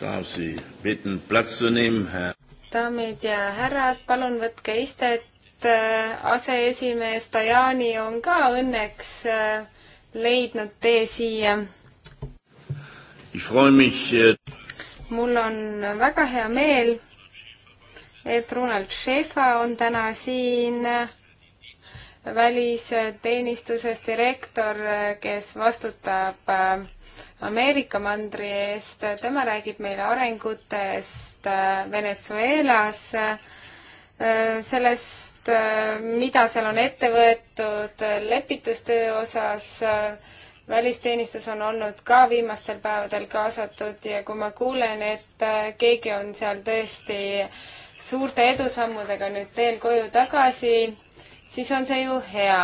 darf Sie bitten, Platz zu nehmen, Herr. daamid ja härrad, palun võtke istet. Äh, aseesimees Dajani on ka õnneks äh, leidnud tee siia. Äh, mul on väga hea meel, et Ronald Schäfer on täna siin välisteenistuse direktor, kes vastutab äh, Ameerika mandri eest, tema räägib meile arengutest äh, Venezuelas, äh, sellest, äh, mida seal on ette võetud lepitustöö osas, välisteenistus on olnud ka viimastel päevadel kaasatud ja kui ma kuulen, et keegi on seal tõesti suurte edusammudega nüüd teel koju tagasi, siis on see ju hea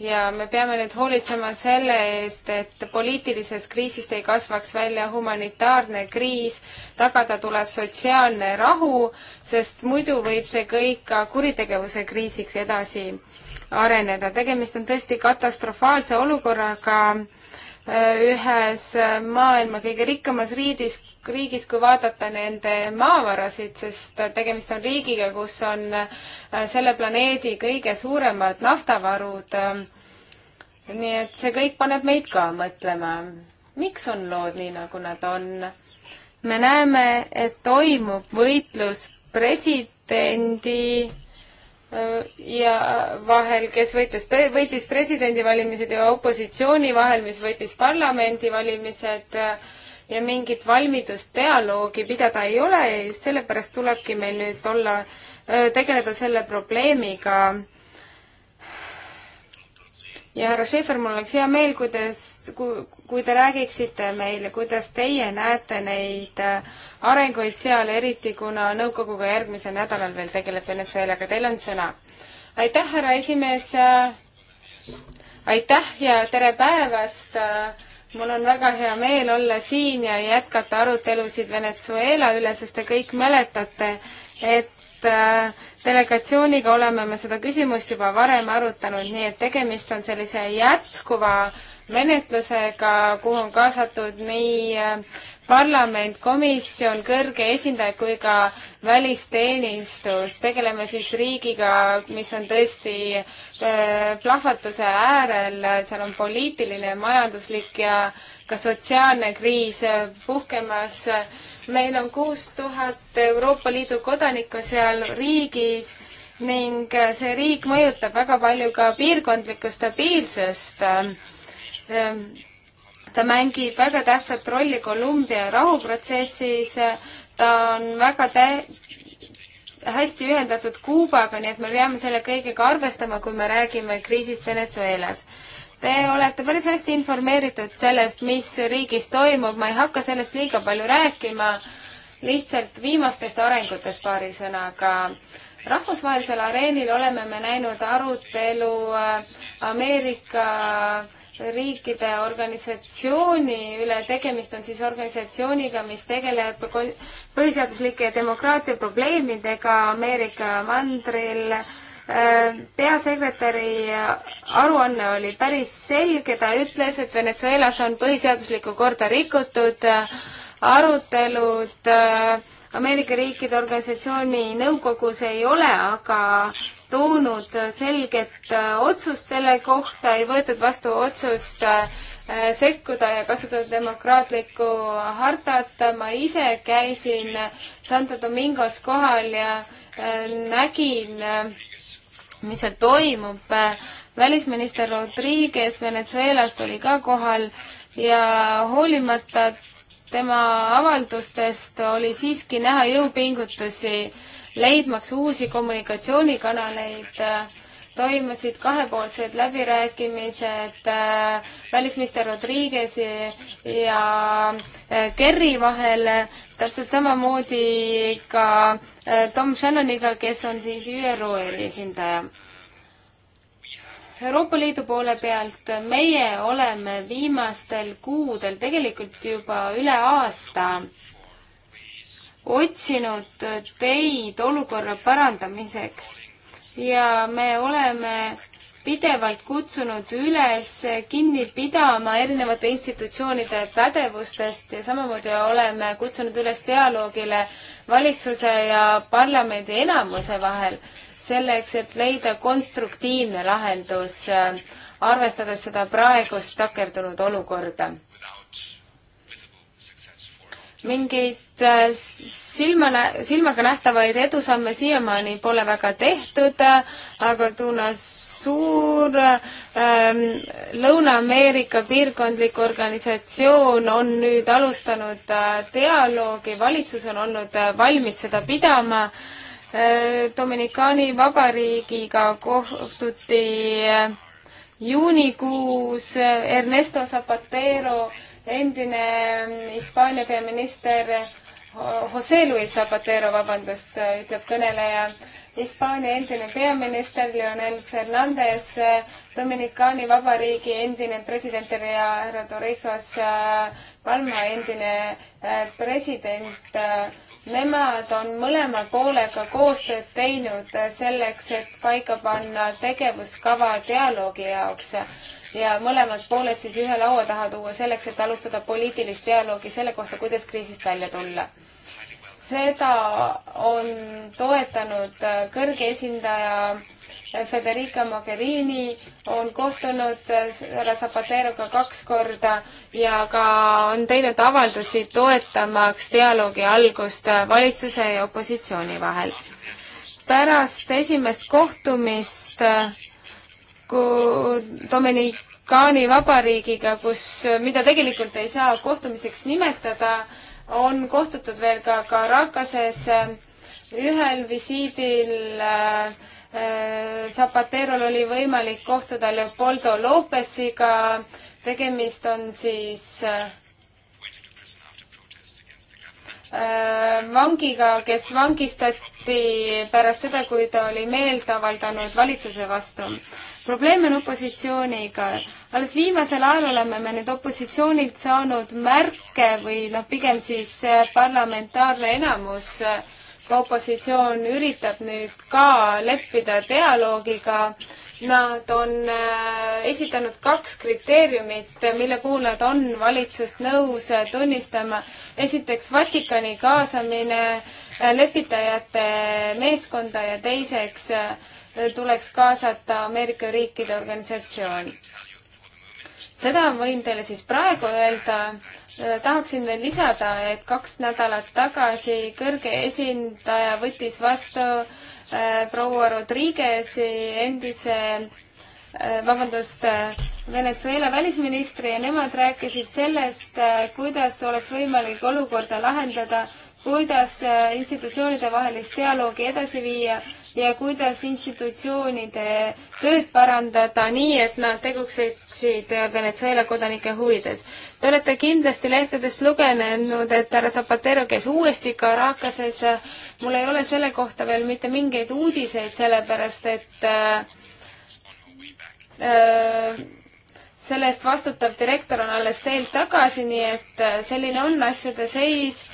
ja me peame nüüd hoolitsema selle eest, et poliitilisest kriisist ei kasvaks välja humanitaarne kriis, tagada tuleb sotsiaalne rahu, sest muidu võib see kõik ka kuritegevuse kriisiks edasi areneda. tegemist on tõesti katastrofaalse olukorraga Äh, ühes äh, maailma kõige rikkamas riidis, riigis, kui vaadata nende maavarasid, sest äh, tegemist on riigiga, kus on selle planeedi kõige suuremad naftavarud. nii et see kõik paneb meid ka mõtlema, miks on lood nii, nagu nad on. me näeme, et toimub võitlus presidendi ja vahel, kes võitles, võitis presidendivalimised ja opositsiooni vahel, mis võitis parlamendivalimised ja mingit valmidust dialoogi pidada ei ole ja just sellepärast tulebki meil nüüd olla, tegeleda selle probleemiga. ja härra Schäfer, mul oleks hea meel, kui te, kui te räägiksite meile, kuidas teie näete neid äh, arenguid seal, eriti kuna nõukoguga järgmisel nädalal veel tegeleb Venezuelaga, teil on sõna. aitäh, härra esimees. Äh, aitäh ja tere päevast. Äh, mul on väga hea meel olla siin ja jätkata arutelusid Venezuela üle, sest te kõik mäletate, et et delegatsiooniga oleme me seda küsimust juba varem arutanud, nii et tegemist on sellise jätkuva menetlusega, kuhu on kaasatud nii äh, parlament, komisjon, kõrge esindaja kui ka välisteenistus. tegeleme siis riigiga, mis on tõesti äh, plahvatuse äärel, seal on poliitiline, majanduslik ja äh, ka sotsiaalne kriis äh, puhkemas. meil on kuus tuhat Euroopa Liidu kodanikku seal riigis ning äh, see riik mõjutab väga palju ka piirkondlikku stabiilsust. Ähm, ta mängib väga tähtsat rolli Kolumbia rahuprotsessis, ta on väga tä-, hästi ühendatud Kuubaga, nii et me peame selle kõigega arvestama, kui me räägime kriisist Venezuelas. Te olete päris hästi informeeritud sellest, mis riigis toimub, ma ei hakka sellest liiga palju rääkima, lihtsalt viimastest arengutest paari sõnaga. rahvusvahelisel areenil oleme me näinud arutelu äh, Ameerika riikide organisatsiooni üle, tegemist on siis organisatsiooniga, mis tegeleb põhiseaduslike ja demokraatia probleemidega Ameerika mandril Äh, peasekretäri aruanne oli päris selge, ta ütles, et Venezuelas on põhiseaduslikku korda rikutud, arutelud äh, Ameerika riikide organisatsiooni nõukogus ei ole aga toonud selget äh, otsust selle kohta, ei võetud vastu otsust sekkuda ja kasutada demokraatlikku hartat. ma ise käisin Santo Domingos kohal ja nägin mis seal toimub. Äh, välisminister Rodriguez Venezuelast oli ka kohal ja hoolimata tema avaldustest oli siiski näha jõupingutusi leidmaks uusi kommunikatsioonikanaleid äh, toimusid kahepoolsed läbirääkimised äh, välisminister Rodriguez'i ja äh, Kerry vahel, täpselt samamoodi ka äh, Tom Shannoniga, kes on siis ÜRO eriesindaja. Euroopa Liidu poole pealt meie oleme viimastel kuudel, tegelikult juba üle aasta otsinud teid olukorra parandamiseks ja me oleme pidevalt kutsunud üles kinni pidama erinevate institutsioonide pädevustest ja samamoodi oleme kutsunud üles dialoogile valitsuse ja parlamendi enamuse vahel selleks, et leida konstruktiivne lahendus, arvestades seda praegust takerdunud olukorda. mingit Äh, silma, silmaga nähtavaid edusamme siiamaani pole väga tehtud, aga kuna suur ähm, Lõuna-Ameerika piirkondlik organisatsioon on nüüd alustanud äh, dialoogi, valitsus on olnud äh, valmis seda pidama äh,, Dominikaani Vabariigiga kohtuti äh, juunikuus äh, Ernesto Zapatero endine äh, Hispaania peaminister äh, Jose Luis Zapatero, vabandust, ütleb kõneleja. Hispaania endine peaminister Leonel Fernandez, Dominikaani Vabariigi endine president ja härra Torrijos Palma endine eh, president eh, Nemad on mõlema poolega koostööd teinud selleks, et paika panna tegevuskava dialoogi jaoks ja mõlemad pooled siis ühe laua taha tuua selleks, et alustada poliitilist dialoogi selle kohta, kuidas kriisist välja tulla. seda on toetanud kõrge esindaja Federica Mogherini on kohtunud härra Zapateroga kaks korda ja ka on teinud avaldusi toetamaks dialoogi algust valitsuse ja opositsiooni vahel. pärast esimest kohtumist kui Dominikaani vabariigiga, kus, mida tegelikult ei saa kohtumiseks nimetada, on kohtutud veel ka Caracases ühel visiidil äh, Äh, Zapaterol oli võimalik kohtuda Leopoldo Lopesiga, tegemist on siis äh, äh, vangiga, kes vangistati pärast seda, kui ta oli meelt avaldanud valitsuse vastu. probleem on opositsiooniga. alles viimasel ajal oleme me nüüd opositsioonilt saanud märke või noh, pigem siis parlamentaarne enamus äh, ka opositsioon üritab nüüd ka leppida dialoogiga. Nad on äh, esitanud kaks kriteeriumit, mille puhul nad on valitsust nõus äh, tunnistama. esiteks Vatikani kaasamine äh, lepitajate meeskonda ja teiseks tuleks kaasata Ameerika riikide organisatsioon seda võin teile siis praegu öelda. Äh, tahaksin veel lisada, et kaks nädalat tagasi kõrge esindaja võttis vastu äh, proua Rodriguez'i endise äh, vabandust äh,, Venezuela välisministri ja nemad rääkisid sellest, äh, kuidas oleks võimalik olukorda lahendada kuidas äh, institutsioonide vahelist dialoogi edasi viia ja kuidas institutsioonide tööd parandada nii, et nad tegutseksid äh, Venezuela kodanike huvides. Te olete kindlasti lehtedest lugenud, et härra Zapatero käis uuesti Caracases. mul ei ole selle kohta veel mitte mingeid uudiseid, sellepärast et äh, äh, selle eest vastutav direktor on alles teilt tagasi, nii et äh, selline on asjade seis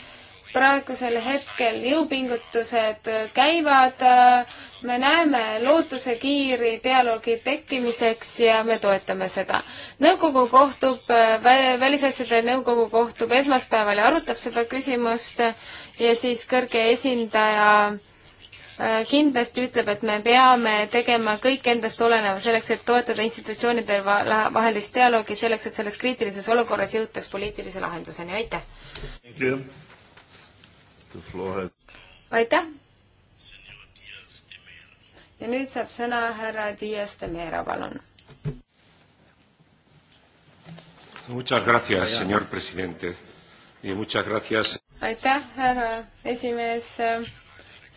praegusel hetkel jõupingutused käivad, me näeme lootusekiiri dialoogi tekkimiseks ja me toetame seda. nõukogu kohtub, Välisasjade Nõukogu kohtub esmaspäeval ja arutab seda küsimust ja siis kõrge esindaja äh, kindlasti ütleb, et me peame tegema kõik endast oleneva selleks, et toetada institutsioonide vahelist dialoogi, selleks, et selles kriitilises olukorras jõutaks poliitilise lahenduseni, aitäh! aitäh! ja nüüd saab sõna härra Dias de Mera, palun. aitäh, härra esimees.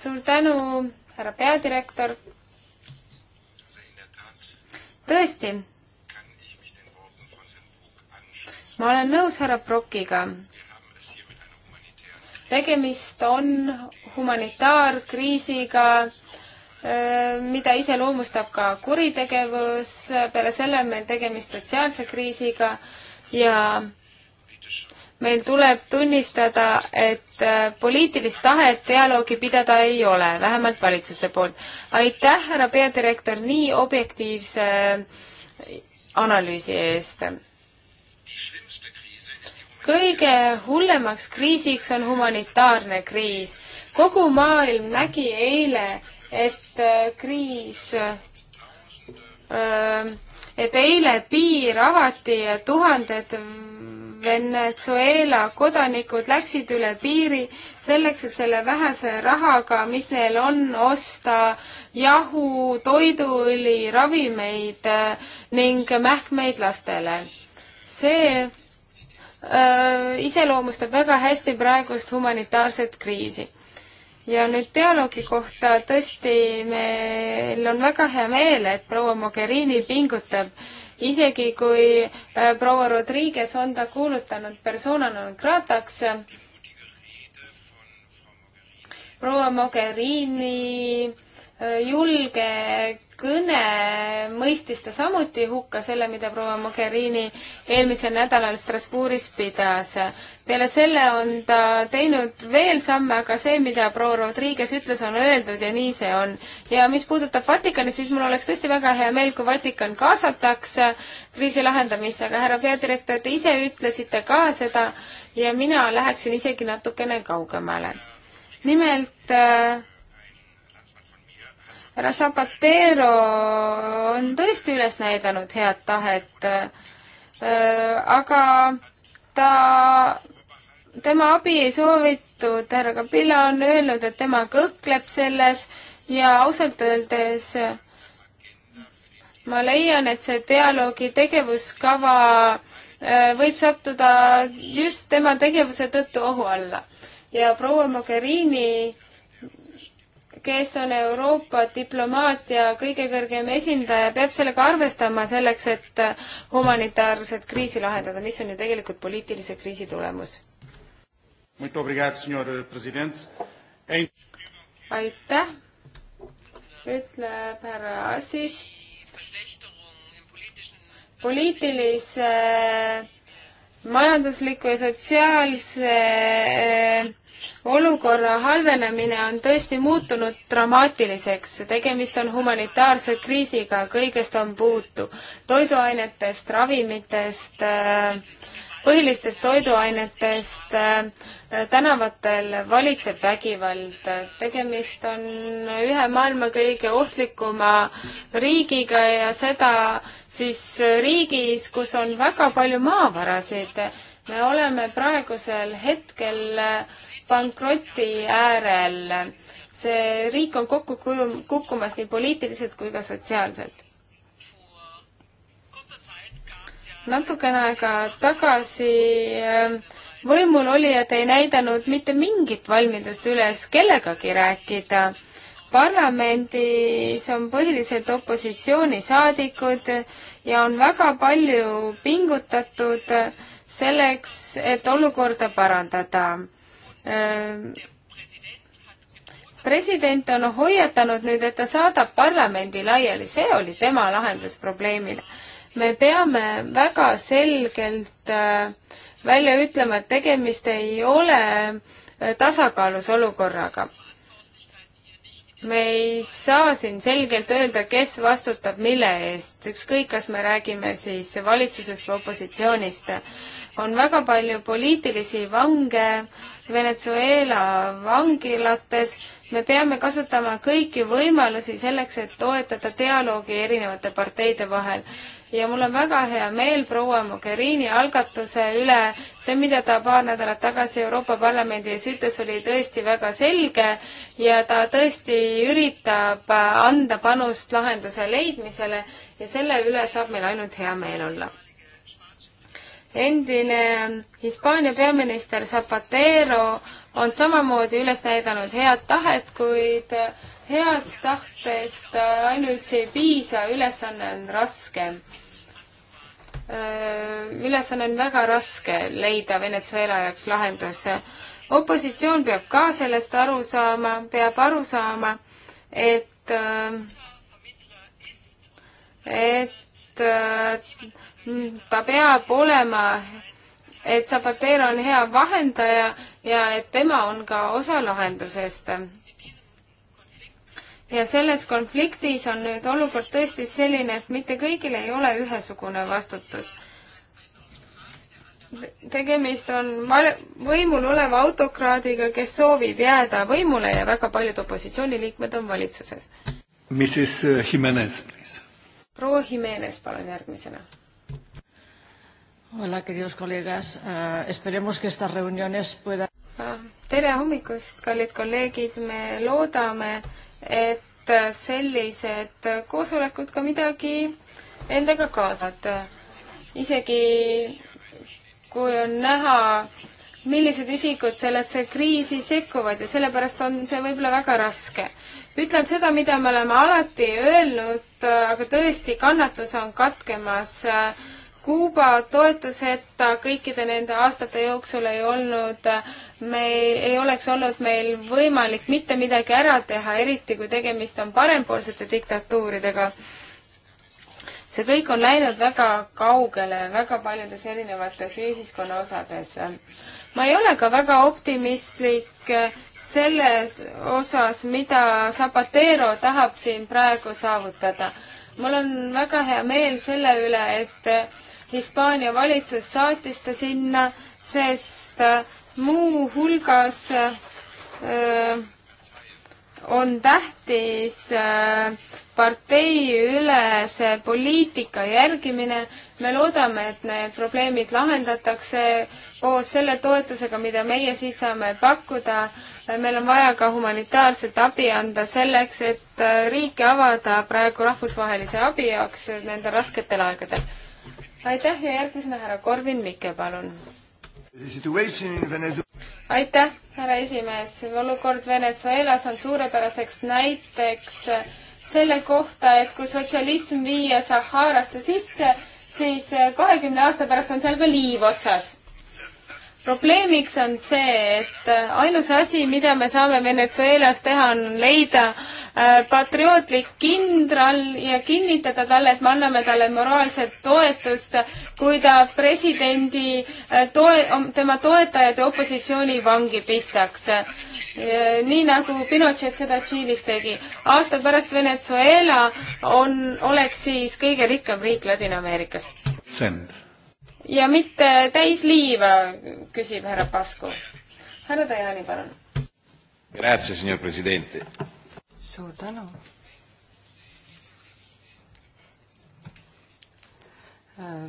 suur tänu, härra peadirektor. tõesti, ma olen nõus härra Brokiga tegemist on humanitaarkriisiga, äh, mida iseloomustab ka kuritegevus, peale selle on meil tegemist sotsiaalse kriisiga ja meil tuleb tunnistada, et äh, poliitilist tahet dialoogi pidada ei ole, vähemalt valitsuse poolt. aitäh, härra peadirektor, nii objektiivse analüüsi eest kõige hullemaks kriisiks on humanitaarne kriis. kogu maailm nägi eile, et äh, kriis ähm, et eile piir avati ja tuhanded Venezuela kodanikud läksid üle piiri selleks, et selle vähese rahaga, mis neil on, osta jahu, toiduõli, ravimeid äh, ning mähkmeid lastele. see Äh, iseloomustab väga hästi praegust humanitaarset kriisi. ja nüüd dialoogi kohta tõesti meil on väga hea meel, et proua Mogherini pingutab, isegi kui äh, proua Rodriguez on ta kuulutanud persona non grataks, proua Mogherini julge kõne mõistis ta samuti hukka selle, mida proua Mogherini eelmisel nädalal Strasbourgis pidas. peale selle on ta teinud veel samme, aga see, mida proua Rodriguez ütles, on öeldud ja nii see on. ja mis puudutab Vatikani, siis mul oleks tõesti väga hea meel, kui Vatikan kaasataks kriisi lahendamisse, aga härra peadirektor, te ise ütlesite ka seda ja mina läheksin isegi natukene kaugemale. nimelt äh, härra Zapatero on tõesti üles näidanud head tahet, äh, aga ta, tema abi ei soovitud, härra Kabila on öelnud, et tema kõhkleb selles ja ausalt öeldes ma leian, et see dialoogi tegevuskava äh, võib sattuda just tema tegevuse tõttu ohu alla. ja proua Mogherini kes on Euroopa diplomaatia kõige kõrgem esindaja, peab sellega arvestama selleks, et humanitaarset kriisi lahendada, mis on ju tegelikult poliitilise kriisi tulemus. aitäh, ütleb härra Assis. poliitilise, majandusliku ja sotsiaalse olukorra halvenemine on tõesti muutunud dramaatiliseks, tegemist on humanitaarse kriisiga, kõigest on puutu. toiduainetest, ravimitest, põhilistest toiduainetest, tänavatel valitseb vägivald. tegemist on ühe maailma kõige ohtlikuma riigiga ja seda siis riigis, kus on väga palju maavarasid. me oleme praegusel hetkel äh, pankroti äärel. see riik on kokku kukkumas nii poliitiliselt kui ka sotsiaalselt. natukene aega tagasi ähm, võimul olijad ei näidanud mitte mingit valmidust üles kellegagi rääkida. parlamendis on põhiliselt opositsioonisaadikud ja on väga palju pingutatud selleks, et olukorda parandada Ehm, president on hoiatanud nüüd, et ta saadab parlamendi laiali, see oli tema lahendus probleemile. me peame väga selgelt äh, välja ütlema, et tegemist ei ole äh, tasakaalus olukorraga. me ei saa siin selgelt öelda, kes vastutab mille eest, ükskõik, kas me räägime siis valitsusest või opositsioonist. on väga palju poliitilisi vange Venezuela vangilates. me peame kasutama kõiki võimalusi selleks, et toetada dialoogi erinevate parteide vahel. ja mul on väga hea meel proua Mogherini algatuse üle. see, mida ta paar nädalat tagasi Euroopa Parlamendi ees ütles, oli tõesti väga selge ja ta tõesti üritab anda panust lahenduse leidmisele ja selle üle saab meil ainult hea meel olla endine Hispaania peaminister Zapatero on samamoodi üles näidanud head tahet, kuid heast tahtest ainuüksi ei piisa, ülesanne on raske. ülesanne on väga raske leida Venezuela jaoks lahendus. opositsioon peab ka sellest aru saama, peab aru saama, et, et ta peab olema, et Zapatero on hea vahendaja ja et tema on ka osa lahendusest. ja selles konfliktis on nüüd olukord tõesti selline, et mitte kõigil ei ole ühesugune vastutus tegemist on võimul oleva autokraadiga, kes soovib jääda võimule ja väga paljud opositsiooniliikmed on valitsuses. Mrs eh, Jimenez, please. proua Jimenez, palun järgmisena. Hola, queridos colegas. Uh, esperemos que estas reuniones puedan... Ah, tere hommikust, kallid kolleegid. Me loodame, et sellised koosolekud ka midagi endaga kaasad. Isegi kui on näha, millised isikud sellesse kriisi sekkuvad ja sellepärast on see võib-olla väga raske. ütlen seda, mida me oleme alati öelnud, aga tõesti, kannatus on katkemas äh, Kuuba toetuseta kõikide nende aastate jooksul ei olnud meil, ei oleks olnud meil võimalik mitte midagi ära teha, eriti kui tegemist on parempoolsete diktatuuridega. see kõik on läinud väga kaugele väga paljudes erinevates ühiskonna osades. ma ei ole ka väga optimistlik selles osas, mida Zapatero tahab siin praegu saavutada. mul on väga hea meel selle üle, et Hispaania valitsus saatis ta sinna, sest äh, muuhulgas äh, on tähtis äh, parteiülese poliitika järgimine. me loodame, et need probleemid lahendatakse koos selle toetusega, mida meie siit saame pakkuda. meil on vaja ka humanitaarset abi anda selleks, et riiki avada praegu rahvusvahelise abi jaoks nendel rasketel aegadel aitäh ja järgmisena härra Korvin Mikke, palun. aitäh, härra esimees. olukord Venezuelas on suurepäraseks näiteks selle kohta, et kui sotsialism viia Saharasse sisse, siis kahekümne aasta pärast on seal ka liiv otsas probleemiks on see, et äh, ainus asi, mida me saame Venezuelas teha, on leida äh, patriootlik kindral ja kinnitada talle, et me anname talle moraalset toetust, kui ta presidendi äh, toe-, tema toetajad ja opositsiooni vangi pistaks. nii nagu Pinochet seda Tšiilis tegi. aasta pärast Venezuela on, oleks siis kõige rikkam riik Ladina-Ameerikas. send ja mitte täis liiva, küsib härra Pasku. härra Tajani, palun. Grazie, signor president. suur tänu.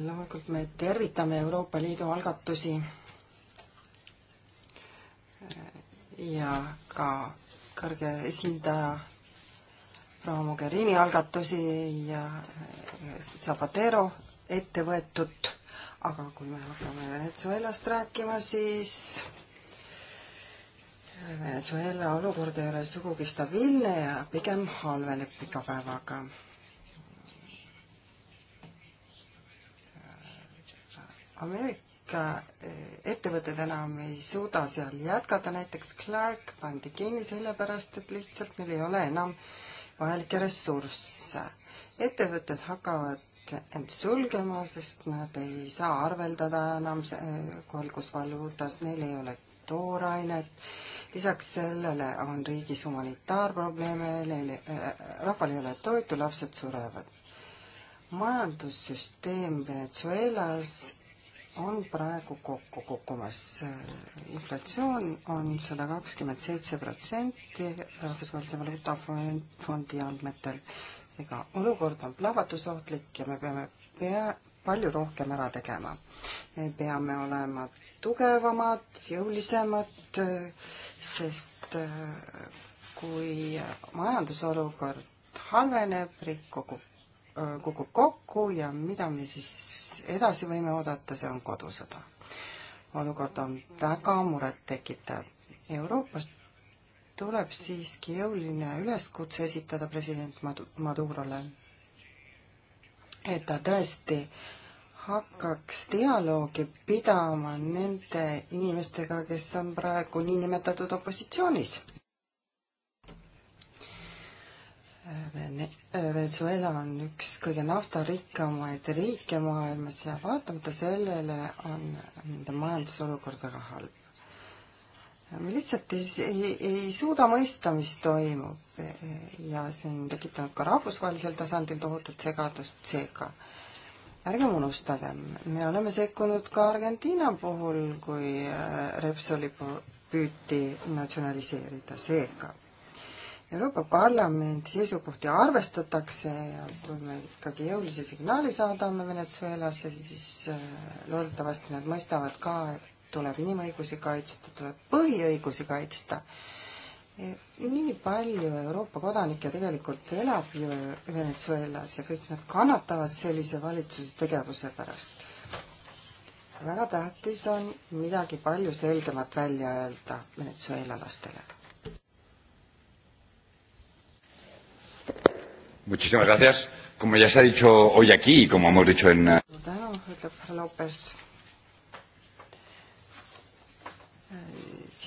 loomulikult me tervitame Euroopa Liidu algatusi ja ka kõrge esindaja proua Mogherini algatusi ja Zapatero ette võetud aga kui me hakkame Venezuelast rääkima, siis Venezuela olukord ei ole sugugi stabiilne ja pigem halveneb iga päevaga. Ameerika eh, ettevõtted enam ei suuda seal jätkata, näiteks Clark pandi kinni sellepärast, et lihtsalt neil ei ole enam vajalikke ressursse. ettevõtted hakkavad end sulgema, sest nad ei saa arveldada enam valguvaluutas, neil ei ole toorainet. lisaks sellele on riigis humanitaarprobleeme, neil äh,, rahval ei ole toitu, lapsed surevad. majandussüsteem Venezuelas on praegu kokku kukkumas. inflatsioon on sada kakskümmend seitse protsenti Rahvusvahelise Valuutafondi andmetel ega olukord on plahvatusohtlik ja me peame pea, palju rohkem ära tegema. me peame olema tugevamad, jõulisemad, sest äh, kui majandusolukord halveneb, riik kogub, äh, kukub kokku ja mida me siis edasi võime oodata, see on kodusõda. olukord on väga murettekitav. Euroopast tuleb siiski jõuline üleskutse esitada president Madurole, et ta tõesti hakkaks dialoogi pidama nende inimestega, kes on praegu niinimetatud opositsioonis. Venezuela on üks kõige naftarikkamaid riike maailmas ja vaatamata sellele on nende majandusolukord väga halb me lihtsalt ei, ei, ei suuda mõista, mis toimub ja see on tekitanud ka rahvusvahelisel tasandil tohutut segadust, seega ärgem unustagem, me oleme sekkunud ka Argentiina puhul, kui äh, Repsoli püüti natsionaliseerida, seega Euroopa Parlamendi seisukohti arvestatakse ja kui me ikkagi jõulise signaali saadame Venezuelasse, siis äh, loodetavasti nad mõistavad ka, et tuleb inimõigusi kaitsta, tuleb põhiõigusi kaitsta. nii palju Euroopa kodanikke tegelikult elab ju Venezuelas ja kõik nad kannatavad sellise valitsuse tegevuse pärast. väga tähtis on midagi palju selgemat välja öelda venezuelalastele. Muchísimas gracias. Como ya se ha dicho hoy aquí, como hemos dicho en. Claro, eh, López.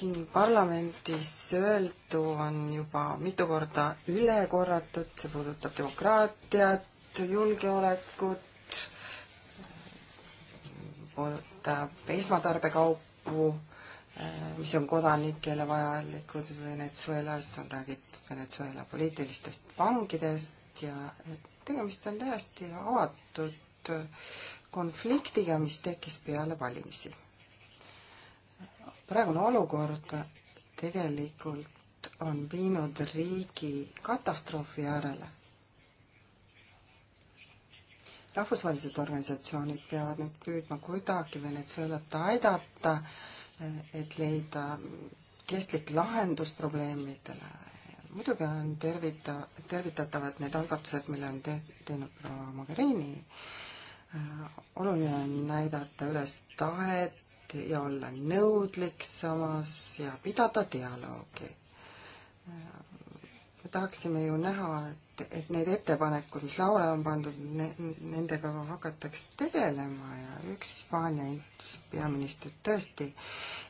siin parlamendis öeldu on juba mitu korda üle korratud, see puudutab demokraatiat, julgeolekut, puudutab esmatarbekaupu, eh, mis on kodanikele vajalikud Venezuelas, on räägitud Venezuela poliitilistest vangidest ja tegemist on täiesti avatud eh, konfliktiga, mis tekkis peale valimisi praegune olukord tegelikult on viinud riigi katastroofi äärele. rahvusvahelised organisatsioonid peavad nüüd püüdma kuidagi Venezuelat aidata, et leida kestlik lahendus probleemidele. muidugi on tervita, tervitatavad need algatused, mille on te, teinud proua Mogherini. Äh, oluline on näidata üles tahet ja olla nõudlik samas ja pidada dialoogi. me tahaksime ju näha, et, et need ettepanekud, mis lauale on pandud ne,, nendega hakatakse tegelema ja üks Hispaania endis peaminister tõesti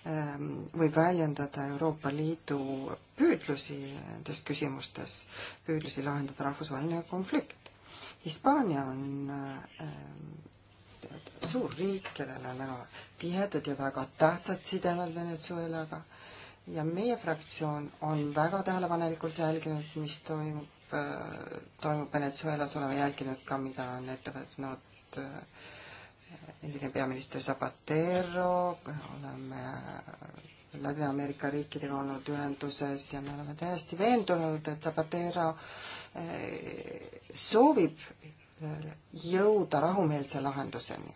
ähm, võib väljendada Euroopa Liidu püüdlusi nendes küsimustes, püüdlusi lahendada rahvusvaheline konflikt. Hispaania on ähm, suur riik, kellel on väga tihedad ja väga tähtsad sidemed Venezuelaga ja meie fraktsioon on väga tähelepanelikult jälginud, mis toimub, äh, toimub Venezuelas, oleme jälginud ka, mida on ette võtnud äh, endine peaminister Zapatero, oleme Ladina-Ameerika riikidega olnud ühenduses ja me oleme täiesti veendunud, et Zapatero äh, soovib jõuda rahumeelse lahenduseni.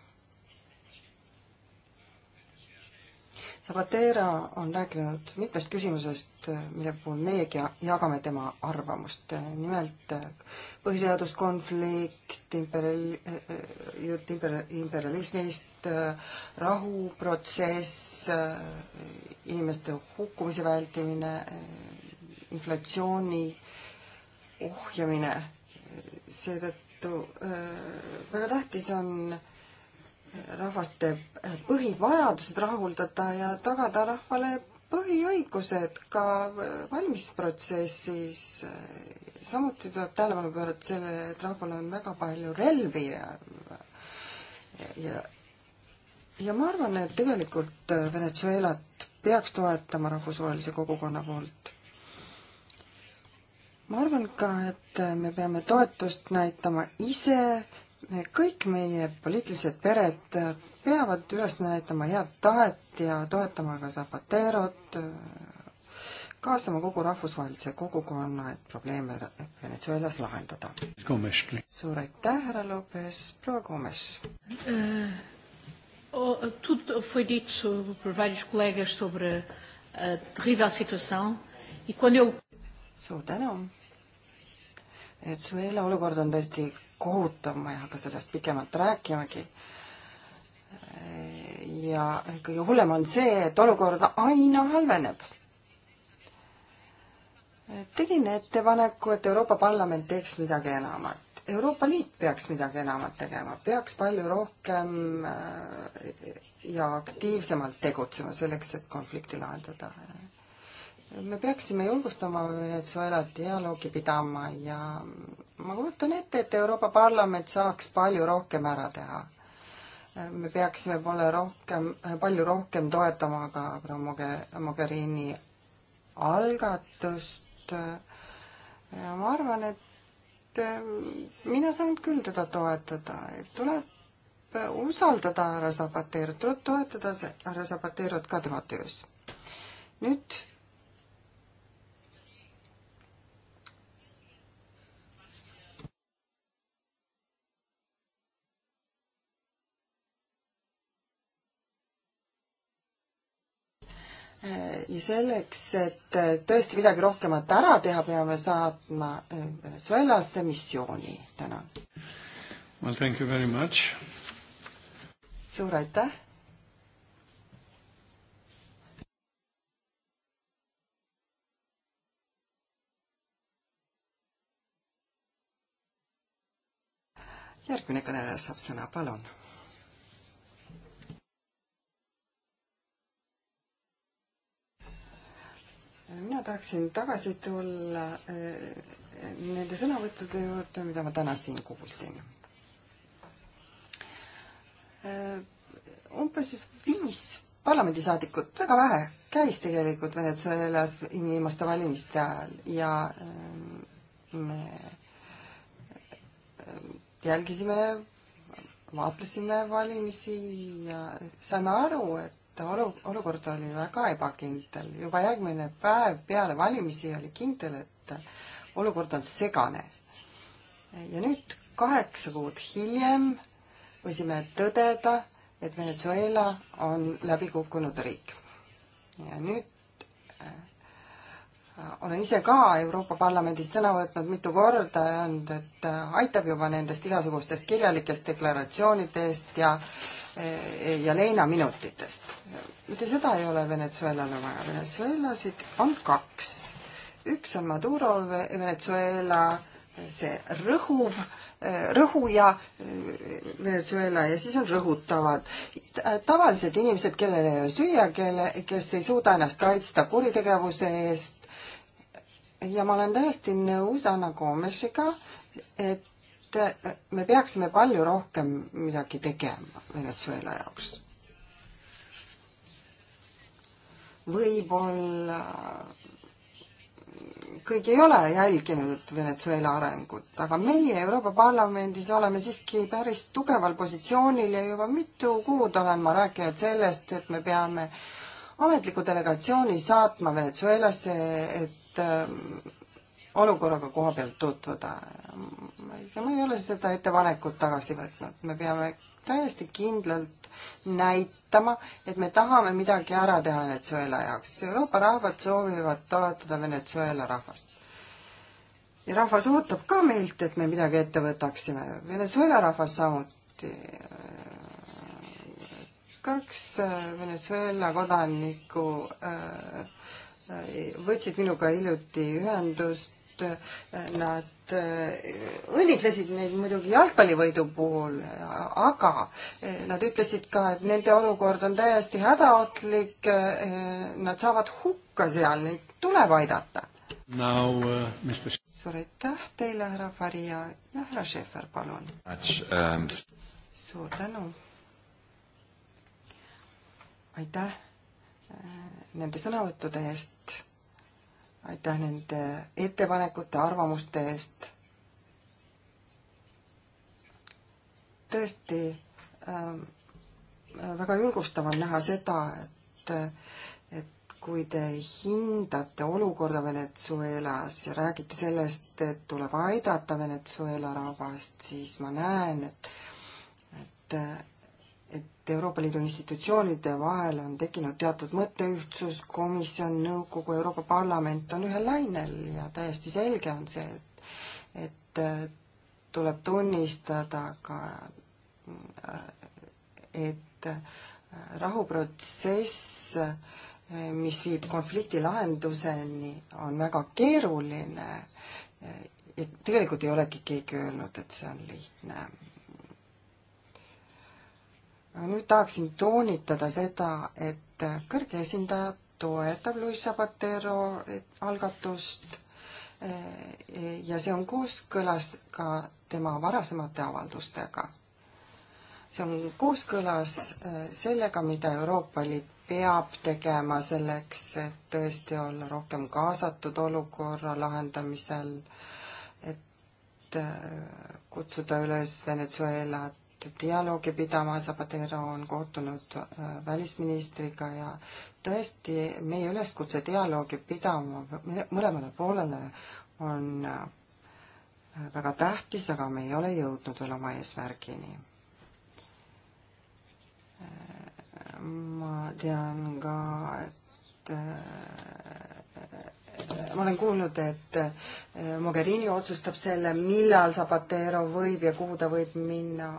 Zapatera on rääkinud mitmest küsimusest, mille puhul meiegi jagame tema arvamust, nimelt põhiseaduskonflikt imperial,, jutt imperialismist, rahuprotsess, inimeste hukkumise vältimine, inflatsiooni ohjamine, seetõttu tõttu äh, väga tähtis on rahvaste põhivajadused rahuldada ja tagada rahvale põhiõigused ka valimisprotsessis. samuti tuleb tähelepanu pöörata sellele, et rahval on väga palju relvi ja, ja, ja ma arvan, et tegelikult Venezuelat peaks toetama rahvusvahelise kogukonna poolt ma arvan ka, et me peame toetust näitama ise, kõik meie poliitilised pered peavad üles näitama head tahet ja toetama ka Zapaterot, kaasama kogu rahvusvahelise kogukonna, et probleeme Venezuelas lahendada. suur aitäh, härra Lopez, proua Gomes uh,! Oh, tudo foi dito por vários colegas sobre eh, a terrível situação e quando eu suur tänu. Venezuela olukord on tõesti kohutav, ma ei hakka sellest pikemalt rääkimagi. ja kõige hullem on see, et olukord aina halveneb. tegin ettepaneku, et Euroopa Parlament teeks midagi enamat. Euroopa Liit peaks midagi enamat tegema, peaks palju rohkem äh, ja aktiivsemalt tegutsema selleks, et konflikti lahendada me peaksime julgustama Venezuela dialoogi pidama ja ma kujutan ette, et Euroopa Parlament saaks palju rohkem ära teha. me peaksime pole rohkem, palju rohkem toetama ka proua Mogherini algatust. ja ma arvan, et eh, mina saan küll teda toetada, et tuleb usaldada härra Zapaterot, tuleb toetada härra Zapaterot ka tema töös. nüüd Äh, ja selleks, et äh, tõesti midagi rohkemat ära teha, peame saatma Venezuelasse äh, missiooni. tänan. Well, thank you very much. suur aitäh. järgmine kõneleja saab sõna, palun tahaksin tagasi tulla eh, nende sõnavõttude juurde, mida ma täna siin kuulsin. Eh, umbes viis parlamendisaadikut, väga vähe, käis tegelikult Venezuelas viimaste valimiste ajal ja eh, me jälgisime, vaatlesime valimisi ja saime aru, et et olu-, olukord oli väga ebakindel. juba järgmine päev peale valimisi oli kindel, et olukord on segane. ja nüüd kaheksa kuud hiljem võisime tõdeda, et Venezuela on läbi kukkunud riik. ja nüüd äh, olen ise ka Euroopa Parlamendis sõna võtnud mitu korda ja öelnud, et aitab juba nendest igasugustest kirjalikest deklaratsioonidest ja äh, Eh, ja leinaminutitest. mitte seda ei ole Venezuelale vaja, Venezuelasid on kaks. üks on Maduro Venezuela, see rõhuv, eh, rõhuja eh, Venezuela ja siis on rõhutavad tavalised inimesed, kellel ei ole süüa, kelle, kes ei suuda ennast kaitsta kuritegevuse eest. ja ma olen täiesti nõus Anna Koomesiga, et et me peaksime palju rohkem midagi tegema Venezuela jaoks. võib-olla kõik ei ole jälginud Venezuela arengut, aga meie Euroopa Parlamendis oleme siiski päris tugeval positsioonil ja juba mitu kuud olen ma rääkinud sellest, et me peame ametliku delegatsiooni saatma Venezuelasse, et olukorraga koha pealt tutvuda. ja ma ei ole seda ettepanekut tagasi võtnud, me peame täiesti kindlalt näitama, et me tahame midagi ära teha Venezuela jaoks. Euroopa rahvad soovivad toetada Venezuela rahvast. ja rahvas ootab ka meilt, et me midagi ette võtaksime. Venezuela rahvas samuti. kaks äh, Venezuela kodanikku äh, äh, võtsid minuga hiljuti ühendust Eh, nad eh, õnnitlesid meid muidugi jalgpallivõidu puhul, aga eh, nad ütlesid ka, et nende olukord on täiesti hädaotlik, nad saavad hukka seal, neid tuleb aidata. Uh, suur aitäh teile, härra Faria ja härra Schäfer, palun. Um, suur tänu. aitäh nende sõnavõttude eest aitäh nende ettepanekute, arvamuste eest. tõesti ähm, väga julgustav on näha seda, et, et kui te hindate olukorda Venezuelas ja räägite sellest, et tuleb aidata Venezuela rahvast, siis ma näen, et, et et Euroopa Liidu institutsioonide vahel on tekkinud teatud mõtteühtsus, komisjon, nõukogu, Euroopa Parlament on ühel lainel ja täiesti selge on see, et, et tuleb tunnistada ka, et rahuprotsess, mis viib konflikti lahenduseni, on väga keeruline. et tegelikult ei olegi keegi öelnud, et see on lihtne nüüd tahaksin toonitada seda, et kõrge esindaja toetab Luis Zapatero algatust eh, ja see on kooskõlas ka tema varasemate avaldustega. see on kooskõlas eh, sellega, mida Euroopa Liit peab tegema selleks, et tõesti olla rohkem kaasatud olukorra lahendamisel, et eh, kutsuda üles Venezuelat dialoogi pidama, Zapatero on kohtunud äh, välisministriga ja tõesti meie üleskutse dialoogi pidama mõlemale poolele on äh, väga tähtis, aga me ei ole jõudnud veel oma eesmärgini. Äh, ma tean ka, et ma olen kuulnud, et äh, Mogherini otsustab selle, millal Zapatero võib ja kuhu ta võib minna.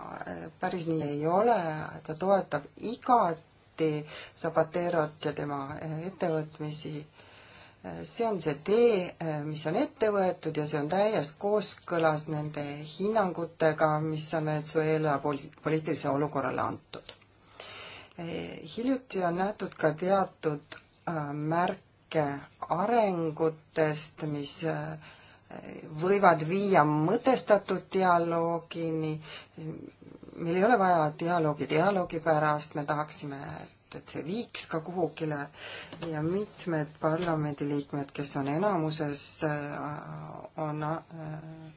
päris nii ei ole, ta toetab igati Zapaterot ja tema äh, ettevõtmisi. Äh, see on see tee, mis on ette võetud ja see on täies kooskõlas nende hinnangutega, mis on Venezuela poli-, poliitilisele olukorrale antud. hiljuti on nähtud ka teatud märk arengutest, mis eh, võivad viia mõtestatud dialoogini. meil ei ole vaja dialoogi dialoogi pärast, me tahaksime, et, et see viiks ka kuhugile ja mitmed parlamendiliikmed, kes on enamuses, eh, on eh,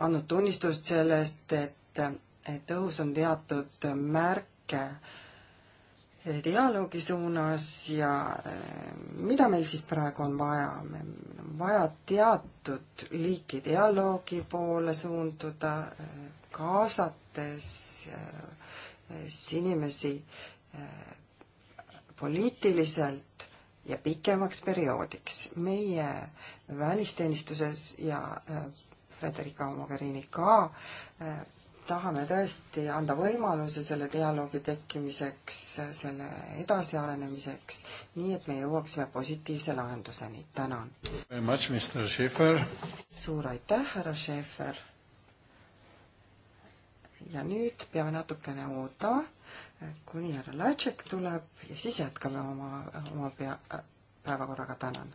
andnud tunnistust sellest, et, et õhus on teatud märke äh, dialoogi suunas ja eh, mida meil siis praegu on vaja? meil on vaja teatud liiki dialoogi poole suunduda, eh, kaasates eh, siis inimesi poliitiliselt ja pikemaks perioodiks. meie välisteenistuses ja Frederica Mogherini ka tahame tõesti anda võimaluse selle dialoogi tekkimiseks, selle edasiarenemiseks, nii et me jõuaksime positiivse lahenduseni. tänan. suur aitäh, härra Schäfer. ja nüüd peame natukene ootama, kuni härra Lätšek tuleb ja siis jätkame oma, oma pea, päevakorraga. tänan.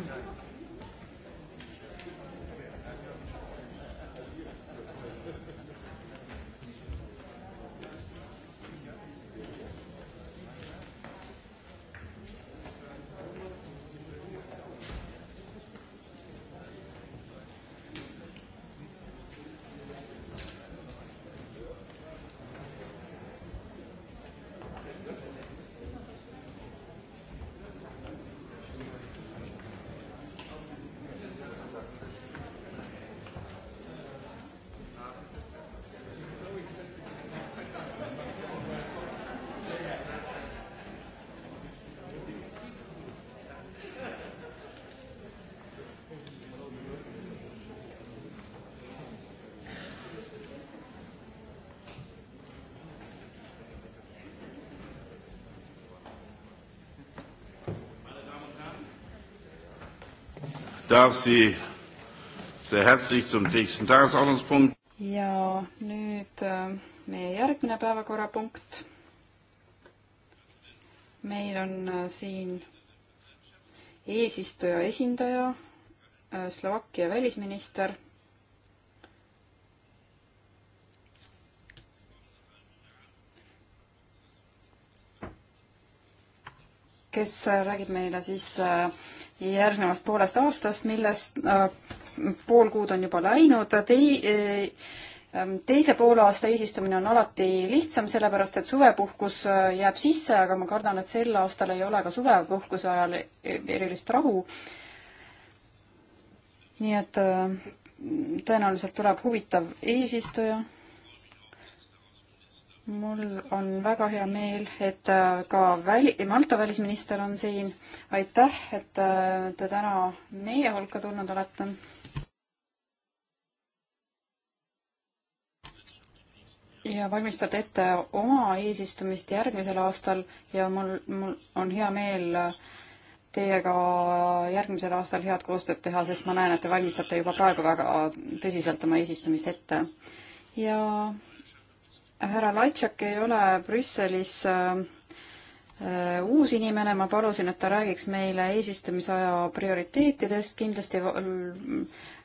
darf Sie sehr herzlich zum nächsten Tagesordnungspunkt. ja nüüd äh, meie järgmine päevakorrapunkt. meil on äh, siin eesistuja esindaja, äh, Slovakkia välisminister kes räägib meile siis järgnevast poolest aastast, millest äh, pool kuud on juba läinud. Tei-, äh, teise poolaasta eesistumine on alati lihtsam, sellepärast et suvepuhkus äh, jääb sisse, aga ma kardan, et sel aastal ei ole ka suvepuhkuse ajal e-, erilist rahu. nii et tõenäoliselt tuleb huvitav eesistuja mul on väga hea meel, et äh, ka väli, Malta välisminister on siin. aitäh, et äh, te täna meie hulka tulnud olete. ja valmistate ette oma eesistumist järgmisel aastal ja mul, mul on hea meel äh, teiega järgmisel aastal head koostööd teha, sest ma näen, et te valmistate juba praegu väga tõsiselt oma eesistumist ette. ja härra Laitšak ei ole Brüsselis äh, äh, uus inimene, ma palusin, et ta räägiks meile eesistumisaja prioriteetidest, kindlasti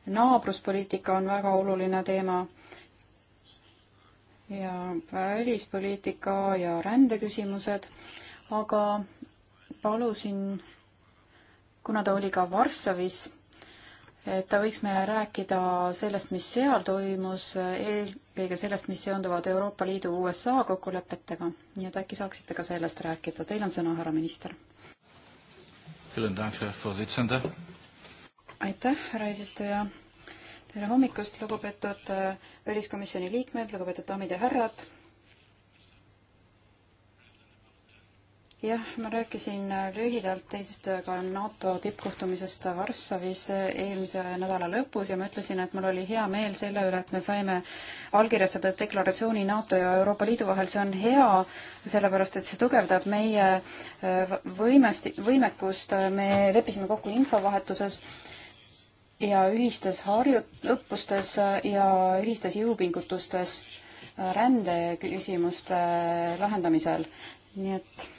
naabruspoliitika on väga oluline teema ja välispoliitika ja rändeküsimused, aga palusin, kuna ta oli ka Varssavis et ta võiks meile rääkida sellest, mis seal toimus, eelkõige sellest, mis seonduvad Euroopa Liidu USA kokkulepetega. nii et äkki saaksite ka sellest rääkida. Teil on sõna, härra minister. aitäh, härra eesistuja. tere hommikust, lugupeetud äh, väliskomisjoni liikmed, lugupeetud daamid ja härrad jah, ma rääkisin äh, lühidalt eesistujaga NATO tippkohtumisest Varssavis äh, eelmise nädala lõpus ja ma ütlesin, et mul oli hea meel selle üle, et me saime allkirjastada deklaratsiooni NATO ja Euroopa Liidu vahel, see on hea, sellepärast et see tugevdab meie äh, võimest, võimekust, me leppisime kokku infovahetuses ja ühistes harju-, õppustes ja ühistes jõupingutustes rändeküsimuste lahendamisel, nii et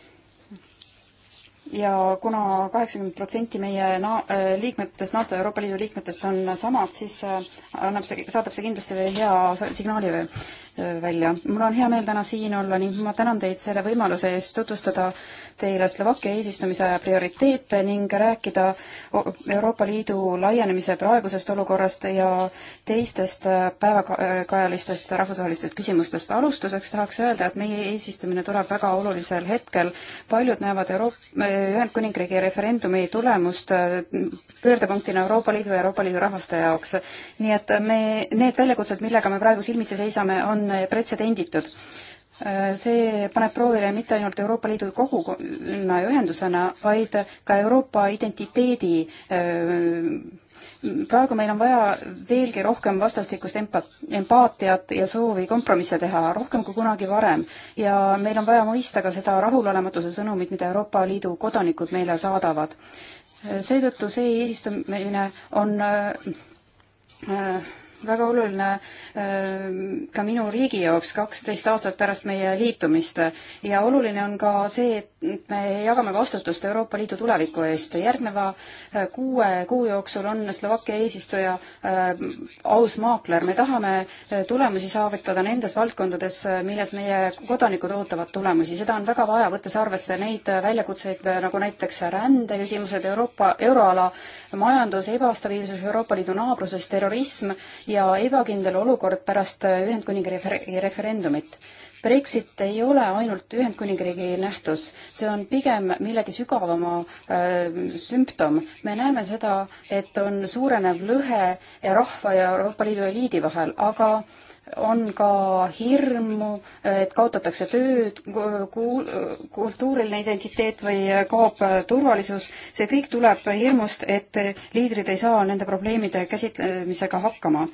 ja kuna kaheksakümmend protsenti meie na-, äh, liikmetest, NATO ja Euroopa Liidu liikmetest on samad, siis äh, annab see, saadab see kindlasti hea signaali äh, välja. mul on hea meel täna siin olla ning ma tänan teid selle võimaluse eest tutvustada äh, teile Slovakkia eesistumise aja prioriteete ning rääkida Euroopa Liidu laienemise praegusest olukorrast ja teistest päevakajalistest rahvusvahelistest küsimustest. alustuseks tahaks öelda, et meie eesistumine tuleb väga olulisel hetkel. paljud näevad Euroop-, Ühendkuningriigi referendumi tulemust pöördepunktina Euroopa Liidu ja Euroopa Liidu rahvaste jaoks. nii et me, need väljakutsed, millega me praegu silmitsi seisame, on pretsedenditud Äh, see paneb proovile mitte ainult Euroopa Liidu kogukonna ja ühendusena, vaid ka Euroopa identiteedi. Äh, praegu meil on vaja veelgi rohkem vastastikust empa-, empaatiat ja soovi kompromisse teha, rohkem kui kunagi varem. ja meil on vaja mõista ka seda rahulolematuse sõnumit, mida Euroopa Liidu kodanikud meile saadavad. Äh, seetõttu see eesistumine on äh, väga oluline äh, ka minu riigi jaoks kaksteist aastat pärast meie liitumist ja oluline on ka see, et me jagame vastutust Euroopa Liidu tuleviku eest. järgneva äh, kuue kuu jooksul on Slovakkia eesistuja äh, aus maakler. me tahame tulemusi saavutada nendes valdkondades, milles meie kodanikud ootavad tulemusi. seda on väga vaja, võttes arvesse neid väljakutseid nagu näiteks rändeküsimused, Euroopa, euroala majandus, ebastabiilsus Euroopa Liidu naabruses, terrorism ja ebakindel olukord pärast Ühendkuningriigi referendumit. Brexit ei ole ainult Ühendkuningriigi nähtus, see on pigem millegi sügavama äh, sümptom. me näeme seda, et on suurenev lõhe rahva ja Euroopa Liidu eliidi vahel, aga äh, on ka hirmu, et kaotatakse tööd, kultuuriline identiteet või kaob turvalisus. see kõik tuleb hirmust, et liidrid ei saa nende probleemide käsitlemisega hakkama.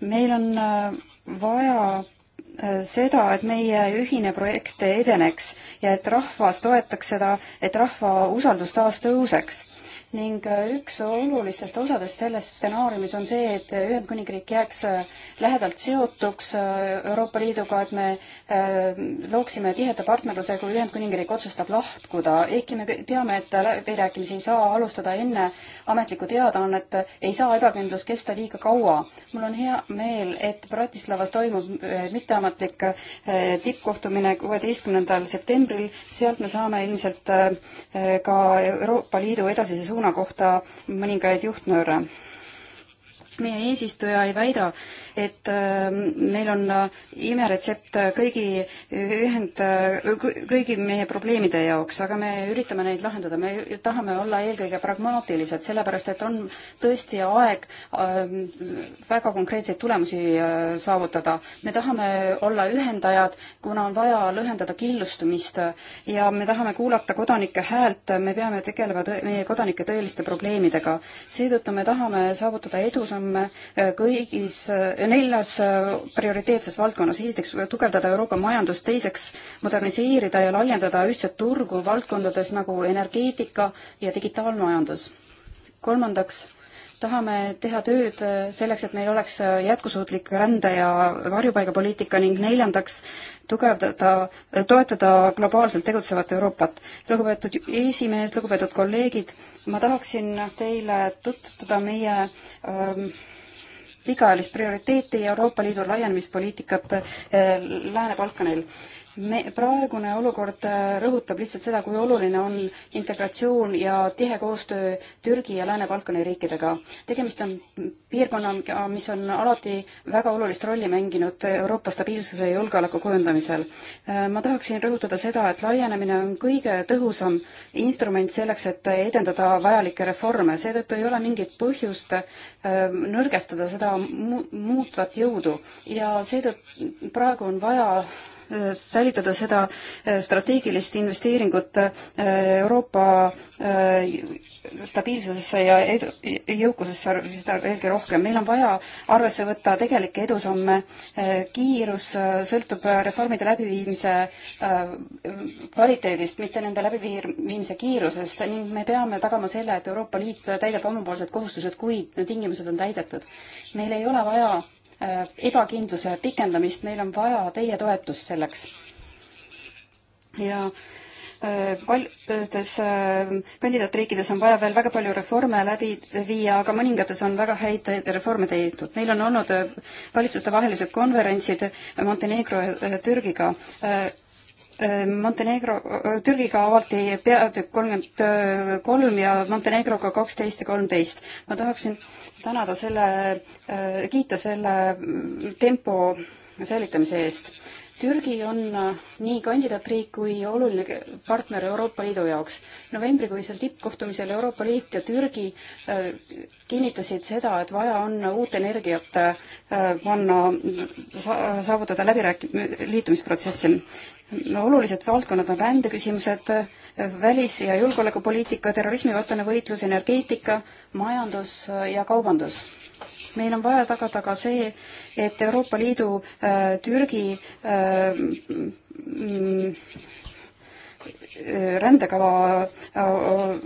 meil on äh, vaja äh, seda, et meie ühine projekt edeneks ja et rahvas toetaks seda, et rahva usaldus taas tõuseks ning äh, üks olulistest osadest selles stsenaariumis on see, et Ühendkuningriik jääks äh, lähedalt seotuks äh, Euroopa Liiduga, et me looksime tiheda partnerluse, kui Ühendkuningriik otsustab lahkuda, ehkki me teame, et läbirääkimisi ei saa alustada enne ametlikku teadaannet, ei saa ebakindlus kesta liiga kaua. mul on hea meel, et Bratislavas toimub mitteametlik tippkohtumine kuueteistkümnendal septembril, sealt me saame ilmselt ka Euroopa Liidu edasise suuna suuna kohta mõningaid juhtnööre meie eesistuja ei väida, et äh, meil on äh, imeretsept kõigi ühend, kõigi meie probleemide jaoks, aga me üritame neid lahendada, me tahame olla eelkõige pragmaatilised, sellepärast et on tõesti aeg äh, väga konkreetseid tulemusi saavutada. me tahame olla ühendajad, kuna on vaja lõhendada killustumist ja me tahame kuulata kodanike häält, me peame tegelema meie kodanike tõeliste probleemidega. seetõttu me tahame saavutada edusamme samm äh, kõigis äh, neljas äh, prioriteetses valdkonnas. esiteks tugevdada Euroopa majandust, teiseks moderniseerida ja laiendada ühtset turgu valdkondades nagu energeetika ja digitaalmajandus. kolmandaks tahame teha tööd selleks, et meil oleks jätkusuutlik rände- ja varjupaigapoliitika ning neljandaks tugevdada, toetada globaalselt tegutsevat Euroopat. lugupeetud esimees, lugupeetud kolleegid, ma tahaksin teile tutvustada meie ähm, pikaajalist prioriteeti Euroopa Liidu laienemispoliitikat äh, Lääne-Balkanil me, praegune olukord äh, rõhutab lihtsalt seda, kui oluline on integratsioon ja tihe koostöö Türgi ja Lääne-Balkani riikidega. tegemist on piirkonnaga, mis on alati väga olulist rolli mänginud Euroopa stabiilsuse ja julgeoleku kujundamisel. Äh, ma tahaksin rõhutada seda, et laienemine on kõige tõhusam instrument selleks, et edendada vajalikke reforme, seetõttu ei ole mingit põhjust äh, nõrgestada seda muutvat jõudu ja seetõttu praegu on vaja säilitada seda äh, strateegilist investeeringut äh, Euroopa äh, stabiilsusesse ja edu, jõukusesse seda veelgi rohkem. meil on vaja arvesse võtta tegelikke edusamme. kiirus sõltub reformide läbiviimise kvaliteedist, mitte nende läbiviimise kiirusest ning me peame tagama selle, et Euroopa Liit täidab omapoolsed kohustused, kui tingimused on täidetud. meil ei ole vaja Äh, ebakindluse pikendamist, meil on vaja teie toetust selleks. ja äh, paljudes äh, kandidaatriikides on vaja veel väga palju reforme läbi viia, aga mõningates on väga häid reforme tehtud. meil on olnud valitsustevahelised konverentsid Montenegro ja Türgiga. Äh, Montenegro, äh, Türgiga avati peatükk kolmkümmend kolm ja Montenegroga kaksteist ja kolmteist. ma tahaksin tänada selle, äh, kiita selle tempo säilitamise eest. Türgi on äh, nii kandidaatriik kui oluline partner Euroopa Liidu jaoks. novembrikuisel tippkohtumisel Euroopa Liit ja Türgi äh, kinnitasid seda, et vaja on uut energiat äh, panna, saavutada läbirääki-, liitumisprotsessi no olulised valdkonnad on rändeküsimused, välis- ja julgeolekupoliitika, terrorismivastane võitlus, energeetika, majandus ja kaubandus meil on vaja tagada ka see, et Euroopa Liidu äh, Türgi äh, mm, rändekava äh, äh,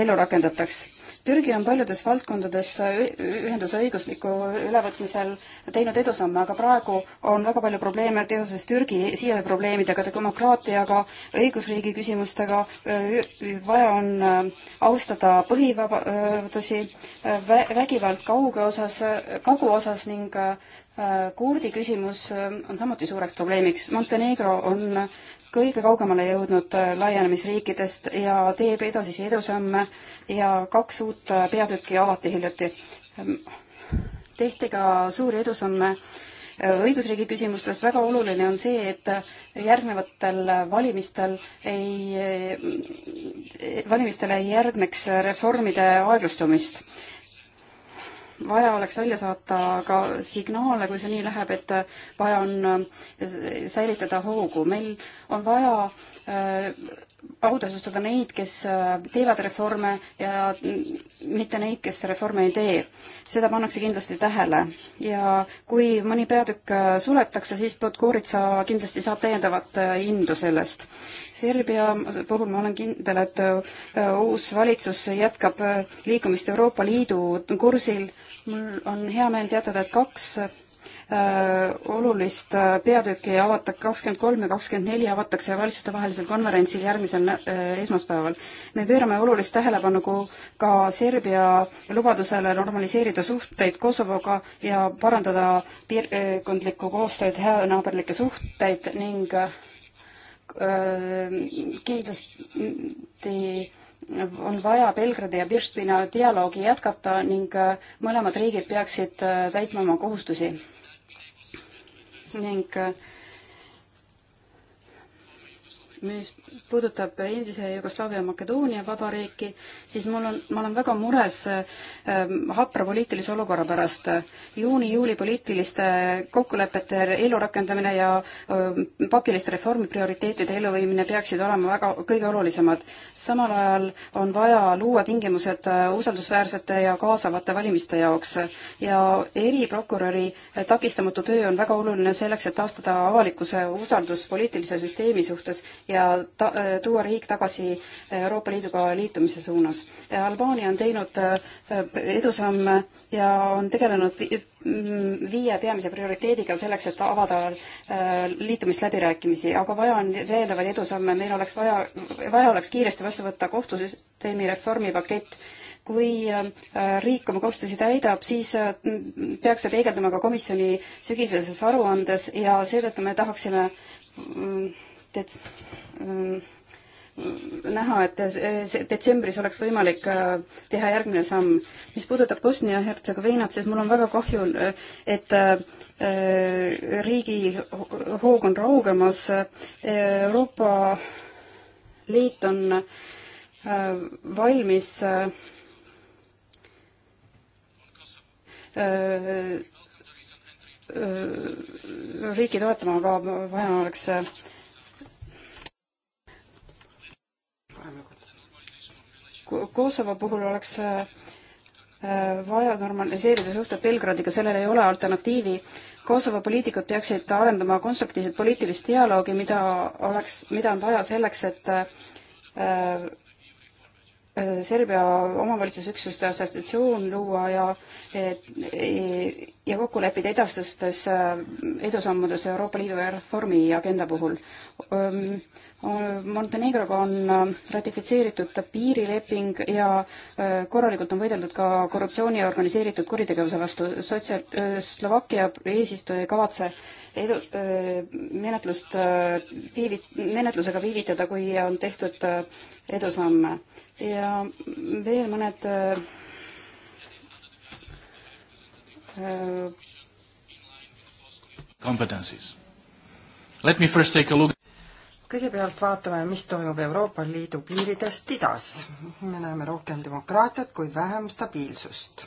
ellu rakendataks. Türgi on paljudes valdkondades äh, ühenduse õigusliku ülevõtmisel teinud edusamme, aga praegu on väga palju probleeme seoses Türgi siseprobleemidega, demokraatiaga, õigusriigi küsimustega, vaja on austada põhivabadusi, vägivald kauge osas, kagu osas ning kurdi küsimus on samuti suureks probleemiks. Montenegro on kõige kaugemale jõudnud äh, laienemisriikidest ja teeb edasisi edusamme ja kaks uut äh, peatükki avati hiljuti. Ähm, tehti ka suuri edusamme äh, õigusriigi küsimustes väga oluline on see, et järgnevatel valimistel ei, valimistele ei järgneks reformide aeglustumist vaja oleks välja saata ka signaale, kui see nii läheb, et vaja on äh, säilitada hoogu. meil on vaja äh, autasustada neid, kes äh, teevad reforme ja mitte neid, kes reforme ei tee. seda pannakse kindlasti tähele ja kui mõni peatükk äh, suletakse, siis Podgorica kindlasti saab täiendavat äh, indu sellest. Serbia puhul ma olen kindel, et uus valitsus jätkab liikumist Euroopa Liidu kursil. mul on hea meel teatada, et kaks Äh, olulist äh, peatükki avata, kakskümmend kolm ja kakskümmend neli avatakse valitsustevahelisel konverentsil järgmisel äh, esmaspäeval. me pöörame olulist tähelepanu ka Serbia lubadusele normaliseerida suhteid Kosovoga ja parandada piirkondlikku koostööd, heanaaberlikke suhteid ning kindlasti on vaja Belgradi ja Pirstina dialoogi jätkata ning mõlemad riigid peaksid täitma oma kohustusi ning äh, mis puudutab endise Jugoslaavia Makedoonia vabariiki, siis mul on, ma olen väga mures ähm, hapra poliitilise olukorra pärast. juuni-juuli poliitiliste kokkulepete ellurakendamine ja ähm, pakiliste reformi prioriteetide elluviimine peaksid olema väga, kõige olulisemad. samal ajal on vaja luua tingimused äh, usaldusväärsete ja kaasavate valimiste jaoks ja eriprokuröri äh, takistamatu töö on väga oluline selleks, et taastada avalikkuse usaldus poliitilise süsteemi suhtes ja ta, tuua riik tagasi Euroopa Liiduga liitumise suunas. Albaania on teinud äh, edusamme ja on tegelenud viie peamise prioriteediga selleks, et avada äh, liitumisläbirääkimisi, aga vaja on täiendavaid edusamme, meil oleks vaja, vaja oleks kiiresti vastu võtta kohtusüsteemi reformipakett, kui äh, riik oma kohustusi täidab, siis peaks see peegelduma ka komisjoni sügiseses aruandes ja seetõttu me tahaksime mm, dets-, ähm, näha, et detsembris oleks võimalik äh, teha järgmine samm. mis puudutab Bosnia-Hertsegoviinat, siis mul on väga kahju, äh, et äh, riigi hoog on raugemas. Euroopa Liit on valmis riiki toetama, aga vaja oleks Kosovo puhul oleks äh, äh, vaja normaliseerida suhted Belgradiga, sellel ei ole alternatiivi. Kosovo poliitikud peaksid arendama konstruktiivset poliitilist dialoogi, mida oleks, mida on vaja selleks, et äh, äh Serbia omavalitsusüksuste assotsiatsioon luua ja et, ja kokku leppida edastustes edusammudes Euroopa Liidu reformi agenda puhul ähm,. Montenegroga on äh, ratifitseeritud piirileping ja äh, korralikult on võideldud ka korruptsiooni ja organiseeritud kuritegevuse vastu. sotsiaal-, äh, Slovakkia eesistuja ei kavatse edu-, menetlust viivi-, menetlusega viivitada, kui on tehtud edusamme. ja veel mõned competencies. Let me first take a look kõigepealt vaatame, mis toimub Euroopa Liidu piiridest idas. me näeme rohkem demokraatiat, kuid vähem stabiilsust.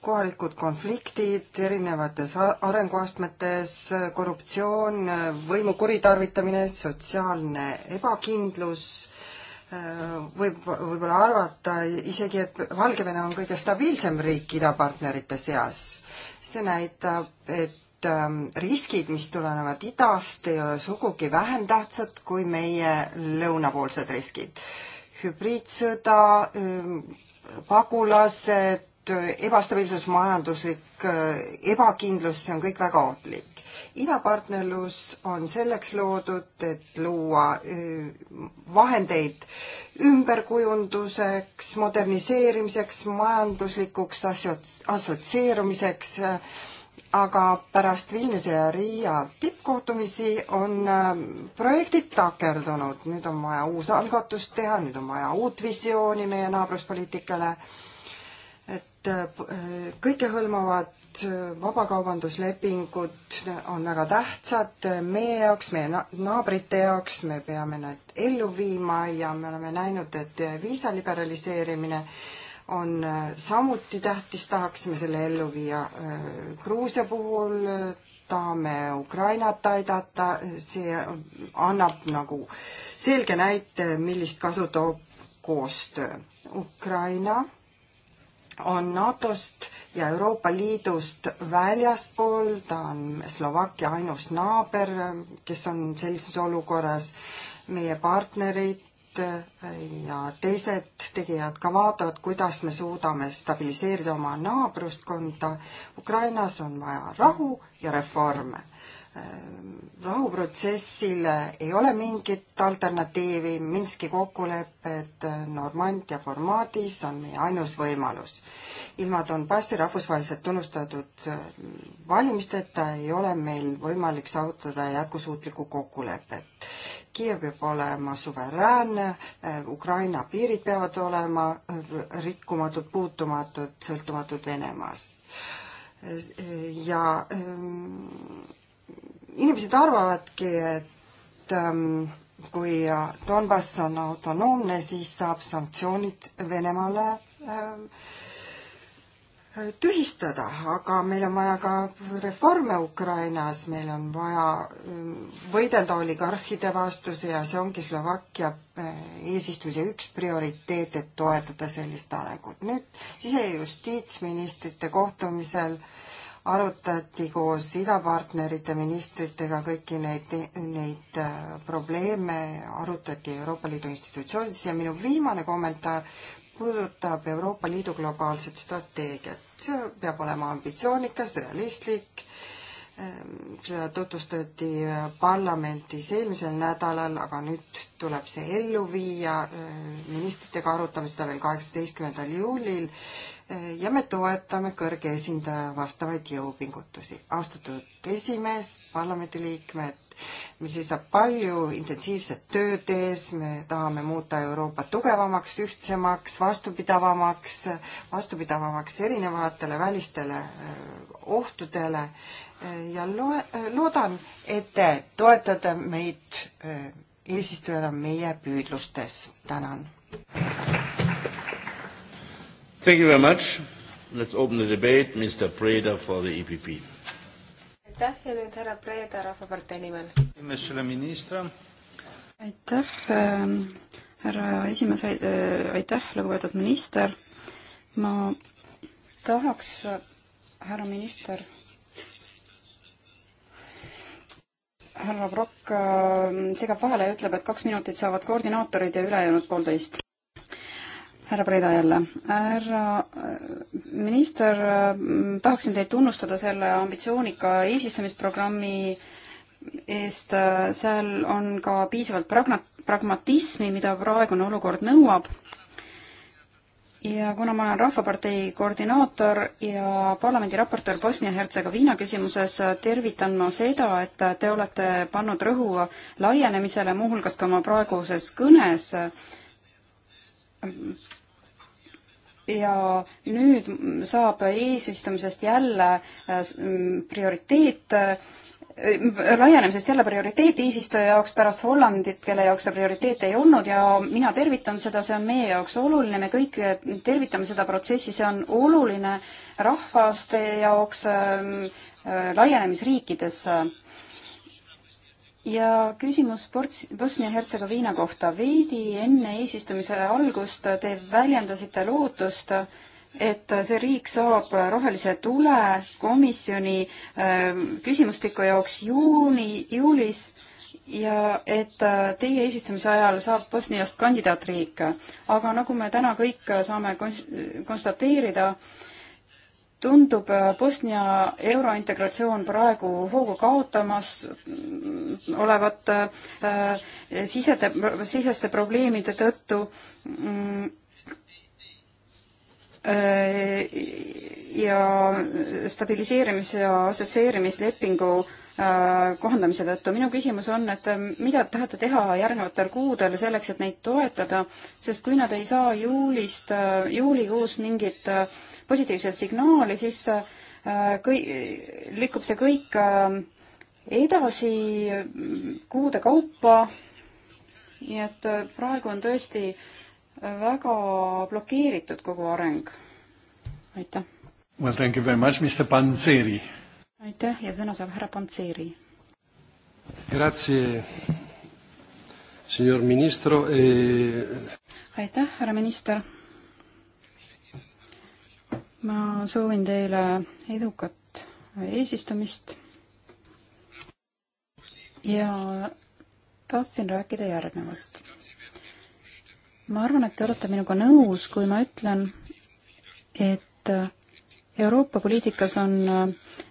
kohalikud konfliktid erinevates arenguastmetes, korruptsioon, võimu kuritarvitamine, sotsiaalne ebakindlus, võib võib-olla arvata isegi, et Valgevene on kõige stabiilsem riik idapartnerite seas. see näitab, et Ähm, riskid, mis tulenevad idast, ei ole sugugi vähem tähtsad kui meie lõunapoolsed riskid. hübriidsõda, ähm, pagulased, ebastabiilsus, majanduslik äh, ebakindlus, see on kõik väga ohtlik. idapartnerlus on selleks loodud, et luua äh, vahendeid ümberkujunduseks, moderniseerimiseks, majanduslikuks assots-, assotsieerumiseks äh, aga pärast Vilniuse ja Riia tippkohtumisi on ähm, projektid takerdunud, nüüd on vaja uus algatus teha, nüüd on vaja uut visiooni meie naabruspoliitikale, et äh, äh, kõikehõlmavad äh, vabakaubanduslepingud on väga tähtsad meie jaoks, meie naabrite jaoks, me peame need ellu viima ja me oleme näinud, et viisa liberaliseerimine äh, on äh, samuti tähtis, tahaksime selle ellu viia äh, Gruusia puhul, äh, tahame Ukrainat aidata, see annab nagu selge näite, millist kasu toob koostöö. Ukraina on NATO-st ja Euroopa Liidust väljaspool, ta on Slovakkia ainus naaber, kes on sellises olukorras. meie partnerid ja teised tegijad ka vaatavad, kuidas me suudame stabiliseerida oma naabruskonda. Ukrainas on vaja rahu ja reforme. Ehm, rahuprotsessile ei ole mingit alternatiivi, Minski kokkulepped Normandia formaadis on meie ainus võimalus. ilma Donbassi rahvusvaheliselt tunnustatud ehm, valimisteta ei ole meil võimalik saavutada jätkusuutlikku kokkulepet Kiiev peab olema suveräänne, äh, Ukraina piirid peavad olema äh, rikkumatud, puutumatud, sõltumatud Venemaast. Äh, ja ähm, inimesed arvavadki, et ähm, kui Donbass on autonoomne, siis saab sanktsioonid Venemaale ähm, tühistada, aga meil on vaja ka reforme Ukrainas, meil on vaja võidelda oligarhide vastuse ja see ongi Slovakkia eh, eesistumise üks prioriteet, et toetada sellist arengut. nüüd sise- ja justiitsministrite kohtumisel arutati koos idapartnerite ministritega kõiki neid, neid eh, probleeme, arutati Euroopa Liidu institutsioonides ja minu viimane kommentaar puudutab Euroopa Liidu globaalset strateegiat. see peab olema ambitsioonikas, realistlik, ehm, seda tutvustati parlamendis eelmisel nädalal, aga nüüd tuleb see ellu viia, ehm, ministritega arutame seda veel kaheksateistkümnendal juulil ehm, ja me toetame kõrge esindaja vastavaid jõupingutusi. austatud esimees, parlamendiliikmed, meil seisab palju intensiivset tööd ees, me tahame muuta Euroopat tugevamaks, ühtsemaks, vastupidavamaks, vastupidavamaks erinevatele välistele ohtudele ja loe, loodan, et te toetate meid eesistujana meie püüdlustes. tänan. Thank you very much. Let's open the debate. Mr. Preda for the EPP aitäh ja nüüd härra Preeda Rahvapartei nimel. aitäh äh,, härra esimees äh,, aitäh, lugupeetud minister. ma tahaks, härra minister härra Brock ähm, segab vahele ja ütleb, et kaks minutit saavad koordinaatorid ja ülejäänud poolteist härra Preda jälle. härra äh, minister, äh, tahaksin teid tunnustada selle ambitsioonika eesistumisprogrammi eest, seal on ka piisavalt pragma-, pragmatismi, mida praegune olukord nõuab. ja kuna ma olen Rahvapartei koordinaator ja parlamendi raportöör Bosnia-Hertsegoviina küsimuses, tervitan ma seda, et te olete pannud rõhu laienemisele, muuhulgas ka oma praeguses kõnes ja nüüd saab eesistumisest jälle äh, mm, prioriteet äh, laienemisest jälle prioriteet eesistuja jaoks pärast Hollandit, kelle jaoks see prioriteet ei olnud ja mina tervitan seda, see on meie jaoks oluline, me kõik äh, tervitame seda protsessi, see on oluline rahvaste jaoks laienemisriikides ähm, äh, ja küsimus Bosnia-Hertsegoviina kohta. veidi enne eesistumise algust te väljendasite lootust, et see riik saab rohelise tule komisjoni ähm, küsimustiku jaoks juuni, juulis ja et äh, teie eesistumise ajal saab Bosniast kandidaatriik. aga nagu me täna kõik saame konstateerida, tundub äh, Bosnia eurointegratsioon praegu hoogu kaotamas mm, olevat äh, sisede, siseste probleemide tõttu mm, äh, ja stabiliseerimis- ja assotsieerimislepingu äh, kohandamise tõttu. minu küsimus on, et äh, mida tahate teha järgnevatel kuudel selleks, et neid toetada, sest kui nad ei saa juulist, äh, juulikuus mingit äh, positiivset signaali, siis äh, kõi-, lükkub see kõik äh, edasi mm, kuude kaupa. nii et äh, praegu on tõesti väga blokeeritud kogu areng. aitäh. Well, thank you very much, Mr Panseri. aitäh ja sõna saab härra Panseri. Grazie, signor ministro e.... aitäh, härra minister ma soovin teile edukat eesistumist ja tahtsin rääkida järgnevast. ma arvan, et te olete minuga nõus, kui ma ütlen, et Euroopa poliitikas on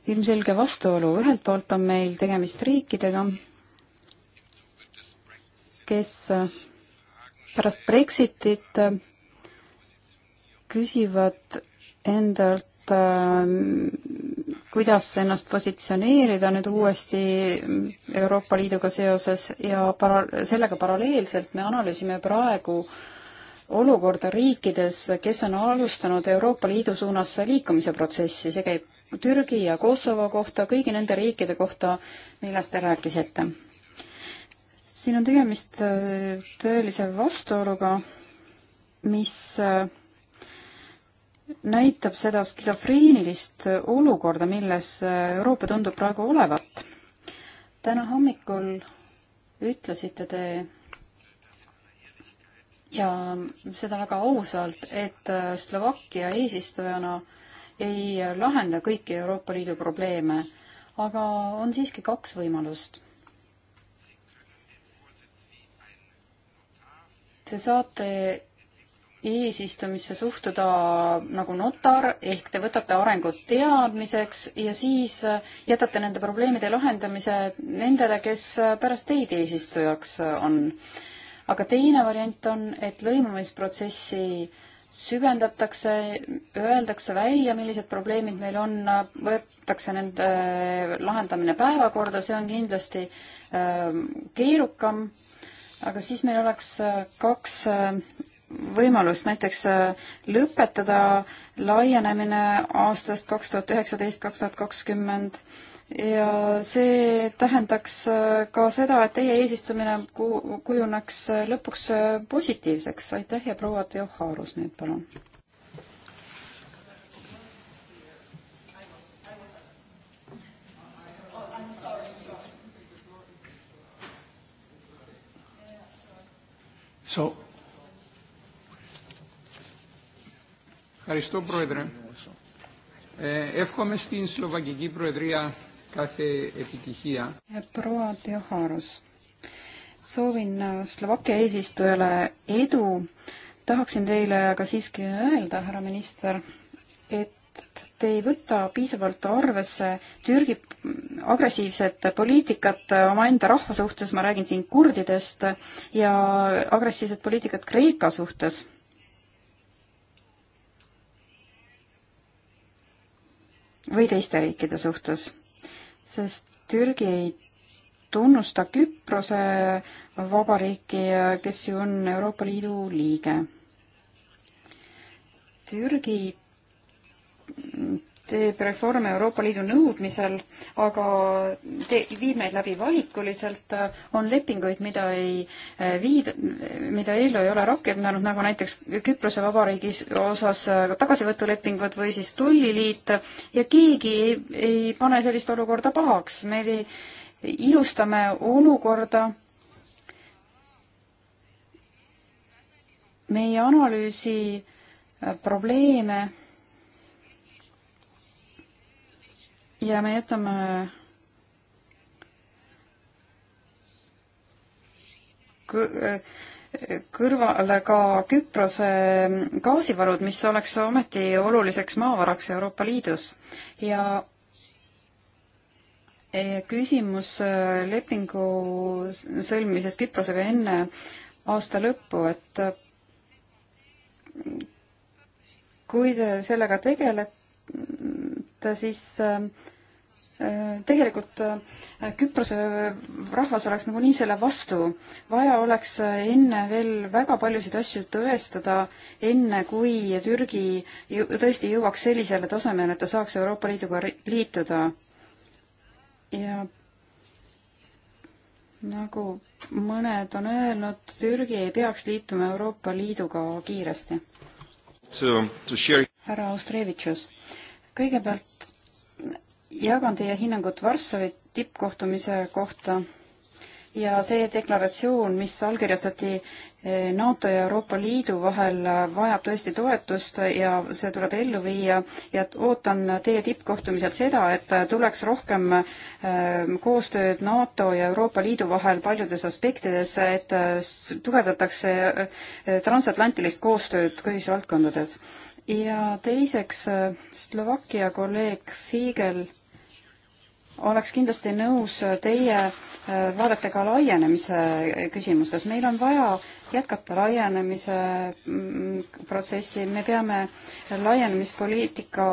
ilmselge vastuolu, ühelt poolt on meil tegemist riikidega, kes pärast Brexitit küsivad endalt, ähm, kuidas ennast positsioneerida nüüd uuesti Euroopa Liiduga seoses ja para-, sellega paralleelselt me analüüsime praegu olukorda riikides, kes on alustanud Euroopa Liidu suunas liikumise protsessi, see käib Türgi ja Kosovo kohta, kõigi nende riikide kohta, millest te rääkisite. siin on tegemist äh, tõelise vastuoluga, mis äh, näitab seda skisofreenilist olukorda, milles Euroopa tundub praegu olevat. täna hommikul ütlesite te ja seda väga ausalt, et Slovakkia eesistujana ei lahenda kõiki Euroopa Liidu probleeme, aga on siiski kaks võimalust. Te saate eesistumisse suhtuda nagu notar, ehk te võtate arengud teadmiseks ja siis äh, jätate nende probleemide lahendamise nendele, kes äh, pärast teid eesistujaks äh, on. aga teine variant on, et lõimumisprotsessi süvendatakse, öeldakse välja, millised probleemid meil on, võetakse nende lahendamine päevakorda, see on kindlasti keerukam aga siis meil oleks kaks võimalust näiteks äh, lõpetada laienemine aastast kaks tuhat üheksateist, kaks tuhat kakskümmend ja see tähendaks äh, ka seda, et teie eesistumine ku-, kujuneks äh, lõpuks positiivseks, aitäh ja proua Teoharus nüüd palun. So Ευχαριστώ, Πρόεδρε. Ε, εύχομαι στην Σλοβακική Προεδρία κάθε επιτυχία. Proua Teoharus, soovin Slovakkia eesistujale edu. tahaksin teile aga siiski öelda, härra minister, et te ei võta piisavalt arvesse Türgi agressiivset poliitikat omaenda rahva suhtes, ma räägin siin kurdidest, ja agressiivset poliitikat Kreeka suhtes või teiste riikide suhtes, sest Türgi ei tunnusta Küprose vabariiki, kes ju on Euroopa Liidu liige. Türgi teeb reforme Euroopa Liidu nõudmisel, aga te-, viib neid läbi valikuliselt, on lepinguid, mida ei eh, viid-, mida ellu ei ole rakendanud, nagu näiteks Küprose Vabariigi osas eh, tagasivõtulepingud või siis tolliliit, ja keegi ei, ei pane sellist olukorda pahaks, me ei, ilustame olukorda, me ei analüüsi eh, probleeme ja me jätame äh, kõrvale ka Küprose gaasivarud, mis oleks ometi oluliseks maavaraks Euroopa Liidus ja äh, küsimus äh, lepingu sõlmimisest Küprosega enne aasta lõppu, et kui te sellega tegelete, et äh, siis äh, äh, tegelikult Küprose rahvas oleks nagunii selle vastu. vaja oleks enne veel väga paljusid asju tõestada, enne kui Türgi tõesti jõuaks sellisele tasemele, et ta saaks Euroopa Liiduga liituda. ja nagu mõned on öelnud, Türgi ei peaks liituma Euroopa Liiduga kiiresti. härra Ostrevitšus kõigepealt jagan teie hinnangut Varssavi tippkohtumise kohta ja see deklaratsioon, mis allkirjastati eh, NATO ja Euroopa Liidu vahel, eh, vajab tõesti toetust ja see tuleb ellu viia ja ootan teie tippkohtumiselt seda, et eh, tuleks rohkem koostööd NATO ja Euroopa Liidu vahel paljudes aspektides, et tugevdatakse transatlantilist koostööd kõigis valdkondades ja teiseks, äh, Slovakkia kolleeg Fiegel oleks kindlasti nõus äh, teie äh, vaadetega laienemise küsimustes. meil on vaja jätkata laienemise mm, protsessi, me peame laienemispoliitika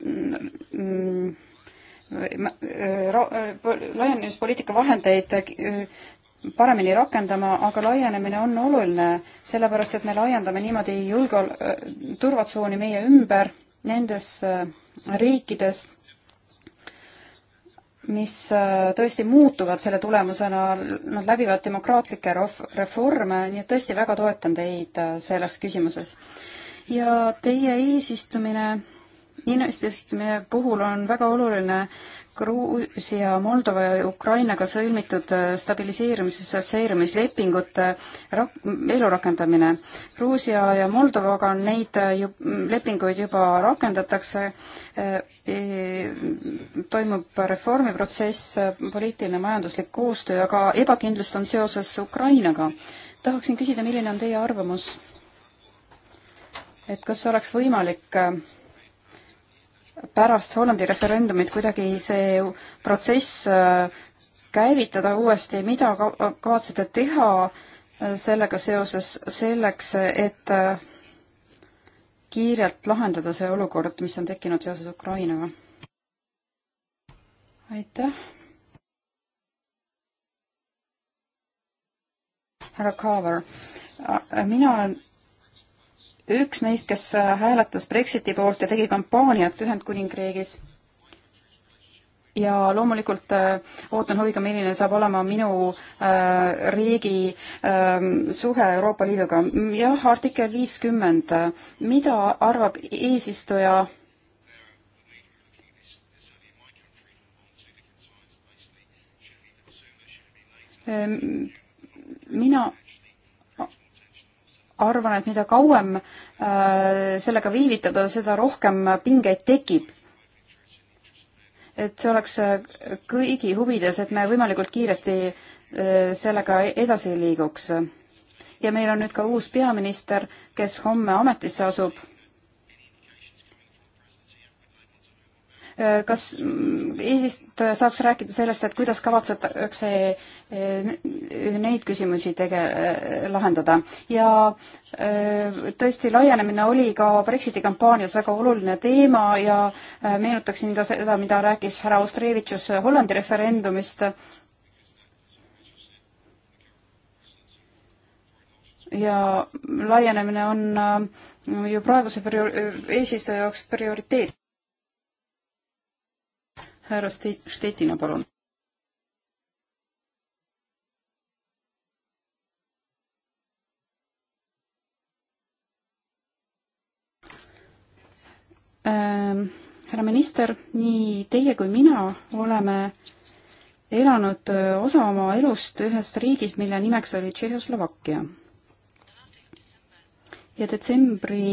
mm, laienemispoliitika vahendeid paremini rakendama, aga laienemine on oluline, sellepärast et me laiendame niimoodi julgeol-, äh, turvatsooni meie ümber nendes äh, riikides, mis äh, tõesti muutuvad selle tulemusena, nad läbivad demokraatlikke reforme, nii et tõesti väga toetan teid selles küsimuses. ja teie eesistumine, eesistumine puhul on väga oluline Gruusia, Moldova ja Ukrainaga sõlmitud äh, stabiliseerimis- ja assotsieerimislepingute rak-, elurakendamine. Gruusia ja Moldovaga neid äh, ju, lepinguid juba rakendatakse äh, e,, toimub reformiprotsess, poliitiline, majanduslik koostöö, aga ebakindlust on seoses Ukrainaga. tahaksin küsida, milline on teie arvamus, et kas oleks võimalik pärast Hollandi referendumit kuidagi see protsess äh, käivitada uuesti, mida kavatsete teha äh, sellega seoses selleks, et äh, kiirelt lahendada see olukord, mis on tekkinud seoses Ukrainaga? aitäh. härra Kaaver, mina olen üks neist, kes äh, hääletas Brexiti poolt ja tegi kampaaniat Ühendkuningriigis. ja loomulikult äh, ootan huviga, milline saab olema minu äh, riigi äh, suhe Euroopa Liiduga. jah, artikkel viiskümmend, mida arvab eesistuja mina arvan, et mida kauem äh, sellega viivitada, seda rohkem pingeid tekib. et see oleks äh, kõigi huvides, et me võimalikult kiiresti äh, sellega edasi liiguks. ja meil on nüüd ka uus peaminister, kes homme ametisse asub. kas mm, eesist saaks rääkida sellest, et kuidas kavatsetakse Äh, neid küsimusi tege-, äh, lahendada. ja äh, tõesti, laienemine oli ka Brexiti kampaanias väga oluline teema ja meenutaksin ka seda, mida rääkis härra Ostrevitšus Hollandi referendumist, ja laienemine on ju praeguse prior-, eesistuja jaoks prioriteet. härra Sti-, Štetina, palun. Ehm, härra minister, nii teie kui mina oleme elanud osa oma elust ühes riigis, mille nimeks oli Tšehhoslovakkia. ja detsembri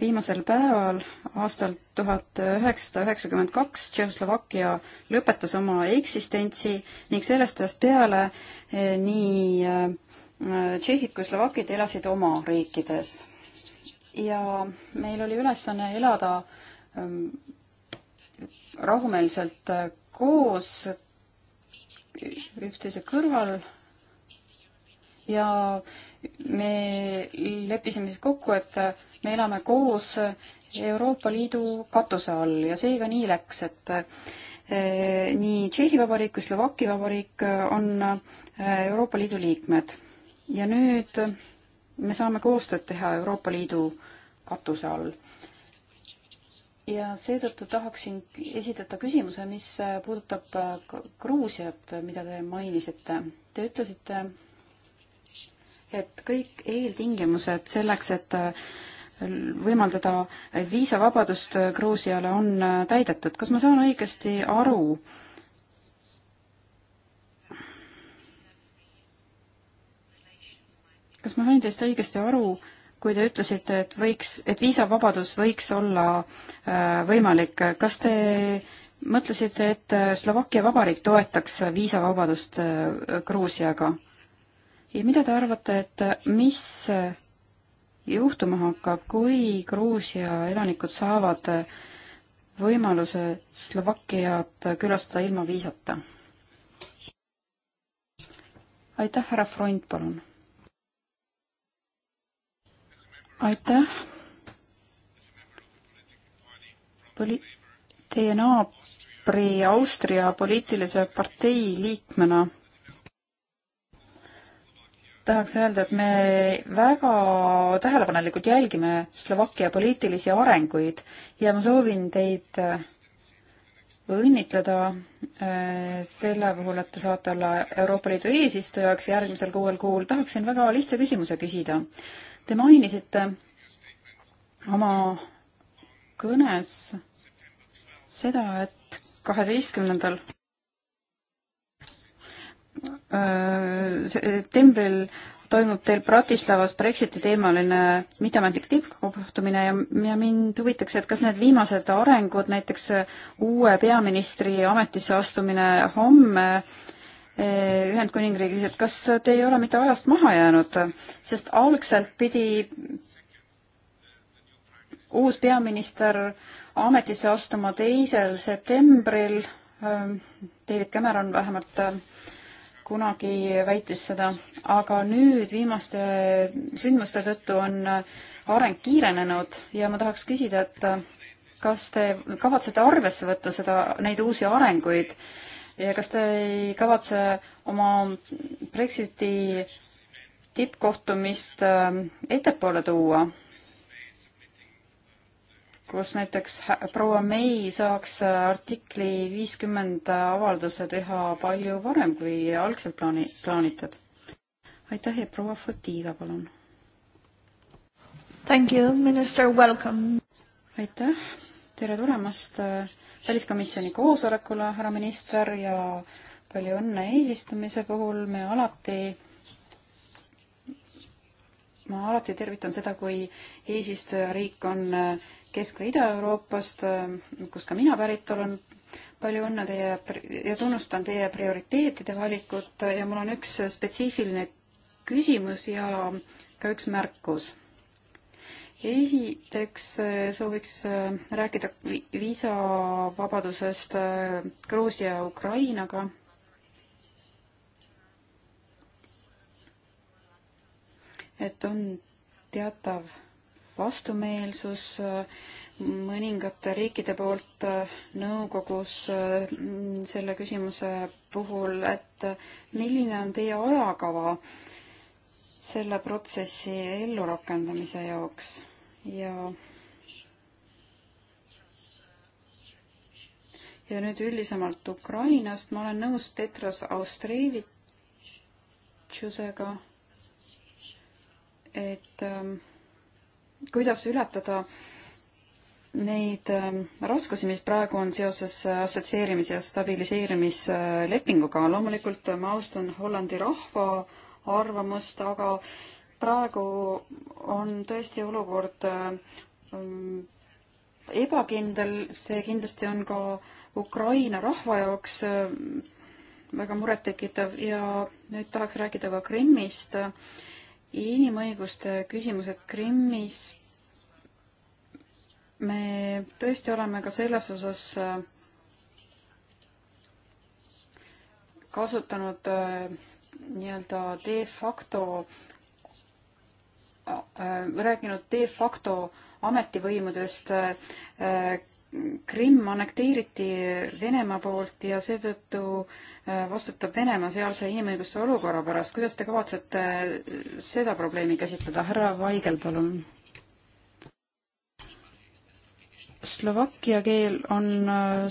viimasel päeval aastal tuhat üheksasada üheksakümmend kaks Tšehhoslovakkia lõpetas oma eksistentsi ning sellest ajast peale eh, nii tšehhid kui slovakid elasid oma riikides ja meil oli ülesanne elada ähm, rahumeelselt äh, koos üksteise kõrval ja me leppisime siis kokku, et äh, me elame koos äh, Euroopa Liidu katuse all ja see ka nii läks, et nii Tšehhi Vabariik kui Slovakkia Vabariik on Euroopa Liidu liikmed. ja nüüd me saame koostööd teha Euroopa Liidu katuse all. ja seetõttu tahaksin esitada küsimuse, mis puudutab Gruusiat, mida te mainisite. Te ütlesite, et kõik eeltingimused selleks, et äh, võimaldada viisavabadust Gruusiale, on äh, täidetud. kas ma saan õigesti aru, kas ma sain teist õigesti aru, kui te ütlesite, et võiks, et viisavabadus võiks olla äh, võimalik, kas te mõtlesite, et äh, Slovakkia Vabariik toetaks viisavabadust äh, Gruusiaga? ja mida te arvate, et äh, mis äh, juhtuma hakkab, kui Gruusia elanikud saavad võimaluse Slovakkiat külastada ilma viisata? aitäh, härra Freund, palun aitäh. Poli-, teie naabri Austria poliitilise partei liikmena tahaks öelda, et me väga tähelepanelikult jälgime Slovakkia poliitilisi arenguid ja ma soovin teid äh, õnnitleda äh, selle puhul, et te saate olla Euroopa Liidu eesistujaks järgmisel kuuel kuul. tahaksin väga lihtsa küsimuse küsida. Te mainisite oma kõnes seda, et kaheteistkümnendal äh, septembril toimub teil Bratislavas Brexiti teemaline mitteametlik tippkohtumine ja, ja mind huvitaks, et kas need viimased arengud, näiteks uue peaministri ametisse astumine homme äh, Eh, Ühendkuningriigis, et kas te ei ole mitte ajast maha jäänud, sest algselt pidi uus peaminister ametisse astuma teisel septembril. Ähm, David Cameron vähemalt äh, kunagi väitis seda, aga nüüd viimaste sündmuste tõttu on äh, areng kiirenenud ja ma tahaks küsida, et äh, kas te kavatsete arvesse võtta seda, neid uusi arenguid ja kas te ei kavatse oma Brexiti tippkohtumist ähm, ettepoole tuua, kus näiteks proua May saaks äh, artikli viiskümmend äh, avalduse teha palju varem, kui algselt plaani, plaanitud? aitäh ja proua Fotiga, palun. Thank you, minister, welcome. aitäh, tere tulemast äh, väliskomisjoni koosolekule, härra minister, ja palju õnne eesistumise puhul, me alati ma alati tervitan seda, kui eesistujariik on Kesk- või Ida-Euroopast, kus ka mina pärit olen. palju õnne teie ja tunnustan teie prioriteetide valikut ja mul on üks spetsiifiline küsimus ja ka üks märkus esiteks äh, sooviks äh, rääkida viisavabadusest äh, Gruusia ja Ukrainaga. et on teatav vastumeelsus mõningate riikide poolt nõukogus selle küsimuse puhul, et milline on teie ajakava selle protsessi ellurakendamise jaoks? ja ja nüüd üldisemalt Ukrainast, ma olen nõus Petras Austrevitšusega, et ähm, kuidas ületada neid ähm, raskusi, mis praegu on seoses äh, assotsieerimise ja stabiliseerimislepinguga. loomulikult äh, ma austan Hollandi rahva arvamust, aga äh, praegu on tõesti olukord äh, ebakindel, see kindlasti on ka Ukraina rahva jaoks äh, väga murettekitav ja nüüd tahaks rääkida ka Krimmist. inimõiguste küsimused Krimmis. me tõesti oleme ka selles osas äh, kasutanud nii-öelda de facto äh, Äh, rääkinud de facto ametivõimudest. Äh, Krimm annekteeriti Venemaa poolt ja seetõttu äh, vastutab Venemaa sealse inimõiguste olukorra pärast. kuidas te kavatsete seda probleemi käsitleda? härra Vaigel, palun. Slovakkia keel on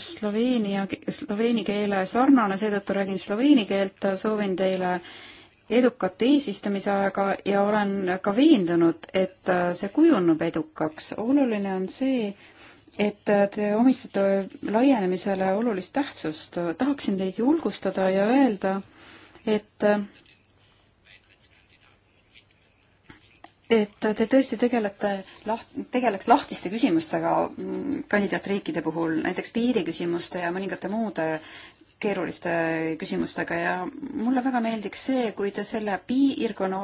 Sloveenia, sloveeni keele sarnane, seetõttu räägin sloveeni keelt, soovin teile äh, edukat eesistumise aega ja olen ka veendunud, et äh, see kujuneb edukaks. oluline on see, et äh, te omistate laienemisele olulist tähtsust. tahaksin teid julgustada ja öelda, et et te tõesti tegelete laht-, tegeleks lahtiste küsimustega mm, kandidaatriikide puhul, näiteks piiriküsimuste ja mõningate muude keeruliste küsimustega ja mulle väga meeldiks see, kui te selle piirkonna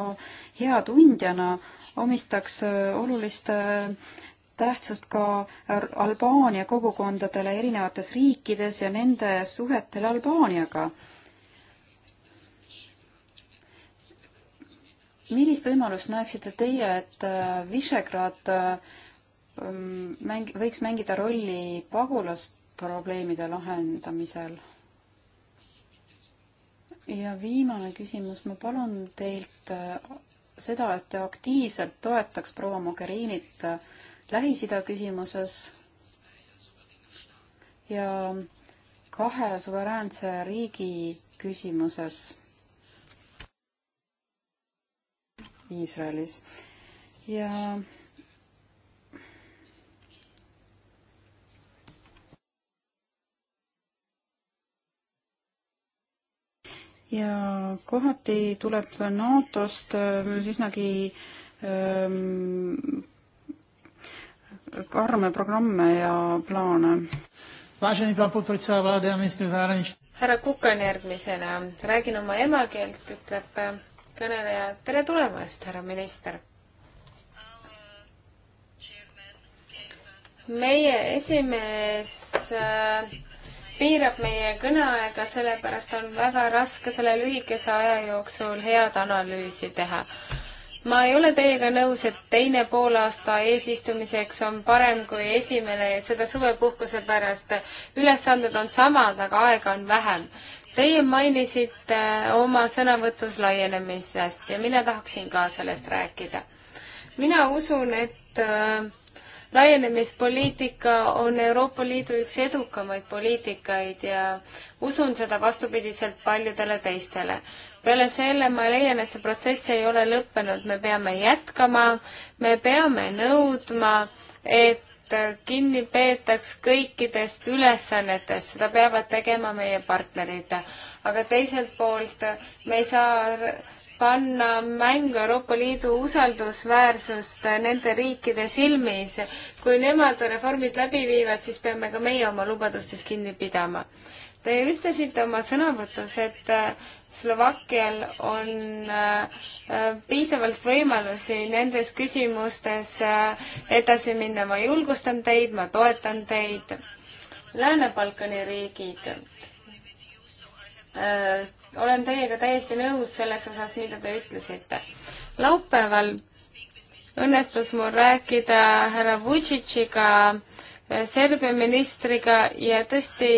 hea tundjana omistaks olulist tähtsust ka Albaania kogukondadele erinevates riikides ja nende suhetele Albaaniaga. millist võimalust näeksite teie, et äh, Visegrad äh, mäng-, võiks mängida rolli pagulasprobleemide lahendamisel? ja viimane küsimus, ma palun teilt äh, seda, et te aktiivselt toetaks proua Mogherinit äh, Lähis-Ida küsimuses ja kahe suveräänse riigi küsimuses Iisraelis ja ja kohati tuleb NATO-st äh, üsnagi ähm, karme programme ja plaane. härra Kukan järgmisena, räägin oma emakeelt, ütleb äh, kõneleja. tere tulemast, härra minister meie esimees äh, piirab meie kõneaega, sellepärast on väga raske selle lühikese aja jooksul head analüüsi teha. ma ei ole teiega nõus, et teine poolaasta eesistumiseks on parem kui esimene ja seda suvepuhkuse pärast. ülesanded on samad, aga aega on vähem. Teie mainisite äh, oma sõnavõtus laienemisest ja mina tahaksin ka sellest rääkida. mina usun, et äh, laienemispoliitika on Euroopa Liidu üks edukamaid poliitikaid ja usun seda vastupidiselt paljudele teistele. peale selle ma leian, et see protsess ei ole lõppenud, me peame jätkama, me peame nõudma, et kinni peetaks kõikidest ülesannetest, seda peavad tegema meie partnerid. aga teiselt poolt me ei saa panna mängu Euroopa Liidu usaldusväärsust nende riikide silmis. kui nemad reformid läbi viivad, siis peame ka meie oma lubadustest kinni pidama. Te ütlesite oma sõnavõtus, et äh, Slovakkial on äh, piisavalt võimalusi nendes küsimustes äh, edasi minna. ma julgustan teid, ma toetan teid. Lääne-Balkani riigid olen teiega täiesti nõus selles osas, mida te ütlesite. laupäeval õnnestus mul rääkida härra Vutšitšiga, Serbia ministriga ja tõesti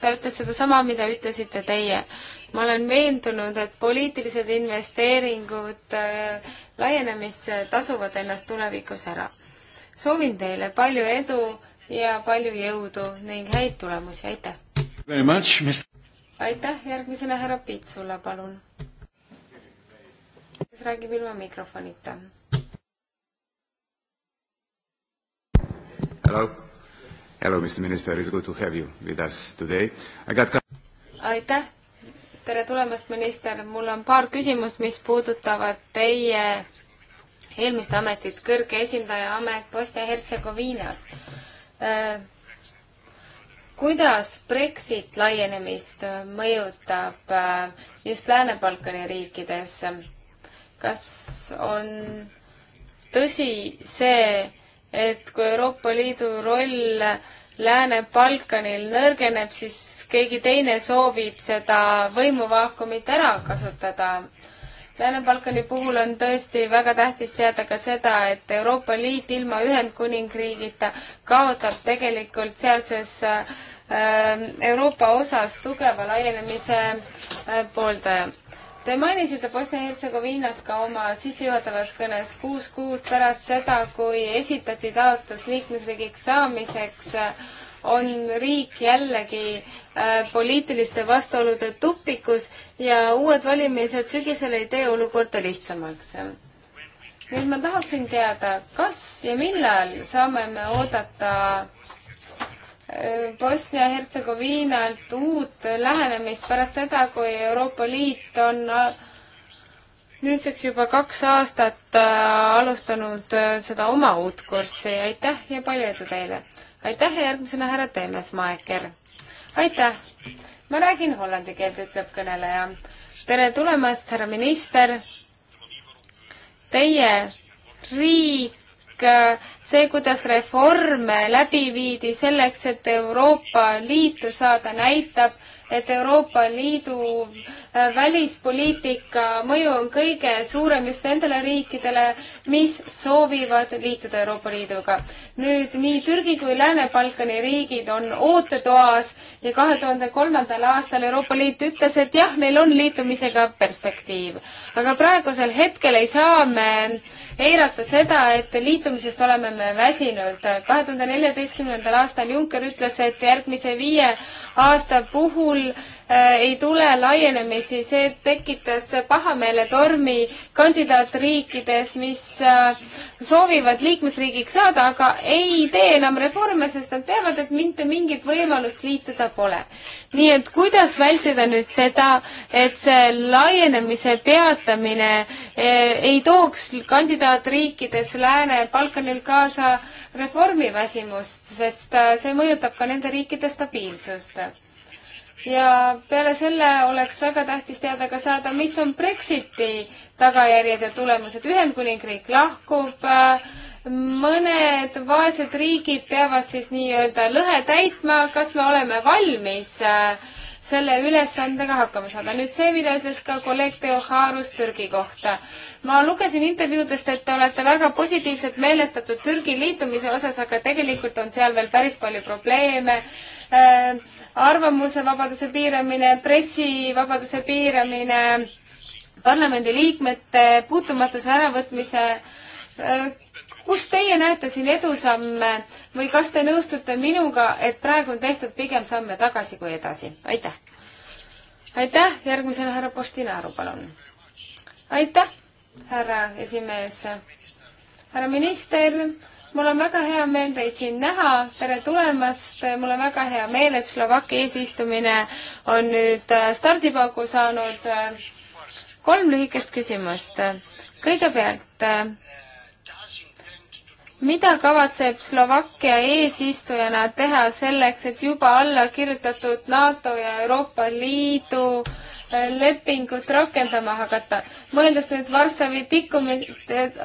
ta ütles sedasama, mida ütlesite teie. ma olen veendunud, et poliitilised investeeringud äh, laienemisse tasuvad ennast tulevikus ära. soovin teile palju edu ja palju jõudu ning häid tulemusi, aitäh! aitäh, järgmisena härra Pitsula, palun. kes räägib ilma mikrofonita? Hello, hello, Mr Minister, it's good to have you with us today. I got aitäh, tere tulemast, minister, mul on paar küsimust, mis puudutavad teie eelmist ametit, kõrge esindaja amet Bosnia-Hertsegoviinas äh, kuidas Brexit laienemist mõjutab äh, just Lääne-Balkani riikides? kas on tõsi see, et kui Euroopa Liidu roll Lääne-Balkanil nõrgeneb, siis keegi teine soovib seda võimuvaakumit ära kasutada Lääne-Balkani puhul on tõesti väga tähtis teada ka seda, et Euroopa Liit ilma Ühendkuningriigita kaotab tegelikult sealses ähm, Euroopa osas tugeva laienemise äh, pooldaja. Te mainisite Bosnia-Hertsegoviinat ka oma sissejuhatavas kõnes kuus kuud pärast seda, kui esitati taotlus liikmesriigiks saamiseks äh, on riik jällegi äh, poliitiliste vastuolude tupikus ja uued valimised sügisel ei tee olukorda lihtsamaks. nüüd ma tahaksin teada, kas ja millal saame me oodata äh, Bosnia-Hertsegoviinalt uut lähenemist pärast seda, kui Euroopa Liit on äh, nüüdseks juba kaks aastat äh, alustanud seda oma uut kurssi. aitäh ja palju edu teile! aitäh ja järgmisena härra Tennesmaeker. aitäh! ma räägin hollandi keelt, ütleb kõneleja. tere tulemast, härra minister! Teie riik, see, kuidas reforme läbi viidi selleks, et Euroopa Liitu saada, näitab, et Euroopa Liidu Äh, välispoliitika mõju on kõige suurem just nendele riikidele, mis soovivad liituda Euroopa Liiduga. nüüd nii Türgi kui Lääne-Balkani riigid on ootetoas ja kahe tuhande kolmandal aastal Euroopa Liit ütles, et jah, neil on liitumisega perspektiiv. aga praegusel hetkel ei saa me eirata seda, et liitumisest oleme me väsinud. kahe tuhande neljateistkümnendal aastal Juncker ütles, et järgmise viie aasta puhul Äh, ei tule laienemisi, see tekitas pahameeletormi kandidaatriikides, mis äh, soovivad liikmesriigiks saada, aga ei tee enam reforme, sest nad teavad, et mitte mingit võimalust liituda pole. nii et kuidas vältida nüüd seda, et see laienemise peatamine äh, ei tooks kandidaatriikides Lääne-Balkanil kaasa reformiväsimust, sest see mõjutab ka nende riikide stabiilsust ja peale selle oleks väga tähtis teada ka saada, mis on Brexiti tagajärjed ja tulemused. Ühendkuningriik lahkub, mõned vaesed riigid peavad siis nii-öelda lõhe täitma, kas me oleme valmis äh, selle ülesandega hakkama saada. nüüd see, mida ütles ka kolleeg Teo Haarus Türgi kohta. ma lugesin intervjuudest, et te olete väga positiivselt meelestatud Türgi liitumise osas, aga tegelikult on seal veel päris palju probleeme äh, arvamusevabaduse piiramine, pressivabaduse piiramine, parlamendiliikmete puutumatuse äravõtmise äh, kus teie näete siin edusamme või kas te nõustute minuga, et praegu on tehtud pigem samme tagasi kui edasi? aitäh! aitäh, järgmisena härra Postinaru, palun! aitäh, härra esimees! härra minister, mul on väga hea meel teid siin näha, tere tulemast, mul on väga hea meel, et Slovakkia eesistumine on nüüd äh, stardipaugu saanud. Äh, kolm lühikest küsimust. kõigepealt, äh, mida kavatseb Slovakkia eesistujana teha selleks, et juba alla kirjutatud NATO ja Euroopa Liidu äh, lepingut rakendama hakata. mõeldes nüüd Varssavi tikkumi-, äh,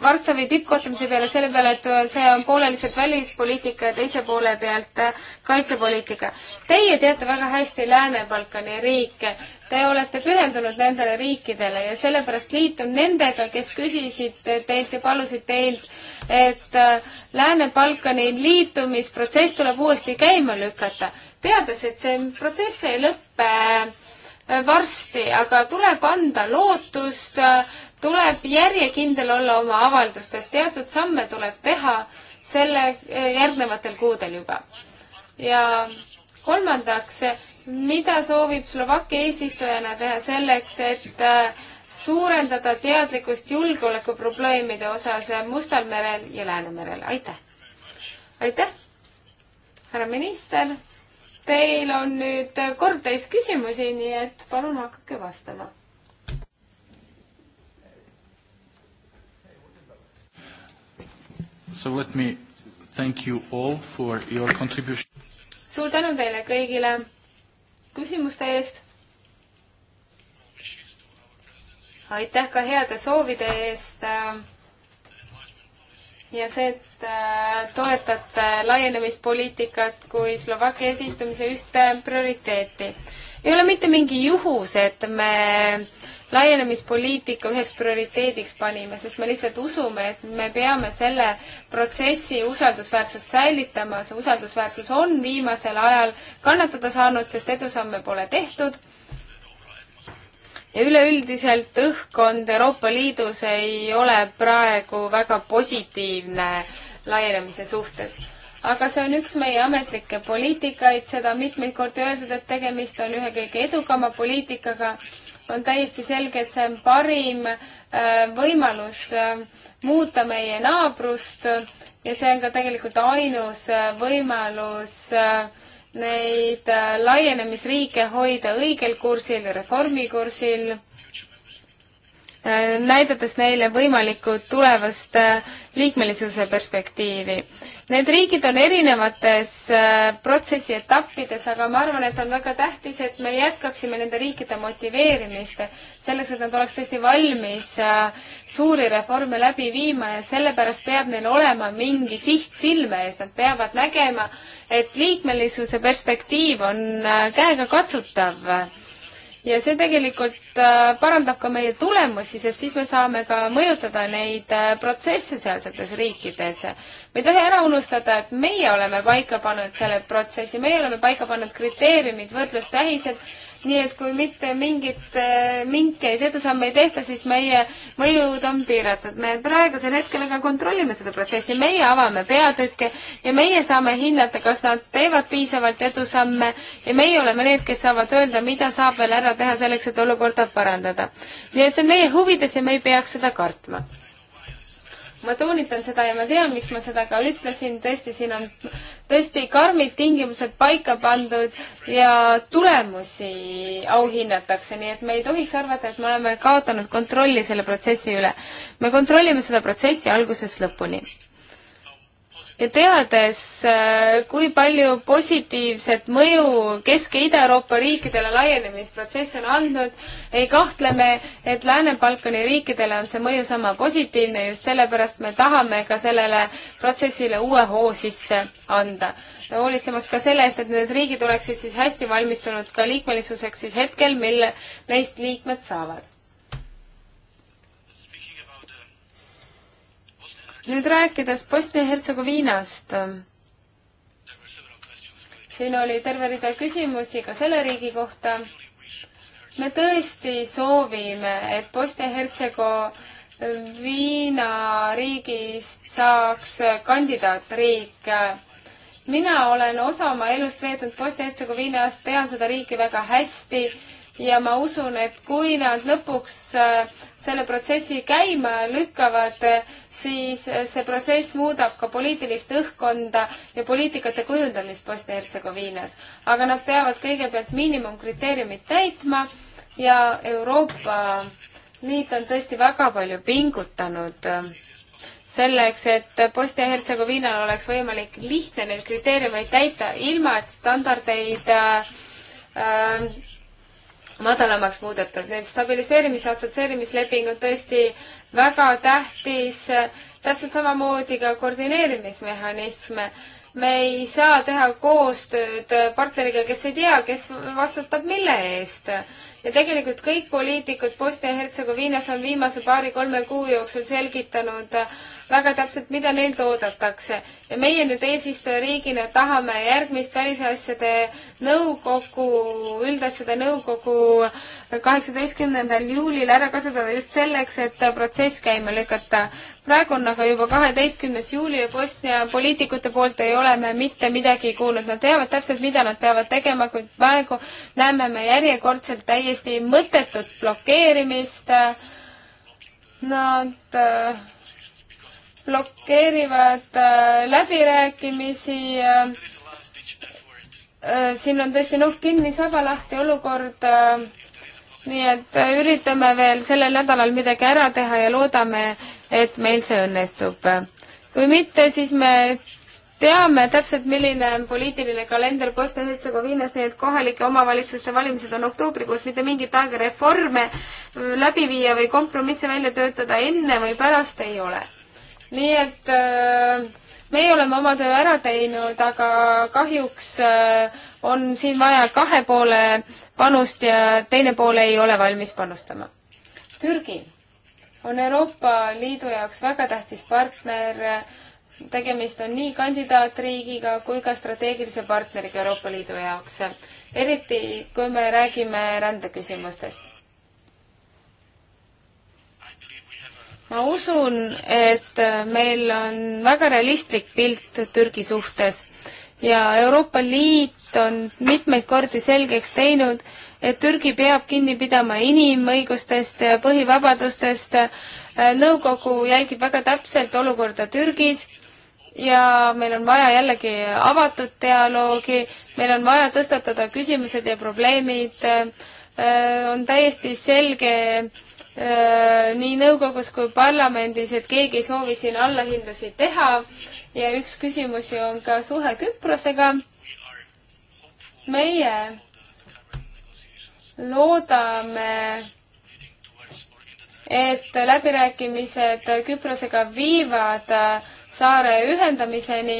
Varssavi tippkohtumise peale, selle peale, et see on poole lihtsalt välispoliitika ja teise poole pealt äh, kaitsepoliitika. Teie teate väga hästi Lääne-Balkani riike. Te olete pühendunud nendele riikidele ja sellepärast liitun nendega, kes küsisid teilt ja palusid teilt, et äh, Lääne-Balkani liitumisprotsess tuleb uuesti käima lükata teades, et see protsess ei lõpe Äh, varsti, aga tuleb anda lootust, äh, tuleb järjekindel olla oma avaldustes, teatud samme tuleb teha selle äh, järgnevatel kuudel juba. ja kolmandaks, mida soovib Slovakkia eesistujana teha selleks, et suurendada teadlikkust julgeolekuprobleemide osas Mustal merel ja Läänemerel, aitäh! aitäh, härra minister! Teil on nüüd kord täis küsimusi, nii et palun hakake vastama. So let me thank you all for your contribution. suur tänu teile kõigile küsimuste eest. aitäh ka heade soovide eest äh, ja see, et äh, toetate laienemispoliitikat kui Slovakkia eesistumise ühte prioriteeti. ei ole mitte mingi juhus, et me laienemispoliitika üheks prioriteediks panime, sest me lihtsalt usume, et me peame selle protsessi usaldusväärsust säilitama, see usaldusväärsus on viimasel ajal kannatada saanud, sest edusamme pole tehtud ja üleüldiselt õhkkond Euroopa Liidus ei ole praegu väga positiivne laienemise suhtes. aga see on üks meie ametlikke poliitikaid, seda on mitmeid kordi öeldud, et tegemist on ühe kõige edukama poliitikaga. on täiesti selge, et see on parim äh, võimalus äh, muuta meie naabrust ja see on ka tegelikult ainus äh, võimalus äh, neid äh, laienemisriike hoida õigel kursil, reformikursil näidates neile võimalikku tulevast äh, liikmelisuse perspektiivi. Need riigid on erinevates äh, protsessi etappides, aga ma arvan, et on väga tähtis, et me jätkaksime nende riikide motiveerimist selleks, et nad oleks tõesti valmis äh, suuri reforme läbi viima ja sellepärast peab neil olema mingi siht silme ees, nad peavad nägema, et liikmelisuse perspektiiv on käegakatsutav ja see tegelikult äh, parandab ka meie tulemusi, sest siis me saame ka mõjutada neid äh, protsesse sealsetes riikides. me ei tohi ära unustada, et meie oleme paika pannud selle protsessi, meie oleme paika pannud kriteeriumid, võrdlustähised nii et kui mitte mingit, äh, mingeid edusamme ei tehta, siis meie mõjud on piiratud. me praegusel hetkel aga kontrollime seda protsessi, meie avame peatükke ja meie saame hinnata, kas nad teevad piisavalt edusamme ja meie oleme need, kes saavad öelda, mida saab veel ära teha selleks, et olukorda parandada. nii et see on meie huvides ja me ei peaks seda kartma ma toonitan seda ja ma tean, miks ma seda ka ütlesin, tõesti, siin on tõesti karmid tingimused paika pandud ja tulemusi auhinnatakse, nii et me ei tohiks arvata, et me oleme kaotanud kontrolli selle protsessi üle. me kontrollime seda protsessi algusest lõpuni ja teades, äh, kui palju positiivset mõju Kesk- ja Ida-Euroopa riikidele laienemisprotsess on andnud, ei kahtle me, et Lääne-Balkani riikidele on see mõju sama positiivne, just sellepärast me tahame ka sellele protsessile uue hoo sisse anda. hoolitsemas ka selle eest, et need riigid oleksid siis hästi valmistunud ka liikmelisuseks siis hetkel, mil neist liikmed saavad nüüd rääkides Bosnia-Hertsegoviinast. siin oli terve rida küsimusi ka selle riigi kohta. me tõesti soovime, et Bosnia-Hertsegoviina riigist saaks kandidaatriik mina olen osa oma elust veetnud Bosnia-Hertsegoviinas, tean seda riiki väga hästi ja ma usun, et kui nad lõpuks selle protsessi käima lükkavad, siis see protsess muudab ka poliitilist õhkkonda ja poliitikate kujundamist Bosnia-Hertsegoviinas. aga nad peavad kõigepealt miinimumkriteeriumid täitma ja Euroopa Liit on tõesti väga palju pingutanud selleks, et Bosnia-Hertsegoviinal oleks võimalik lihtne neid kriteeriumeid täita, ilma et standardeid äh, madalamaks muudetud. Need stabiliseerimis- ja assotsieerimislepingud tõesti väga tähtis, täpselt samamoodi ka koordineerimismehhanism. me ei saa teha koostööd partneriga, kes ei tea, kes vastutab mille eest ja tegelikult kõik poliitikud Bosnia-Hertsegoviinas on viimase paari-kolme kuu jooksul selgitanud äh, väga täpselt, mida neilt oodatakse. ja meie nüüd eesistujariigina tahame järgmist välisasjade nõukogu, üldasjade nõukogu äh, kaheksateistkümnendal juulil ära kasutada just selleks, et äh, protsess käima lükata. praegu on aga juba kaheteistkümnes juuli ja Bosnia poliitikute poolt ei ole me mitte midagi kuulnud. Nad teavad täpselt, mida nad peavad tegema, kuid praegu näeme me järjekordselt täiesti täiesti mõttetut blokeerimist. Nad äh, blokeerivad äh, läbirääkimisi. Äh, siin on tõesti nokk kinni, saba lahti olukord. nii et üritame veel sellel nädalal midagi ära teha ja loodame, et meil see õnnestub. kui mitte, siis me teame täpselt, milline on poliitiline kalender Bosnia-Hertsegoviinas, nii et kohalike omavalitsuste valimised on oktoobrikuus, mitte mingit aega reforme äh, läbi viia või kompromisse välja töötada enne või pärast ei ole. nii et äh, meie oleme oma töö ära teinud, aga kahjuks äh, on siin vaja kahe poole panust ja teine pool ei ole valmis panustama. Türgi on Euroopa Liidu jaoks väga tähtis partner tegemist on nii kandidaatriigiga kui ka strateegilise partneriga Euroopa Liidu jaoks, eriti kui me räägime rändeküsimustest. ma usun, et meil on väga realistlik pilt Türgi suhtes ja Euroopa Liit on mitmeid kordi selgeks teinud, et Türgi peab kinni pidama inimõigustest, põhivabadustest. nõukogu jälgib väga täpselt olukorda Türgis ja meil on vaja jällegi avatud dialoogi, meil on vaja tõstatada küsimused ja probleemid, äh, on täiesti selge äh, nii nõukogus kui parlamendis, et keegi ei soovi siin allahindlusi teha ja üks küsimusi on ka suhe Küprosega. meie loodame et läbirääkimised Küprosega viivad saare ühendamiseni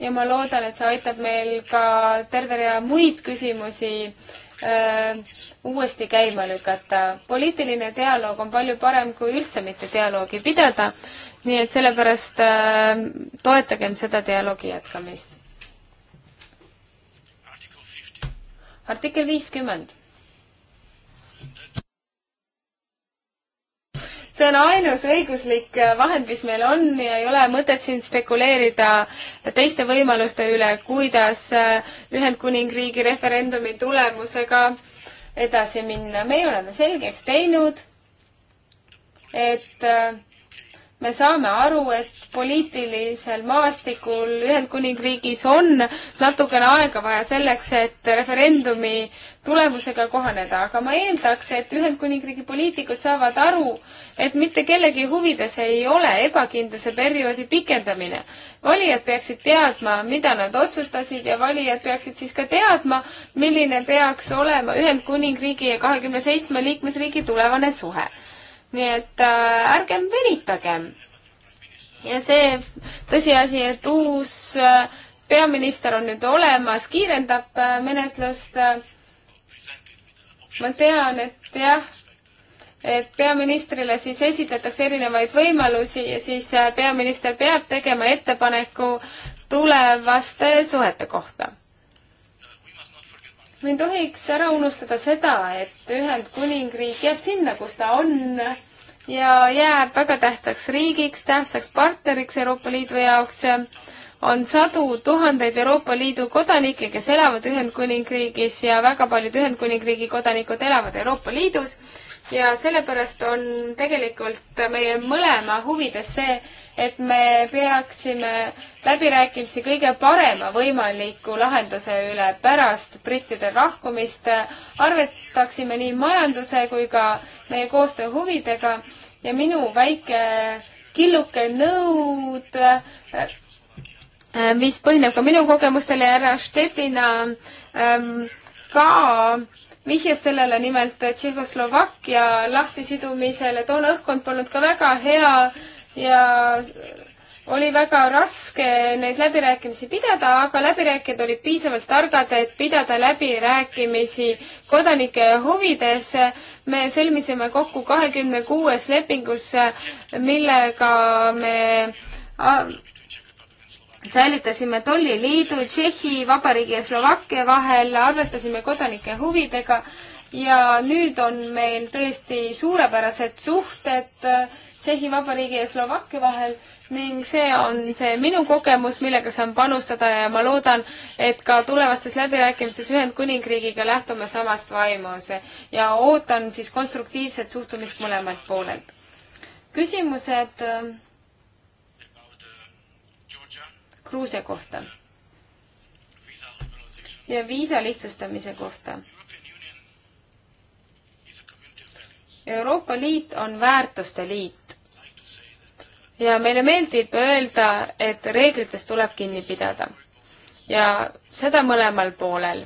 ja ma loodan, et see aitab meil ka terve rea muid küsimusi öö, äh, uuesti käima lükata. poliitiline dialoog on palju parem kui üldse mitte dialoogi pidada, nii et sellepärast öö, äh, toetagem seda dialoogi jätkamist. artikkel viiskümmend see on ainus õiguslik äh, vahend, mis meil on ja ei ole mõtet siin spekuleerida teiste võimaluste üle, kuidas äh, Ühendkuningriigi referendumi tulemusega edasi minna. meie oleme selgeks teinud, et äh, me saame aru, et poliitilisel maastikul Ühendkuningriigis on natukene aega vaja selleks, et referendumi tulemusega kohaneda, aga ma eeldaks, et Ühendkuningriigi poliitikud saavad aru, et mitte kellegi huvides ei ole ebakindluse perioodi pikendamine. valijad peaksid teadma, mida nad otsustasid ja valijad peaksid siis ka teadma, milline peaks olema Ühendkuningriigi ja kahekümne seitsme liikmesriigi tulevane suhe nii et äh, ärgem venitagem. ja see tõsiasi, et uus äh, peaminister on nüüd olemas, kiirendab äh, menetlust äh,. ma tean, et jah, et peaministrile siis esitletakse erinevaid võimalusi ja siis äh, peaminister peab tegema ettepaneku tulevaste suhete kohta me ei tohiks ära unustada seda, et Ühendkuningriik jääb sinna, kus ta on ja jääb väga tähtsaks riigiks, tähtsaks partneriks Euroopa Liidu jaoks. on sadu tuhandeid Euroopa Liidu kodanikke, kes elavad Ühendkuningriigis ja väga paljud Ühendkuningriigi kodanikud elavad Euroopa Liidus ja sellepärast on tegelikult meie mõlema huvides see, et me peaksime läbirääkimisi kõige parema võimaliku lahenduse üle pärast brittide lahkumist, arvestaksime nii majanduse kui ka meie koostöö huvidega ja minu väike killuke nõud, mis põhineb ka minu kogemustele härra Steffina ähm, ka vihjas sellele nimelt Tšehhoslovakkia lahtisidumisele, toona õhkkond polnud ka väga hea ja oli väga raske neid läbirääkimisi pidada, aga läbirääkijad olid piisavalt targad, et pidada läbirääkimisi kodanike huvides. me sõlmisime kokku kahekümne kuues lepingus, millega me säilitasime tolliliidu Tšehhi Vabariigi ja Slovakkia vahel, arvestasime kodanike huvidega ja nüüd on meil tõesti suurepärased suhted äh, Tšehhi Vabariigi ja Slovakkia vahel ning see on see minu kogemus, millega saan panustada ja ma loodan, et ka tulevastes läbirääkimistes Ühendkuningriigiga lähtume samast vaimus ja ootan siis konstruktiivset suhtumist mõlemalt poolelt. küsimused äh, Gruusia kohta ja viisa lihtsustamise kohta. Euroopa Liit on väärtuste liit ja meile meeldib öelda, et reeglitest tuleb kinni pidada ja seda mõlemal poolel.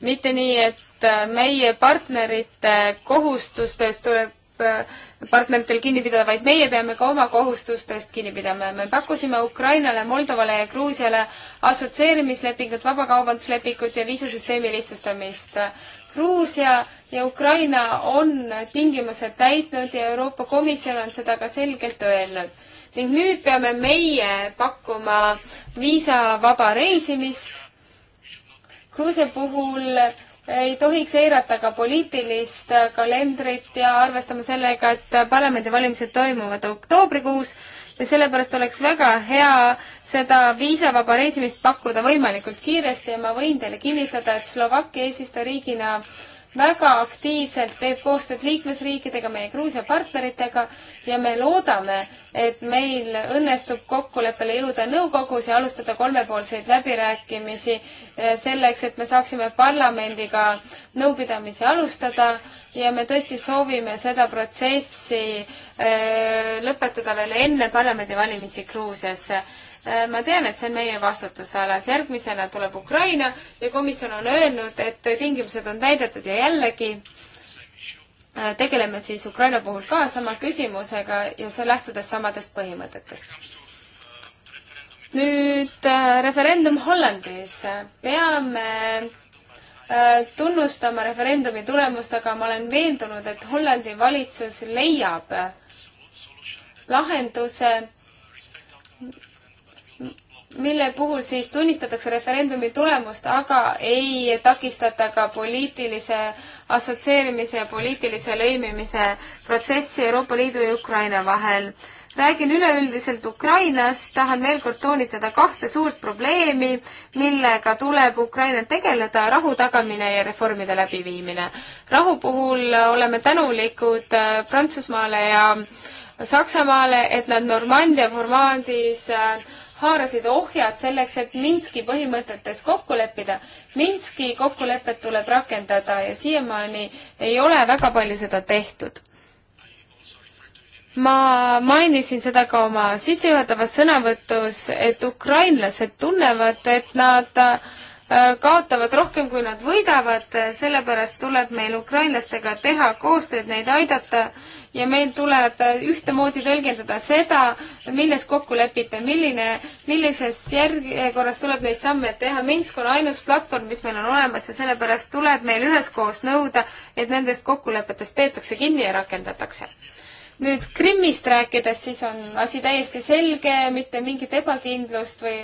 mitte nii, et meie partnerite kohustustest tuleb tuleb äh, partneritel kinni pidada, vaid meie peame ka oma kohustustest kinni pidama. me pakkusime Ukrainale, Moldovale ja Gruusiale assotsieerimislepingut, vabakaubanduslepingut ja viisasüsteemi lihtsustamist. Gruusia ja Ukraina on tingimused täitnud ja Euroopa Komisjon on seda ka selgelt öelnud. ning nüüd peame meie pakkuma viisavaba reisimist. Gruusia puhul ei tohiks eirata ka poliitilist kalendrit ja arvestama sellega, et parlamendivalimised toimuvad oktoobrikuus ja sellepärast oleks väga hea seda viisavaba reisimist pakkuda võimalikult kiiresti ja ma võin teile kinnitada, et Slovakkia eesistujariigina väga aktiivselt teeb koostööd liikmesriikidega, meie Gruusia partneritega ja me loodame, et meil õnnestub kokkuleppele jõuda nõukogus ja alustada kolmepoolseid läbirääkimisi eh, selleks, et me saaksime parlamendiga nõupidamisi alustada ja me tõesti soovime seda protsessi eh, lõpetada veel enne parlamendivalimisi Gruusias. Eh, ma tean, et see on meie vastutusalas, järgmisena tuleb Ukraina ja komisjon on öelnud, et tingimused on täidetud ja jällegi Äh, tegeleme siis Ukraina puhul ka sama küsimusega ja see lähtudes samadest põhimõtetest. nüüd äh, referendum Hollandis. peame äh, tunnustama referendumi tulemust, aga ma olen veendunud, et Hollandi valitsus leiab lahenduse, mille puhul siis tunnistatakse referendumi tulemust, aga ei takistata ka poliitilise assotsieerimise ja poliitilise lõimimise protsessi Euroopa Liidu ja Ukraina vahel. räägin üleüldiselt Ukrainast, tahan veel kord toonitada kahte suurt probleemi, millega tuleb Ukrainal tegeleda, rahu tagamine ja reformide läbiviimine. rahu puhul oleme tänulikud äh, Prantsusmaale ja Saksamaale, et nad Normandia formaadis äh, haarasid ohjad selleks, et Minski põhimõtetes kokku leppida. Minski kokkulepet tuleb rakendada ja siiamaani ei ole väga palju seda tehtud. ma mainisin seda ka oma sissejuhatavas sõnavõtus, et ukrainlased tunnevad, et nad äh, Äh, kaotavad rohkem, kui nad võidavad, äh, sellepärast tuleb meil ukrainlastega teha koostööd, neid aidata ja meil tuleb äh, ühtemoodi tõlgendada seda, milles kokku lepiti, milline, millises järjekorras tuleb neid samme teha. Minsk on ainus platvorm, mis meil on olemas ja sellepärast tuleb meil üheskoos nõuda, et nendest kokkulepetest peetakse kinni ja rakendatakse nüüd Krimmist rääkides, siis on asi täiesti selge, mitte mingit ebakindlust või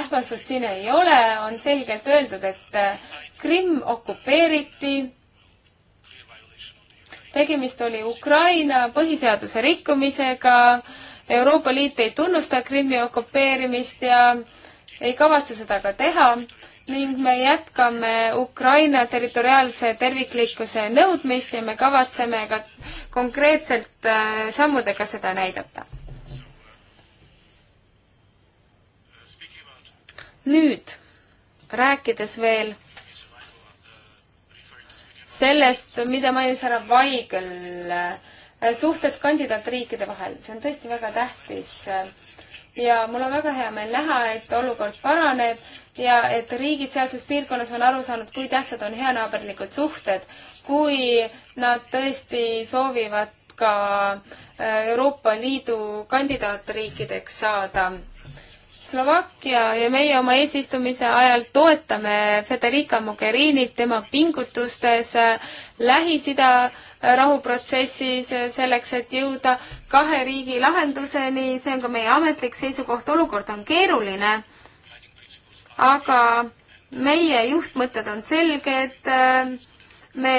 ähvasust siin ei ole, on selgelt öeldud, et äh, Krimm okupeeriti. tegemist oli Ukraina põhiseaduse rikkumisega. Euroopa Liit ei tunnusta Krimmi okupeerimist ja ei kavatse seda ka teha ning me jätkame Ukraina territoriaalse terviklikkuse nõudmist ja me kavatseme ka konkreetselt äh, sammudega seda näidata. nüüd rääkides veel sellest, mida mainis härra Vaigel, äh, suhted kandidaatriikide vahel, see on tõesti väga tähtis. Äh, ja mul on väga hea meel näha, et olukord paraneb ja et riigid sealses piirkonnas on aru saanud, kui tähtsad on heanaaberlikud suhted, kui nad tõesti soovivad ka äh, Euroopa Liidu kandidaatriikideks saada. Slovakkia ja meie oma eesistumise ajal toetame Federica Mogherinit tema pingutustes äh, Lähis-Ida äh, rahuprotsessis selleks, et jõuda kahe riigi lahenduseni, see on ka meie ametlik seisukoht, olukord on keeruline aga meie juhtmõtted on selged, me,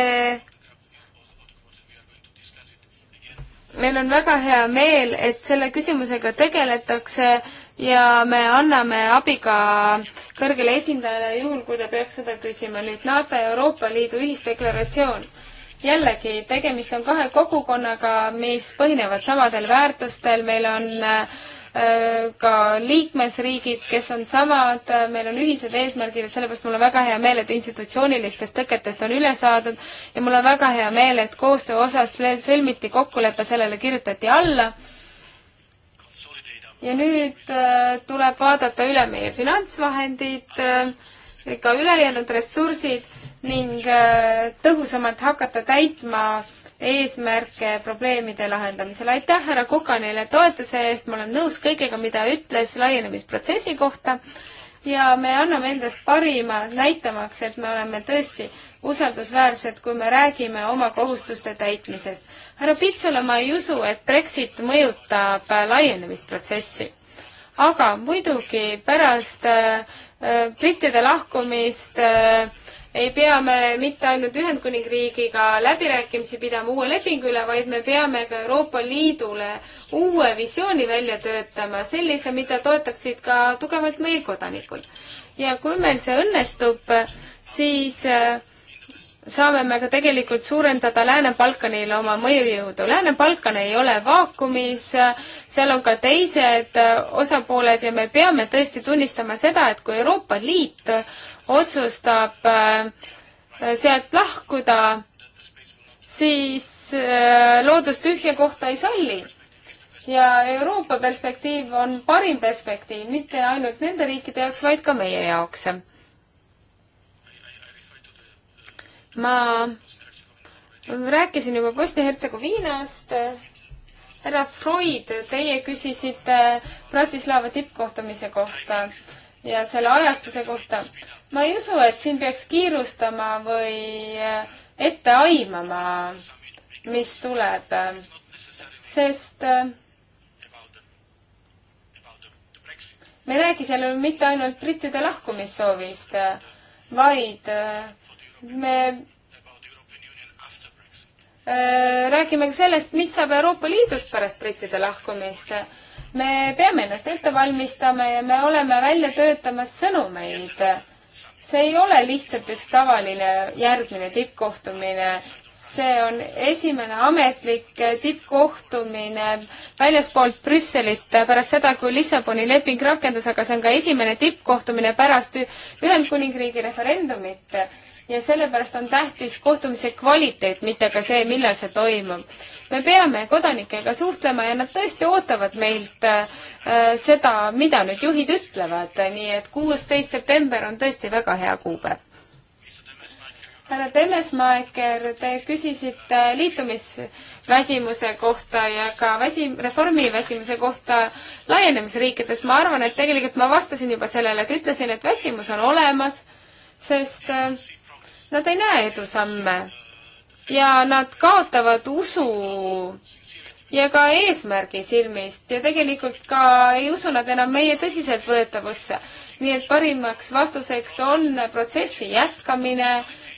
meil on väga hea meel, et selle küsimusega tegeletakse ja me anname abi ka kõrgele esindajale, juhul kui ta peaks seda küsima. nüüd NATO ja Euroopa Liidu ühisdeklaratsioon. jällegi, tegemist on kahe kogukonnaga, mis põhinevad samadel väärtustel, meil on äh, Äh, ka liikmesriigid, kes on samad, äh, meil on ühised eesmärgid, et sellepärast mul on väga hea meel, et institutsioonilistest tõketest on üle saadud ja mul on väga hea meel, et koostöö osas sõlmiti kokkulepe, sellele kirjutati alla. ja nüüd äh, tuleb vaadata üle meie finantsvahendid, ka ülejäänud ressursid ning tõhusamalt hakata täitma äh, eesmärke probleemide lahendamisel. aitäh härra Kukanile toetuse eest, ma olen nõus kõigega, mida ütles laienemisprotsessi kohta ja me anname endast parima, näitamaks, et me oleme tõesti usaldusväärsed, kui me räägime oma kohustuste täitmisest. härra Pitsula, ma ei usu, et Brexit mõjutab laienemisprotsessi. aga muidugi pärast äh, äh brittide lahkumist äh, ei pea me mitte ainult Ühendkuningriigiga läbirääkimisi pidama uue lepingu üle, vaid me peame ka Euroopa Liidule uue visiooni välja töötama, sellise, mida toetaksid ka tugevalt meie kodanikud. ja kui meil see õnnestub, siis äh, saame me ka tegelikult suurendada Lääne-Balkanile oma mõjujõudu. Lääne-Balkan ei ole vaakumis, seal on ka teised äh, osapooled ja me peame tõesti tunnistama seda, et kui Euroopa Liit otsustab äh, sealt lahkuda, siis äh, loodus tühja kohta ei salli. ja Euroopa perspektiiv on parim perspektiiv, mitte ainult nende riikide jaoks, vaid ka meie jaoks. ma rääkisin juba Bosnia-Hertsegoviinast. härra Freud, teie küsisite Bratislava tippkohtumise kohta ja selle ajastuse kohta ma ei usu, et siin peaks kiirustama või äh, ette aimama, mis tuleb, äh, sest äh, me ei räägi seal mitte ainult brittide lahkumissoovist, vaid me räägime ka sellest, mis saab Euroopa Liidust pärast brittide lahkumist. me peame ennast ette valmistama ja me oleme välja töötamas sõnumeid see ei ole lihtsalt üks tavaline järgmine tippkohtumine, see on esimene ametlik tippkohtumine väljaspoolt Brüsselit pärast seda, kui Lissaboni leping rakendus, aga see on ka esimene tippkohtumine pärast Ühendkuningriigi referendumit ja sellepärast on tähtis kohtumise kvaliteet, mitte ka see, millal see toimub. me peame kodanikega suhtlema ja nad tõesti ootavad meilt äh, äh, seda, mida nüüd juhid ütlevad, nii et kuusteist september on tõesti väga hea kuupäev. härra Temesmaeker, te küsisite liitumisväsimuse kohta ja ka väsi, reformiväsimuse kohta laienemisriikides. ma arvan, et tegelikult ma vastasin juba sellele, et ütlesin, et väsimus on olemas, sest äh, nad ei näe edusamme ja nad kaotavad usu ja ka eesmärgi silmist ja tegelikult ka ei usu nad enam meie tõsiseltvõetavusse. nii et parimaks vastuseks on protsessi jätkamine,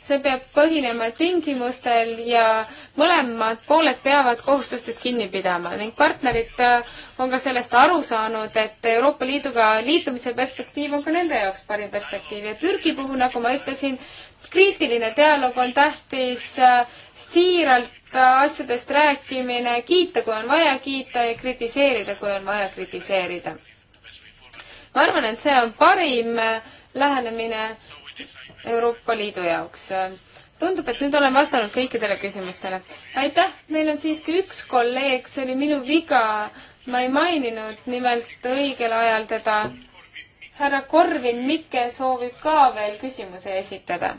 see peab põhinema tingimustel ja mõlemad pooled peavad kohustustest kinni pidama ning partnerid on ka sellest aru saanud, et Euroopa Liiduga liitumise perspektiiv on ka nende jaoks parim perspektiiv ja Türgi puhul, nagu ma ütlesin, kriitiline dialoog on tähtis, siiralt asjadest rääkimine, kiita, kui on vaja kiita ja kritiseerida, kui on vaja kritiseerida. ma arvan, et see on parim lähenemine Euroopa Liidu jaoks. tundub, et nüüd olen vastanud kõikidele küsimustele. aitäh, meil on siiski üks kolleeg, see oli minu viga, ma ei maininud nimelt õigel ajal teda. härra Korvin Mikke soovib ka veel küsimuse esitada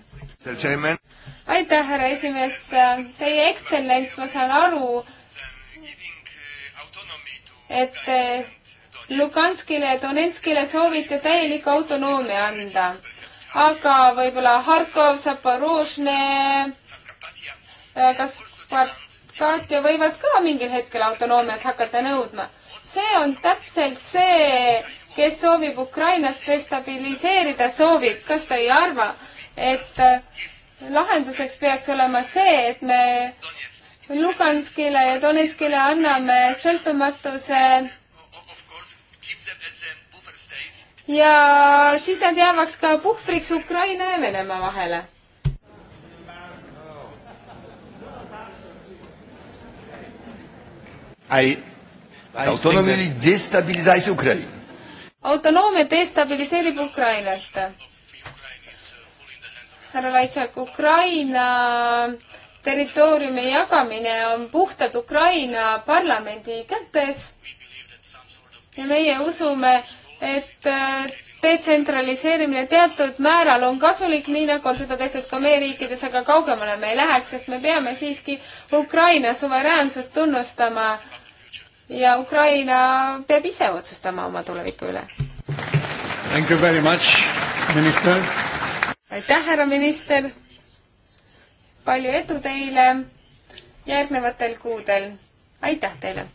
aitäh, härra esimees. Teie ekstsellents, ma saan aru, et Luganskile ja Donetskile soovite täielikku autonoomia anda, aga võib-olla Harkov, Zaporožne, äh, Kaspatkatia võivad ka mingil hetkel autonoomiat hakata nõudma. see on täpselt see, kes soovib Ukrainat destabiliseerida, soovib, kas ta ei arva et äh, lahenduseks peaks olema see, et me Luganskile ja Donetskile anname sõltumatuse ja siis nad jäävaks ka puhvriks Ukraina ja Venemaa vahele I, I autonoomia destabiliseeris Ukraina. autonoomia destabiliseerib Ukrainat härra Laitšak, Ukraina territooriumi jagamine on puhtalt Ukraina parlamendi kätes ja meie usume, et äh, detsentraliseerimine teatud määral on kasulik, nii nagu on seda tehtud ka meie riikides, aga kaugemale me ei läheks, sest me peame siiski Ukraina suveräänsust tunnustama ja Ukraina peab ise otsustama oma tuleviku üle. Thank you very much, minister aitäh, härra minister! palju edu teile järgnevatel kuudel! aitäh teile!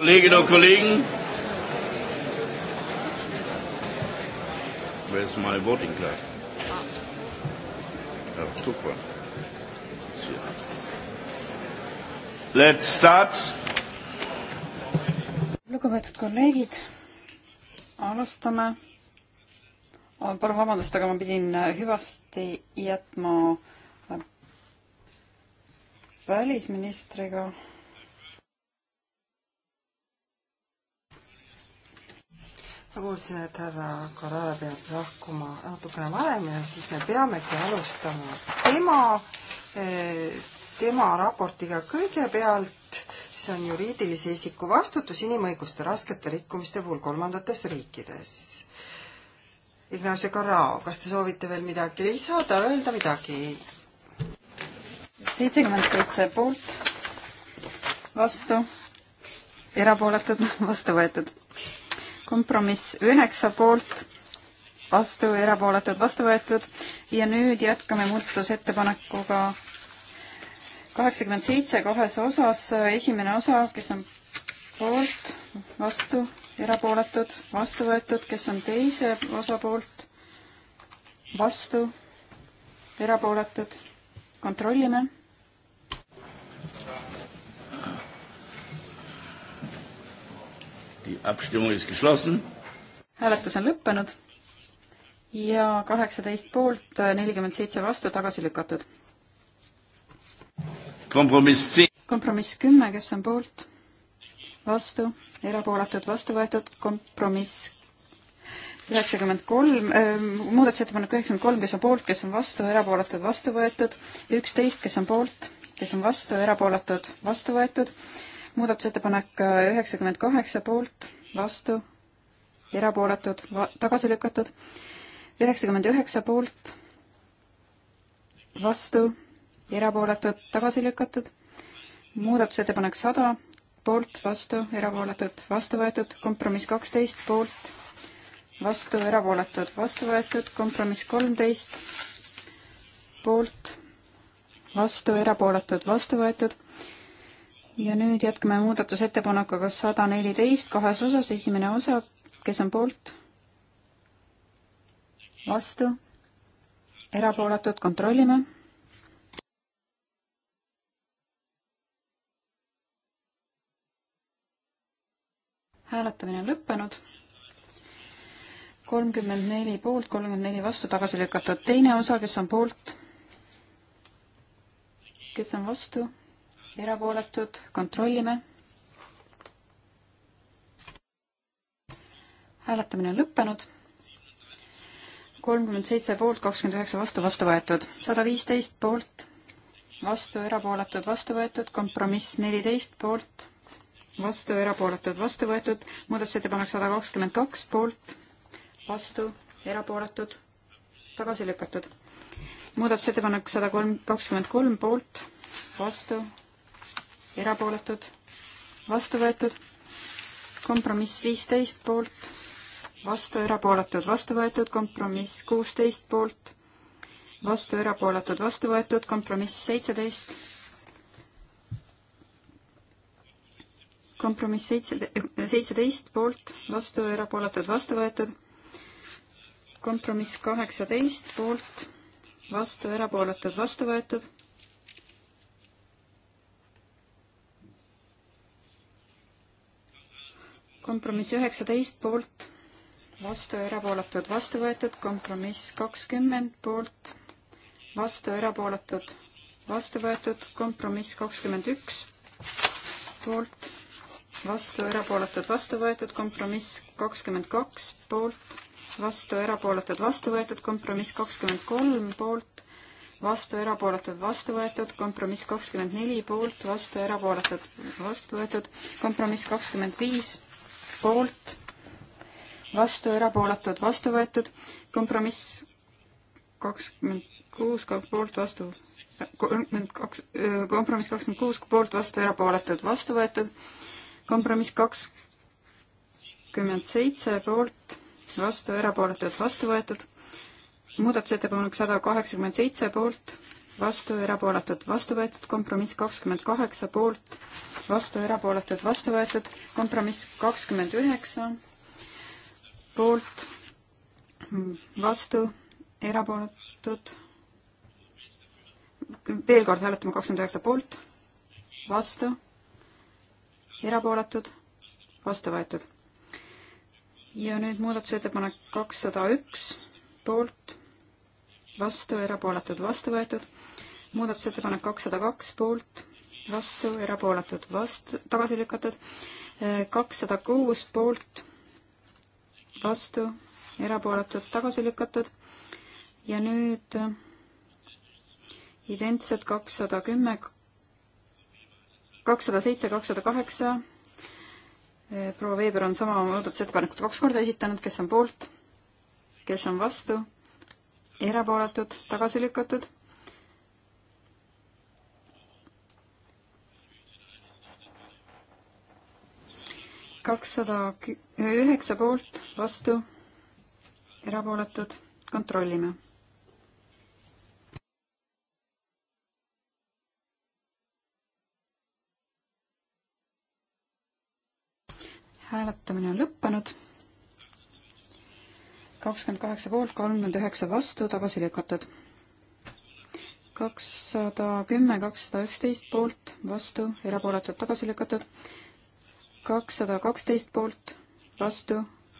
Kolleginnen und Kollegen, where is my voting card? Ja, ah, super. Let's start. lugupeetud kolleegid, alustame. Ah, palun vabandust, aga ma pidin äh, hüvasti jätma äh, välisministriga härra Carrara peab lahkuma natukene varem ja siis me peamegi alustama tema, eh, tema raportiga kõigepealt, see on juriidilise isiku vastutus inimõiguste raskete rikkumiste puhul kolmandates riikides. Ignacio Carrao, kas te soovite veel midagi lisada, öelda midagi? seitsekümmend seitse poolt, vastu, erapooletud, vastu võetud kompromiss üheksa poolt, vastu, erapooletud, vastu võetud ja nüüd jätkame muudatusettepanekuga kaheksakümmend seitse kahes osas, esimene osa, kes on poolt, vastu, erapooletud, vastu võetud, kes on teise osa poolt, vastu, erapooletud, kontrollime hääletus on lõppenud ja kaheksateist poolt, nelikümmend seitse vastu, tagasi lükatud. kompromiss kümme, kes on poolt, vastu, erapooletud, vastu võetud, kompromiss üheksakümmend kolm, ähm, muudatusettepanek üheksakümmend kolm, kes on poolt, kes on vastu, erapooletud, vastu võetud, üksteist, kes on poolt, kes on vastu, erapooletud, vastu võetud, muudatusettepanek äh, üheksakümmend kaheksa poolt, vastu, erapooletud, tagasi lükatud, üheksakümmend üheksa poolt, vastu, erapooletud, tagasi lükatud, muudatusettepanek sada, poolt, vastu, erapooletud, vastu võetud, kompromiss kaksteist, poolt, vastu, erapooletud, vastu võetud, kompromiss kolmteist, poolt, vastu, erapooletud, vastu võetud, ja nüüd jätkame muudatusettepanekuga sada neliteist kahes osas, esimene osa, kes on poolt? vastu? erapooletud, kontrollime. hääletamine on lõppenud. kolmkümmend neli poolt, kolmkümmend neli vastu, tagasi lükatud teine osa, kes on poolt? kes on vastu? erapooletud, kontrollime. hääletamine on lõppenud. kolmkümmend seitse poolt, kakskümmend üheksa vastu, vastu võetud. sada viisteist poolt, vastu, erapooletud, vastu võetud. kompromiss neliteist poolt, vastu, erapooletud, vastu võetud. muudatusettepanek sada kakskümmend kaks poolt, vastu, erapooletud, tagasi lükatud muudatusettepanek sada kolm, kakskümmend kolm poolt, vastu, erapooletud, vastu võetud. kompromiss viisteist poolt, vastu erapooletud, vastu võetud, kompromiss kuusteist poolt, vastu erapooletud, vastu võetud, kompromiss seitseteist. kompromiss seitse, seitseteist poolt, vastu erapooletud, vastu võetud. kompromiss kaheksateist poolt, vastu erapooletud, vastu võetud kompromiss üheksateist poolt, vastu erapooletud, vastu võetud, kompromiss kakskümmend poolt, vastu erapooletud, vastu võetud, kompromiss kakskümmend üks poolt, vastu erapooletud, vastu võetud, kompromiss kakskümmend kaks poolt, vastu erapooletud, vastu võetud, kompromiss kakskümmend kolm poolt, vastu erapooletud, vastu võetud, kompromiss kakskümmend neli poolt, vastu erapooletud, vastu võetud, kompromiss kakskümmend viis poolt, vastu, erapooletud, vastu võetud, kompromiss kakskümmend kuus poolt, vastu, kolmkümmend kaks, kompromiss kakskümmend kuus poolt, vastu, erapooletud, vastu võetud, kompromiss kakskümmend seitse poolt, vastu, erapooletud, vastu võetud, muudatusettepanek sada kaheksakümmend seitse poolt, vastu, erapooletud, vastu võetud, kompromiss kakskümmend kaheksa poolt, vastu, erapooletud, vastu võetud, kompromiss kakskümmend üheksa poolt, vastu, erapooletud. veel kord hääletame kakskümmend üheksa poolt, vastu, erapooletud, vastu võetud. ja nüüd muudatusettepanek kakssada üks poolt vastu, erapooletud, vastu võetud. muudatusettepanek kakssada kaks poolt, vastu, erapooletud, vastu, tagasi lükatud. Eh, kakssada kuus poolt, vastu, erapooletud, tagasi lükatud. ja nüüd eh, identsed kakssada kümme, kakssada seitse, kakssada kaheksa. Eh, proua Veeber on sama muudatusettepanekut kaks korda esitanud, kes on poolt, kes on vastu erapooletud, tagasi lükatud. kakssada üheksa poolt, vastu, erapooletud, kontrollime hääletamine on lõppenud kakskümmend kaheksa poolt, kolmkümmend üheksa vastu, tagasi lükatud. kakssada kümme, kakssada üksteist poolt, vastu, erapooletud, tagasi lükatud. kakssada kaksteist poolt, vastu,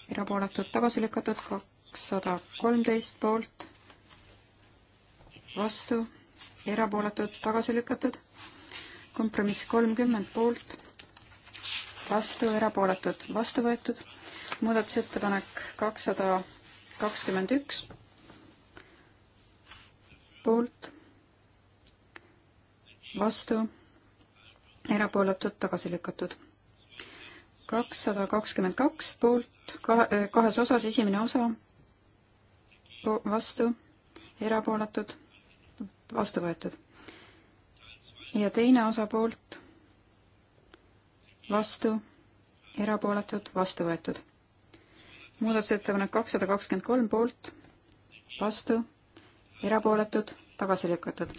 erapooletud, tagasi lükatud. kakssada kolmteist poolt, vastu, erapooletud, tagasi lükatud. kompromiss kolmkümmend poolt, vastu, erapooletud, vastu võetud muudatusettepanek kakssada kakskümmend üks poolt, vastu, erapooletud, tagasi lükatud. kakssada kakskümmend kaks poolt, äh, kahes osas, esimene osa, vastu, erapooletud, vastu võetud. ja teine osa poolt, vastu, erapooletud, vastu võetud muudatusettepanek kakssada kakskümmend kolm poolt, vastu, erapooletud, tagasi lükatud.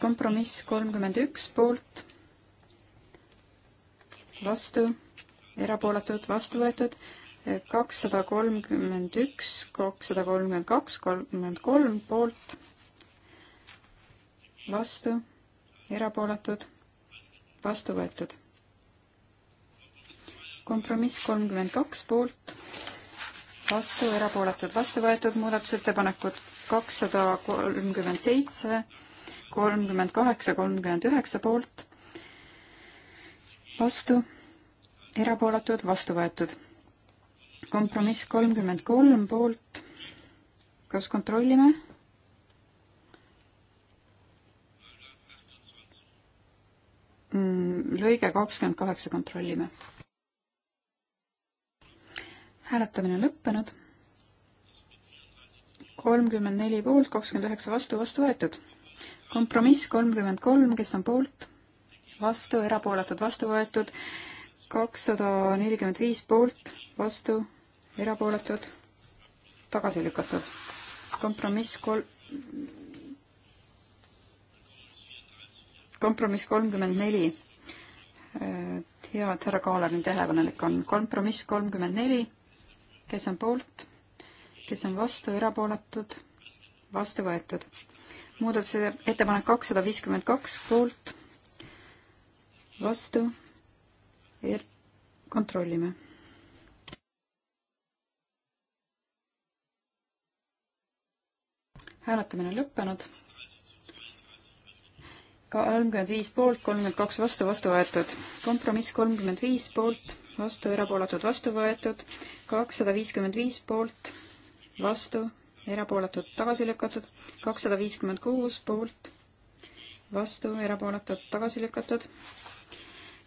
kompromiss kolmkümmend üks poolt, vastu, erapooletud, vastu võetud, kakssada kolmkümmend üks, kakssada kolmkümmend kaks, kolmkümmend kolm poolt, vastu, erapooletud, vastu võetud kompromiss kolmkümmend kaks poolt, vastu, erapooletud, vastu võetud, muudatusettepanekud kakssada kolmkümmend seitse, kolmkümmend kaheksa, kolmkümmend üheksa poolt, vastu, erapooletud, vastu võetud. kompromiss kolmkümmend kolm poolt, kas kontrollime? Mm, lõige kakskümmend kaheksa kontrollime hääletamine on lõppenud. kolmkümmend neli poolt, kakskümmend üheksa vastu, vastu võetud. kompromiss kolmkümmend kolm, kes on poolt, vastu, erapooletud, vastu võetud. kakssada nelikümmend viis poolt, vastu, erapooletud, tagasi lükatud. kompromiss kolm kompromiss kolmkümmend neli. hea, äh, et härra Kaaler nii tähelepanelik on. kompromiss kolmkümmend neli kes on poolt, kes on vastu, erapooletud, vastu võetud. muudatusettepanek kakssada viiskümmend kaks poolt, vastu er, kontrollime hääletamine on lõppenud. kolmkümmend viis poolt, kolmkümmend kaks vastu, vastu võetud. kompromiss kolmkümmend viis poolt, vastu, erapooletud, vastu võetud, kakssada viiskümmend viis poolt, vastu, erapooletud, tagasi lükatud, kakssada viiskümmend kuus poolt, vastu, erapooletud, tagasi lükatud,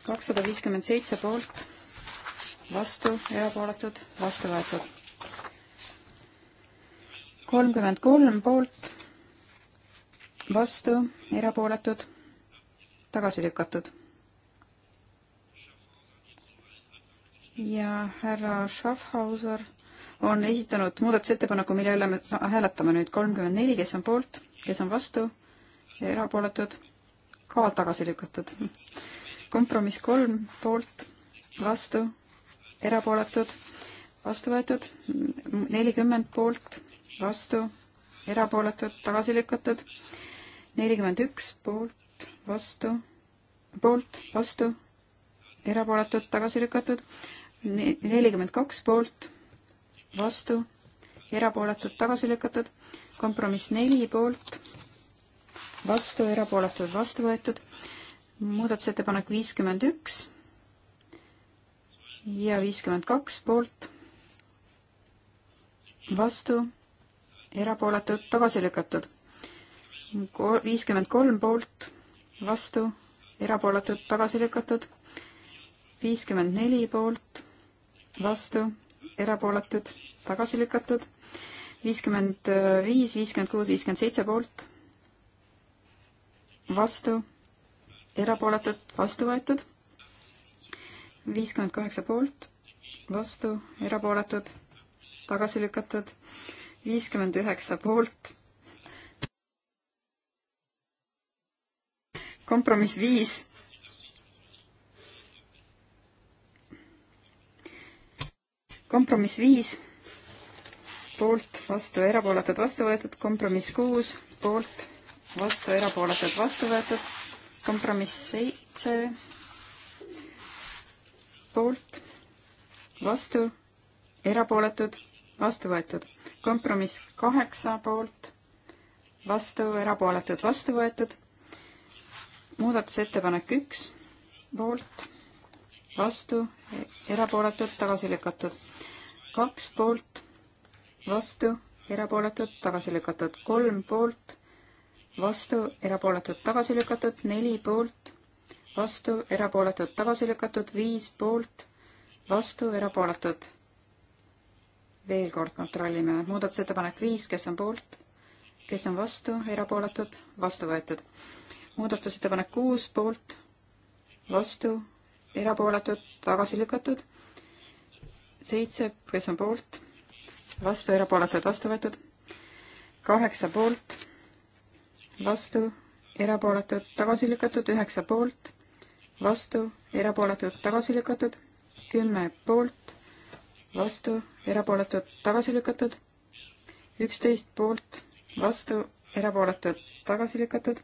kakssada viiskümmend seitse poolt, vastu, erapooletud, vastu võetud. kolmkümmend kolm poolt, vastu, erapooletud, tagasi lükatud ja härra Schaffhauser on esitanud muudatusettepaneku, mille üle me hääletame nüüd kolmkümmend neli, kes on poolt, kes on vastu, erapooletud, ka tagasi lükatud. kompromiss kolm poolt, vastu, erapooletud, vastu võetud, nelikümmend poolt, vastu, erapooletud, tagasi lükatud, nelikümmend üks poolt, vastu, poolt, vastu, erapooletud, tagasi lükatud, nelikümmend kaks poolt, vastu, erapooletud, tagasi lükatud. kompromiss neli poolt, vastu, erapooletud, vastu võetud. muudatusettepanek viiskümmend üks ja viiskümmend kaks poolt, vastu, erapooletud, tagasi lükatud. viiskümmend kolm poolt, vastu, erapooletud, tagasi lükatud. viiskümmend neli poolt vastu, erapooletud, tagasi lükatud, viiskümmend viis, viiskümmend kuus, viiskümmend seitse poolt, vastu, erapooletud, vastu võetud, viiskümmend kaheksa poolt, vastu, erapooletud, tagasi lükatud, viiskümmend üheksa poolt kompromiss viis kompromiss viis, poolt, vastu, erapooletud, vastu võetud, kompromiss kuus, poolt, vastu, erapooletud, vastu võetud, kompromiss seitse, poolt, vastu, erapooletud, vastu võetud, kompromiss kaheksa poolt, vastu, erapooletud, vastu võetud, muudatusettepanek üks, poolt, vastu, erapooletud, tagasi lükatud kaks poolt, vastu, erapooletud, tagasi lükatud, kolm poolt, vastu, erapooletud, tagasi lükatud, neli poolt, vastu, erapooletud, tagasi lükatud, viis poolt, vastu, erapooletud. veel kord kontrollime, muudatusettepanek viis, kes on poolt, kes on vastu, erapooletud, vastu võetud. muudatusettepanek kuus poolt, vastu, erapooletud, tagasi lükatud seitse, kes on poolt, vastu, erapooletud, vastu võetud. kaheksa poolt, vastu, erapooletud, tagasi lükatud, üheksa poolt, vastu, erapooletud, tagasi lükatud, kümme poolt, vastu, erapooletud, tagasi lükatud, üksteist poolt, vastu, erapooletud, tagasi lükatud,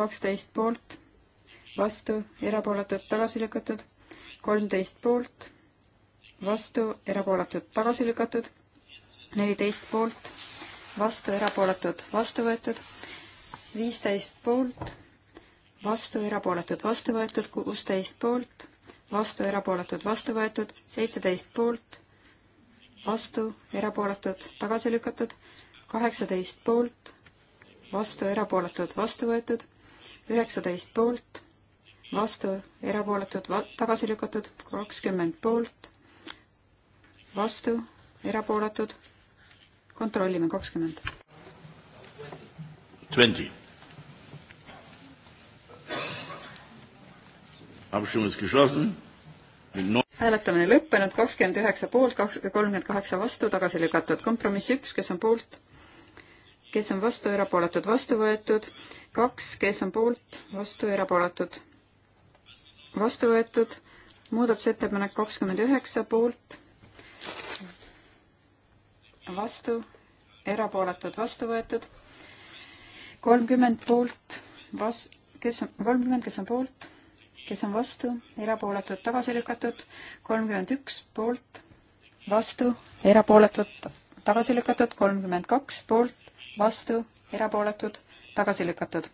kaksteist poolt, vastu, erapooletud, tagasi lükatud, kolmteist poolt vastu, erapooletud, tagasi lükatud, neliteist poolt, vastu, erapooletud, vastu võetud, viisteist poolt, vastu, erapooletud, vastu võetud, kuusteist poolt, vastu, erapooletud, vastu võetud, seitseteist poolt, vastu, erapooletud, tagasi lükatud, kaheksateist poolt, vastu, erapooletud, vastu võetud, üheksateist poolt, vastu, erapooletud, tagasi lükatud, kakskümmend poolt vastu, erapooletud. kontrollime kakskümmend. Twenty. Abstimmung ist geschlossen. hääletamine lõppenud, kakskümmend üheksa poolt, kaks, kolmkümmend kaheksa vastu, tagasi lükatud. kompromiss üks, kes on poolt, kes on vastu, erapooletud, vastu võetud. kaks, kes on poolt, vastu, erapooletud, vastu võetud. muudatusettepanek kakskümmend üheksa poolt vastu, erapooletud, vastu võetud. kolmkümmend poolt, vas-, kes on, kolmkümmend, kes on poolt, kes on vastu, erapooletud, tagasi lükatud. kolmkümmend üks poolt, vastu, erapooletud, tagasi lükatud. kolmkümmend kaks poolt, vastu, erapooletud, tagasi lükatud.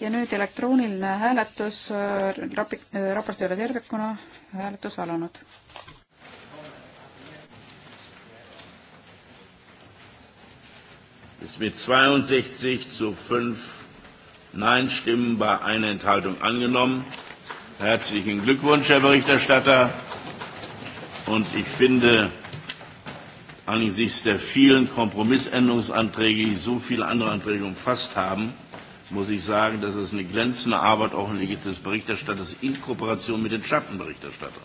ja nüüd elektrooniline hääletus äh, rapi- äh,, raportööre tervikuna, hääletus alanud. ist mit 62 zu 5 Nein-Stimmen bei einer Enthaltung angenommen. Herzlichen Glückwunsch, Herr Berichterstatter. Und ich finde, angesichts der vielen Kompromissänderungsanträge, die so viele andere Anträge umfasst haben, muss ich sagen, dass es eine glänzende Arbeit offenlich ist des Berichterstatters in Kooperation mit den Schattenberichterstattern.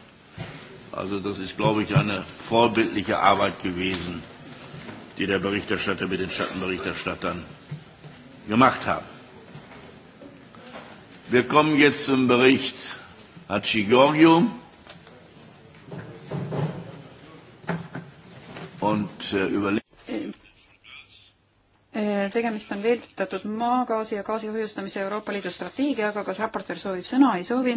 Also das ist, glaube ich, eine vorbildliche Arbeit gewesen die der Berichterstatter mit den Schattenberichterstattern gemacht haben. Wir kommen jetzt zum Bericht Hatschigorio. und äh, überlegt. Äh, äh, tegemist on veeldatud maagaasi ja gaasi hoiustamise Euroopa Liidu strateegiaga, kas raportöör soovib sõna, ei soovi.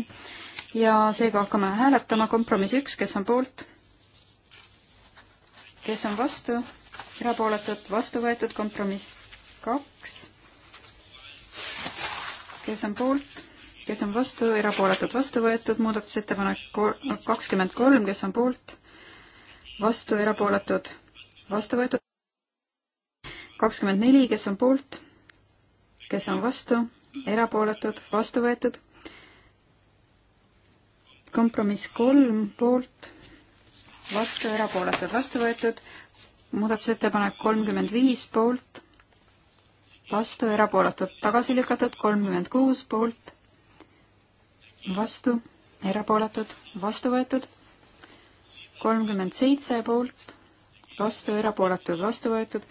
ja seega hakkame hääletama, kompromiss üks, kes on poolt? kes on vastu, erapooletud, vastu võetud, kompromiss kaks. kes on poolt, kes on vastu, erapooletud, vastu võetud, muudatusettepanek kakskümmend kolm, kes on poolt, vastu, erapooletud, vastu võetud. kakskümmend neli, kes on poolt, kes on vastu, erapooletud, vastu võetud. kompromiss kolm poolt, vastu, erapooletud, vastu võetud muudatusettepanek kolmkümmend viis poolt, vastu, erapooletud, tagasi lükatud, kolmkümmend kuus poolt, vastu, erapooletud, vastu võetud, kolmkümmend seitse poolt, vastu, erapooletud, vastu võetud,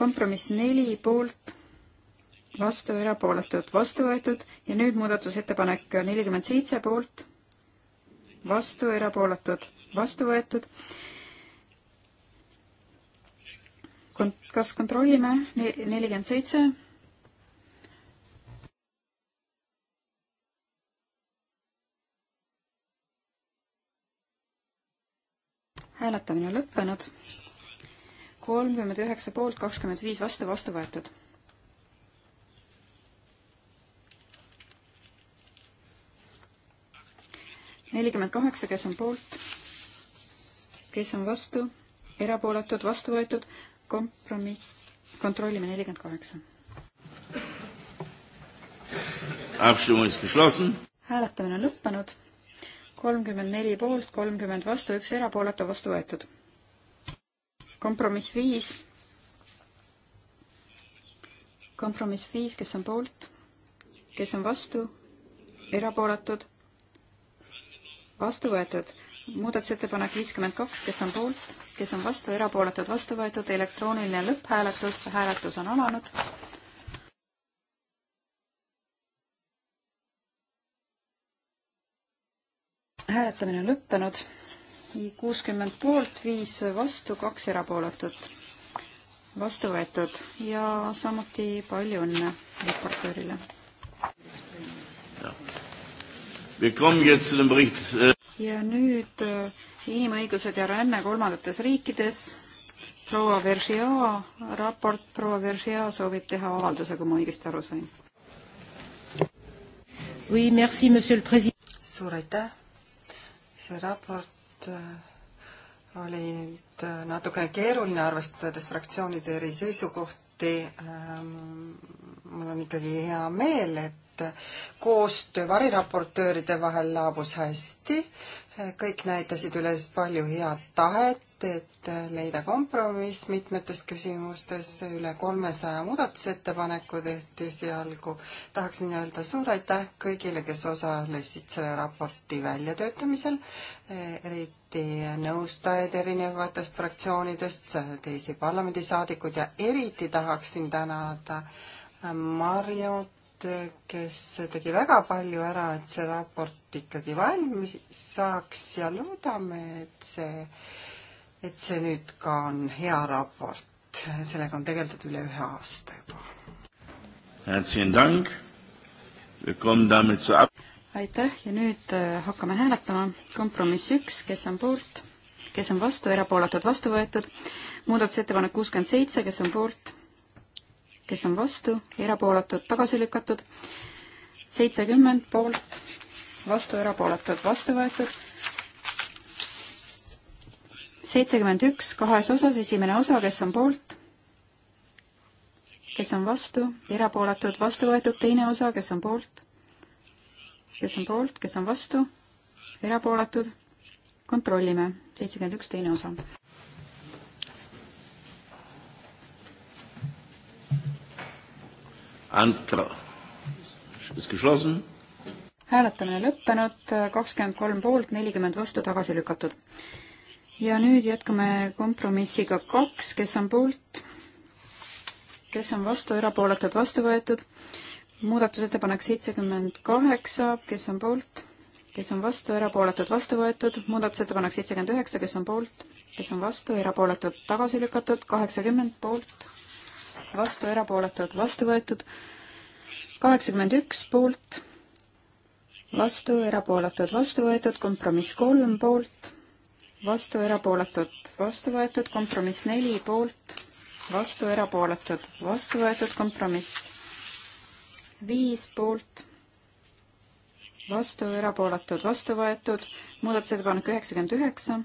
kompromiss neli poolt, vastu, erapooletud, vastu võetud ja nüüd muudatusettepanek nelikümmend seitse poolt, vastu, erapooletud, vastu võetud kas kontrollime nelikümmend seitse? hääletamine on lõppenud. kolmkümmend üheksa poolt, kakskümmend viis vastu, vastu võetud. nelikümmend kaheksa, kes on poolt, kes on vastu, erapooletud, vastu võetud, kompromiss, kontrollime nelikümmend kaheksa. hääletamine on lõppenud, kolmkümmend neli poolt, kolmkümmend vastu, üks erapooletu vastu võetud. kompromiss viis, kompromiss viis, kes on poolt, kes on vastu, erapooletud, vastu võetud. muudatusettepanek viiskümmend kaks, kes on poolt kes on vastu, erapooletud, vastu võetud, elektrooniline lõpphääletus, hääletus on alanud. hääletamine on lõppenud, kuuskümmend poolt, viis vastu, kaks erapooletut, vastu võetud ja samuti palju õnne raportöörile. Wir kommen jetzt zu dem Bericht äh ja nüüd äh, inimõigused ja ränne kolmandates riikides. proua Veržia raport, proua Veržia soovib teha avalduse, kui ma õigesti aru sain. Oui, merci, monsieur le président. suur aitäh. see raport äh, oli nüüd äh, natukene keeruline, arvestades fraktsioonide eri seisukohti. Ähm, mul on ikkagi hea meel, et et koostöö variraportööride vahel laabus hästi. kõik näitasid üles palju head tahet, et leida kompromiss mitmetes küsimustes. üle kolmesaja muudatusettepaneku tehti esialgu. tahaksin öelda suur aitäh kõigile, kes osalesid selle raporti väljatöötamisel, eriti nõustajaid erinevatest fraktsioonidest, teisi parlamendisaadikuid ja eriti tahaksin tänada Marjot kes tegi väga palju ära, et see raport ikkagi valmis saaks ja loodame, et see, et see nüüd ka on hea raport. sellega on tegeldud üle ühe aasta juba. aitäh ja nüüd äh, hakkame hääletama. kompromiss üks, kes on poolt, kes on vastu, erapooletud, vastu võetud. muudatusettepanek kuuskümmend seitse, kes on poolt kes on vastu, erapooletud, tagasi lükatud. seitsekümmend poolt, vastu, erapooletud, vastu võetud. seitsekümmend üks kahes osas, esimene osa, kes on poolt, kes on vastu, erapooletud, vastu võetud, teine osa, kes on poolt, kes on poolt, kes on vastu, erapooletud, kontrollime, seitsekümmend üks, teine osa Antra. hääletamine lõppenud, kakskümmend kolm poolt, nelikümmend vastu, tagasi lükatud. ja nüüd jätkame kompromissiga kaks, kes on poolt, kes on vastu, erapooletud, vastu võetud. muudatusettepanek seitsekümmend kaheksa, kes on poolt, kes on vastu, erapooletud, vastu võetud. muudatusettepanek seitsekümmend üheksa, kes on poolt, kes on vastu, erapooletud, tagasi lükatud, kaheksakümmend poolt vastu, erapooletud, vastu võetud. kaheksakümmend üks poolt, vastu, erapooletud, vastu võetud, kompromiss kolm poolt, vastu, erapooletud, vastu võetud, kompromiss neli poolt, vastu, erapooletud, vastu võetud, kompromiss viis poolt, vastu, erapooletud, vastu võetud, muudatusettepanek üheksakümmend üheksa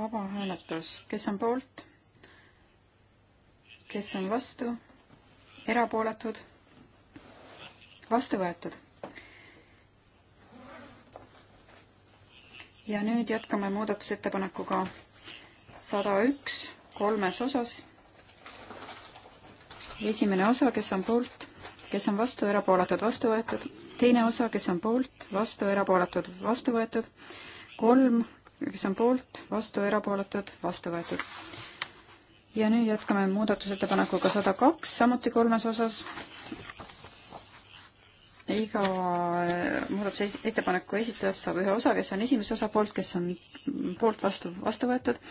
vaba hääletus, kes on poolt, kes on vastu, erapooletud, vastu võetud. ja nüüd jätkame muudatusettepanekuga sada üks kolmes osas. esimene osa, kes on poolt, kes on vastu, erapooletud, vastu võetud. teine osa, kes on poolt, vastu, erapooletud, vastu võetud. kolm kes on poolt, vastu, erapooletud, vastu võetud. ja nüüd jätkame muudatusettepanekuga sada kaks, samuti kolmes osas. iga eh, muudatusettepaneku esitajast saab ühe osa, kes on esimese osa poolt, kes on poolt, vastu, vastu võetud,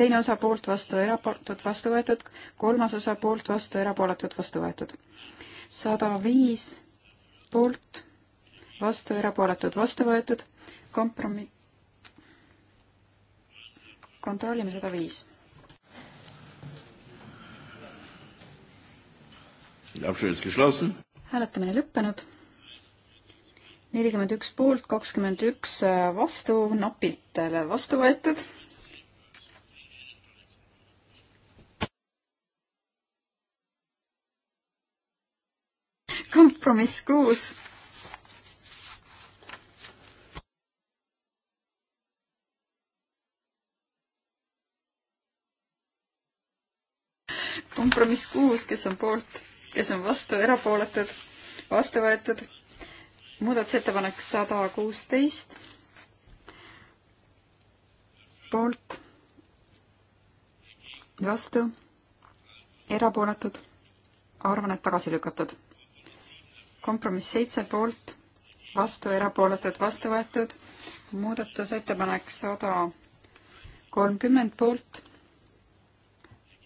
teine osa poolt, vastu, erapooletud, vastu võetud, kolmas osa poolt, vastu, erapooletud, vastu võetud. sada viis poolt, vastu, erapooletud, vastu võetud, kompromiss kontrollime sada viis. hääletamine lõppenud. nelikümmend üks poolt, kakskümmend üks äh, vastu, napilt vastu võetud kompromiss kuus kompromiss kuus, kes on poolt, kes on vastu, erapooletud, vastu võetud. muudatusettepanek sada kuusteist. poolt, vastu, erapooletud, arvan, et tagasi lükatud. kompromiss seitse poolt, vastu, erapooletud, vastu võetud. muudatusettepanek sada kolmkümmend poolt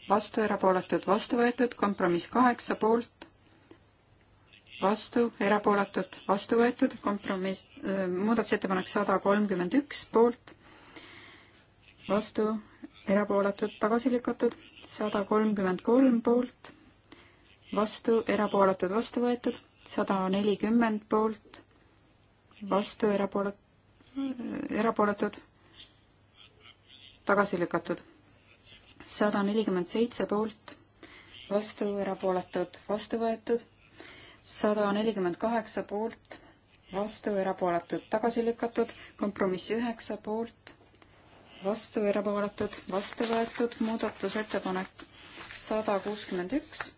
vastu, erapooletud, vastu võetud, kompromiss kaheksa poolt, vastu, erapooletud, vastu võetud, kompromiss, äh, muudatusettepanek sada kolmkümmend üks poolt, vastu, erapooletud, tagasi lükatud, sada kolmkümmend kolm poolt, vastu, erapooletud, vastu võetud, sada nelikümmend poolt, vastu, erapoolet-, äh, erapooletud, tagasi lükatud sada nelikümmend seitse poolt, vastu, erapooletud, vastu võetud, sada nelikümmend kaheksa poolt, vastu, erapooletud, tagasi lükatud, kompromiss üheksa poolt, vastu, erapooletud, vastu võetud, muudatusettepanek sada kuuskümmend üks,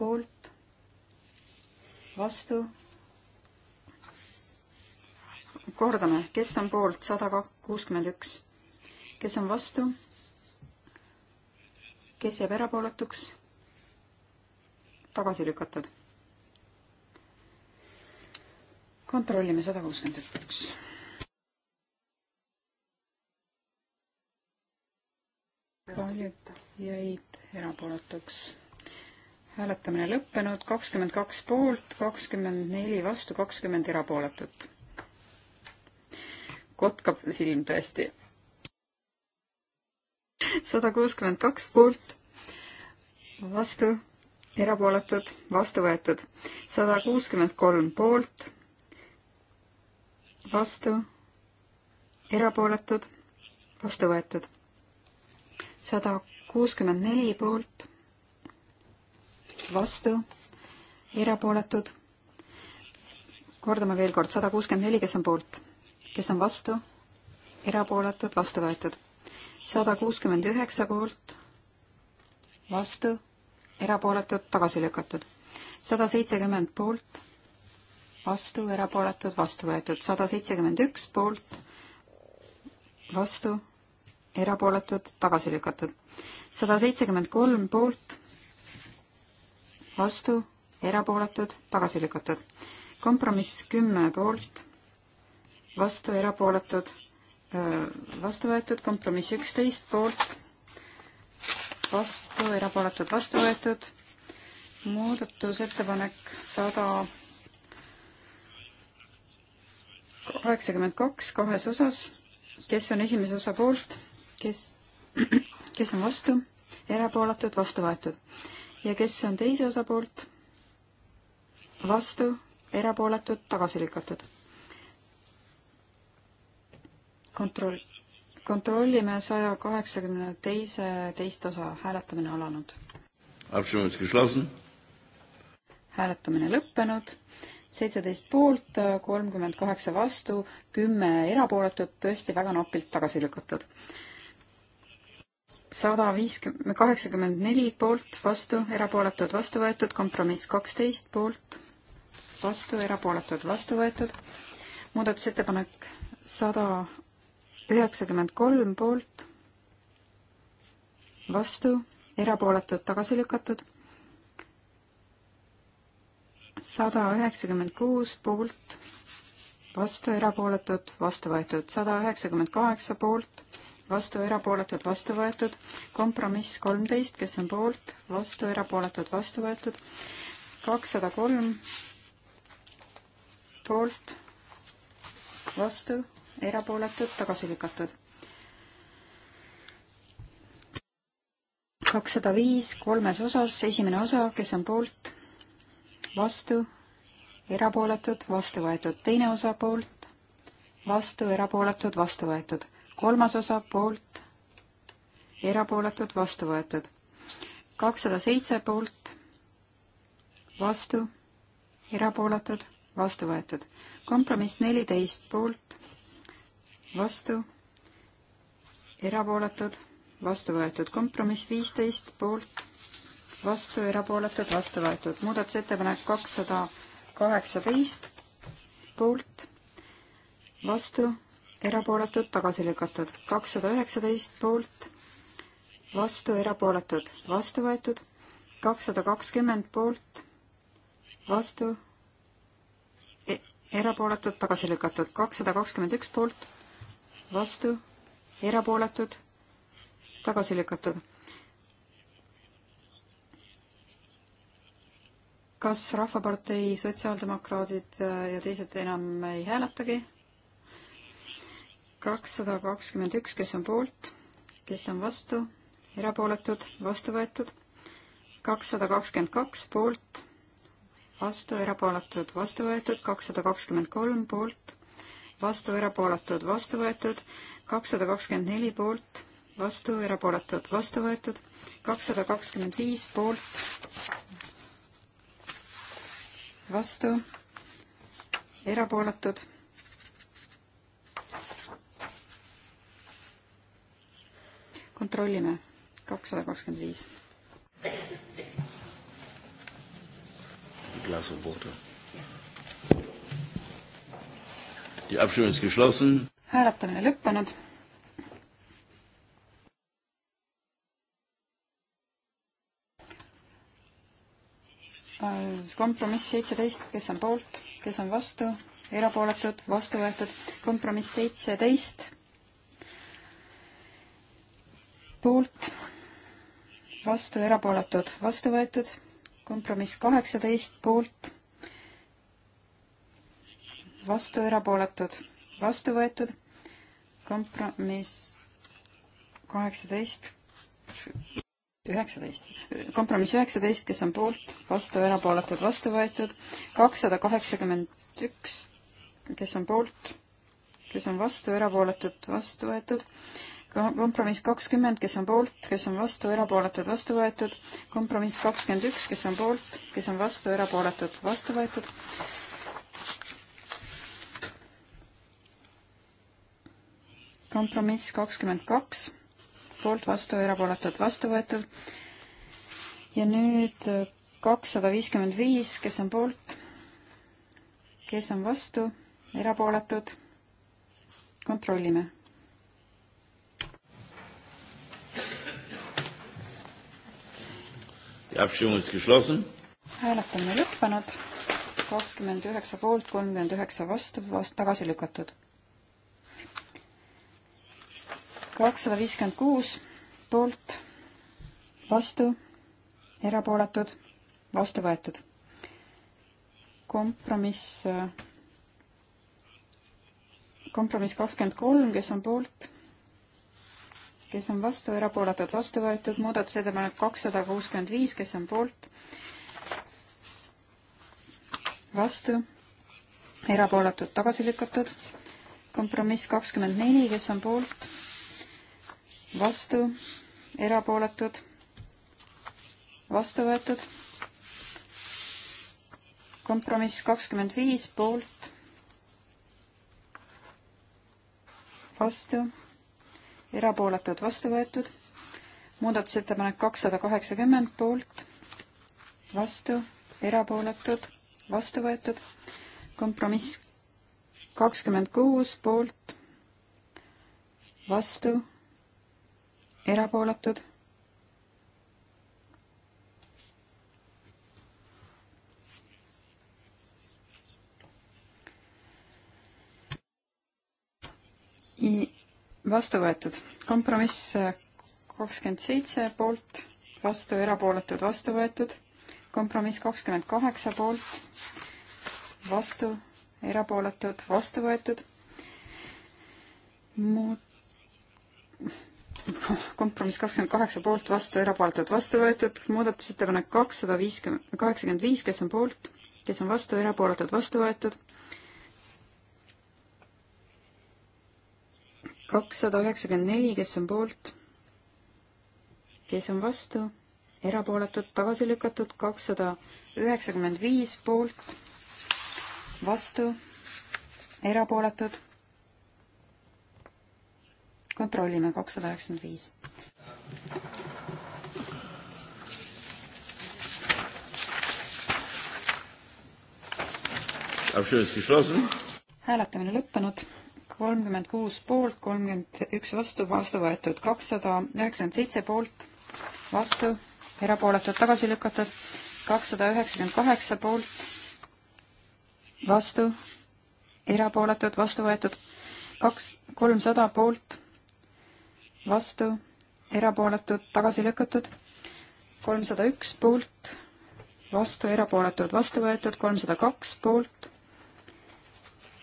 poolt, vastu, kordame, kes on poolt, sada kuuskümmend üks. kes on vastu? kes jääb erapooletuks? tagasi lükatud. kontrollime sada kuuskümmend üks. paljud jäid erapooletuks. hääletamine lõppenud, kakskümmend kaks poolt, kakskümmend neli vastu, kakskümmend erapooletut kotkab silm tõesti. sada kuuskümmend kaks poolt, vastu, erapooletud, vastu võetud. sada kuuskümmend kolm poolt, vastu, erapooletud, vastu võetud. sada kuuskümmend neli poolt, vastu, erapooletud. kordame veel kord, sada kuuskümmend neli, kes on poolt kes on vastu, erapooletud, vastu võetud. sada kuuskümmend üheksa poolt, vastu, erapooletud, tagasi lükatud. sada seitsekümmend poolt, vastu, erapooletud, vastu võetud. sada seitsekümmend üks poolt, vastu, erapooletud, tagasi lükatud. sada seitsekümmend kolm poolt, vastu, erapooletud, tagasi lükatud. kompromiss kümme poolt, vastu, erapooletud, vastu võetud, kompromiss üksteist poolt, vastu, erapooletud, vastu võetud, muudatusettepanek sada kaheksakümmend kaks kahes osas, kes on esimese osa poolt, kes, kes on vastu, erapooletud, vastu võetud ja kes on teise osa poolt, vastu, erapooletud, tagasi lükatud kontroll, kontrollime saja kaheksakümne teise teist osa, hääletamine alanud. hääletamine lõppenud, seitseteist poolt, kolmkümmend kaheksa vastu, kümme erapooletut, tõesti väga napilt tagasi lükatud. sada viiskümmend, kaheksakümmend neli poolt, vastu, erapooletud, vastu võetud, kompromiss kaksteist poolt, vastu, erapooletud, vastu võetud, muudatusettepanek sada üheksakümmend kolm poolt, vastu, erapooletud, tagasi lükatud. sada üheksakümmend kuus poolt, vastu, erapooletud, vastu võetud. sada üheksakümmend kaheksa poolt, vastu, erapooletud, vastu võetud. kompromiss kolmteist, kes on poolt, vastu, erapooletud, vastu võetud. kakssada kolm poolt, vastu erapooletud, tagasi lükatud. kakssada viis kolmes osas, esimene osa, kes on poolt, vastu, erapooletud, vastu võetud, teine osa poolt, vastu, erapooletud, vastu võetud, kolmas osa poolt, erapooletud, vastu võetud, kakssada seitse poolt, vastu, erapooletud, vastu võetud. kompromiss neliteist poolt, vastu, erapooletud, vastu võetud. kompromiss viisteist poolt, vastu, erapooletud, vastu võetud. muudatusettepanek kakssada kaheksateist poolt, vastu, erapooletud, tagasi lükatud. kakssada üheksateist poolt, vastu, erapooletud, vastu võetud. kakssada kakskümmend poolt, vastu e, erapooletud, tagasi lükatud. kakssada kakskümmend üks poolt vastu, erapooletud, tagasi lükatud. kas Rahvapartei, Sotsiaaldemokraadid äh, ja teised enam ei hääletagi? kakssada kakskümmend üks, kes on poolt, kes on vastu, erapooletud, vastu võetud, kakssada kakskümmend kaks poolt, vastu, erapooletud, vastu võetud, kakssada kakskümmend kolm poolt vastu, erapooletud, vastu võetud, kakssada kakskümmend neli poolt, vastu, erapooletud, vastu võetud, kakssada kakskümmend viis poolt, vastu, erapooletud kontrollime, kakssada kakskümmend viis. klaasupuudu hääletamine lõppenud. Äh, kompromiss seitseteist, kes on poolt, kes on vastu, erapooletud, vastu võetud, kompromiss seitseteist, poolt, vastu, erapooletud, vastu võetud, kompromiss kaheksateist, poolt vastu erapooletud, vastu võetud, kompromiss kaheksateist, üheksateist, kompromiss üheksateist, kes on poolt, vastu erapooletud, vastu võetud, kakssada kaheksakümmend üks, kes on poolt, kes on vastu, erapooletud, vastu võetud, kompromiss kakskümmend, kes on poolt, kes on vastu, erapooletud, vastu võetud, kompromiss kakskümmend üks, kes on poolt, kes on vastu, erapooletud, vastu võetud, kompromiss kakskümmend kaks, poolt, vastu, erapooletud, vastu võetud. ja nüüd kakssada viiskümmend viis, kes on poolt, kes on vastu, erapooletud, kontrollime Die Abstimmung ist geschlossen. hääletamine lõppenud, kakskümmend üheksa poolt, kolmkümmend üheksa vastu, vast-, tagasi lükatud. kakssada viiskümmend kuus poolt, vastu, erapooletud, vastu võetud. kompromiss, kompromiss kakskümmend kolm, kes on poolt, kes on vastu, erapooletud, vastu võetud, muudatusettepanek kakssada kuuskümmend viis, kes on poolt, vastu, erapooletud, tagasi lükatud, kompromiss kakskümmend neli, kes on poolt vastu, erapooletud, vastu võetud. kompromiss kakskümmend viis poolt, vastu, erapooletud, vastu võetud. muudatusettepanek kakssada kaheksakümmend poolt, vastu, erapooletud, vastu võetud. kompromiss kakskümmend kuus poolt, vastu erapooletud. vastu võetud, kompromiss kakskümmend seitse poolt, vastu erapooletud, vastu võetud, kompromiss kakskümmend kaheksa poolt, vastu erapooletud, vastu võetud. mu kompromiss kakskümmend kaheksa poolt, vastu, erapooletud, vastu võetud, muudatusettepanek kakssada viiskümmend, kaheksakümmend viis, kes on poolt, kes on vastu, erapooletud, vastu võetud. kakssada üheksakümmend neli, kes on poolt, kes on vastu, erapooletud, tagasi lükatud, kakssada üheksakümmend viis poolt, vastu, erapooletud kontrollime, kakssada üheksakümmend viis. hääletamine lõppenud, kolmkümmend kuus poolt, kolmkümmend üks vastu, vastu võetud kakssada üheksakümmend seitse poolt, vastu, erapooletud tagasi lükatud, kakssada üheksakümmend kaheksa poolt, vastu, erapooletud, vastu võetud, kaks, kolmsada poolt vastu, erapooletud, tagasi lükatud, kolmsada üks poolt, vastu, erapooletud, vastu võetud, kolmsada kaks poolt,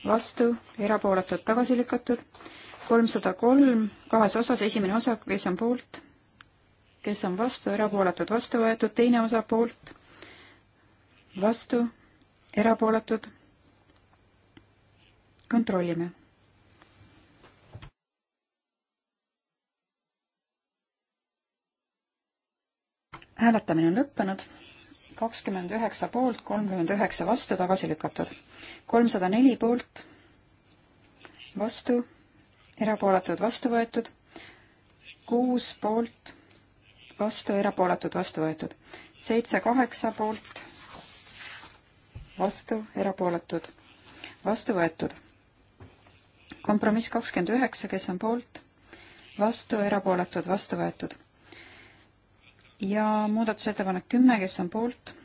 vastu, erapooletud, tagasi lükatud, kolmsada kolm kahes osas, esimene osa, kes on poolt, kes on vastu, erapooletud, vastu võetud, teine osa poolt, vastu, erapooletud. kontrollime hääletamine on lõppenud, kakskümmend üheksa poolt, kolmkümmend üheksa vastu, tagasi lükatud. kolmsada neli poolt, vastu, erapooletud, vastu võetud, kuus poolt, vastu, erapooletud, vastu võetud. seitse, kaheksa poolt, vastu, erapooletud, vastu võetud kompromiss kakskümmend üheksa, kes on poolt, vastu, erapooletud, vastu võetud ja muudatusettepanek kümme, kes on poolt?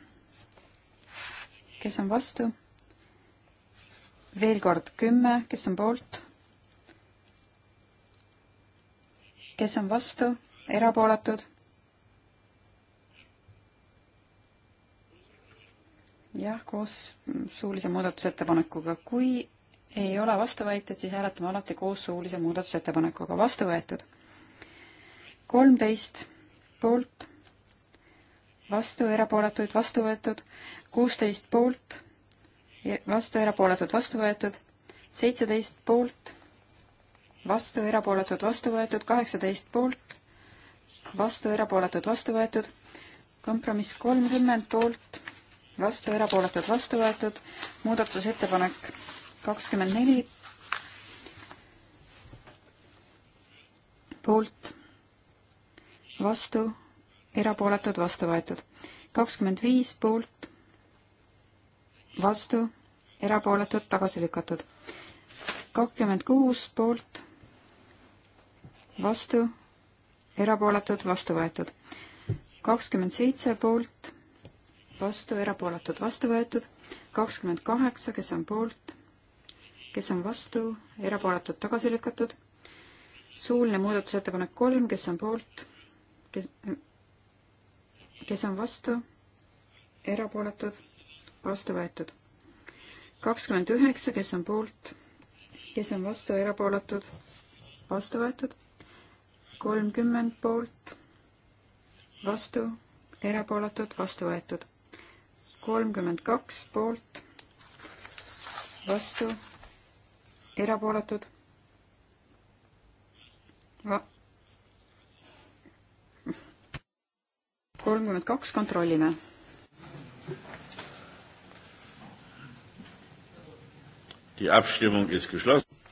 kes on vastu? veel kord kümme, kes on poolt? kes on vastu? erapooletud? jah, koos suulise muudatusettepanekuga. kui ei ole vastu võetud, siis hääletame alati koos suulise muudatusettepanekuga. vastu võetud. kolmteist poolt vastu, erapooletuid vastu võetud, kuusteist poolt, vastu, erapooletud, vastu võetud, seitseteist poolt, vastu, erapooletud, vastu võetud, kaheksateist poolt, vastu, erapooletud, vastu võetud, kompromiss kolmkümmend poolt, vastu, erapooletud, vastu võetud, muudatusettepanek kakskümmend neli poolt, vastu erapooletud, vastu võetud. kakskümmend viis poolt, vastu, erapooletud, tagasi lükatud. kakskümmend kuus poolt, vastu, erapooletud, vastu võetud. kakskümmend seitse poolt, vastu, erapooletud, vastu võetud. kakskümmend kaheksa, kes on poolt, kes on vastu, erapooletud, tagasi lükatud. suuline muudatusettepanek kolm, kes on poolt, kes kes on vastu, erapooletud, vastu võetud. kakskümmend üheksa, kes on poolt, kes on vastu, erapooletud, vastu võetud. kolmkümmend poolt, vastu, erapooletud, vastu võetud. kolmkümmend kaks poolt, vastu, erapooletud Va kolmkümmend kaks, kontrollime.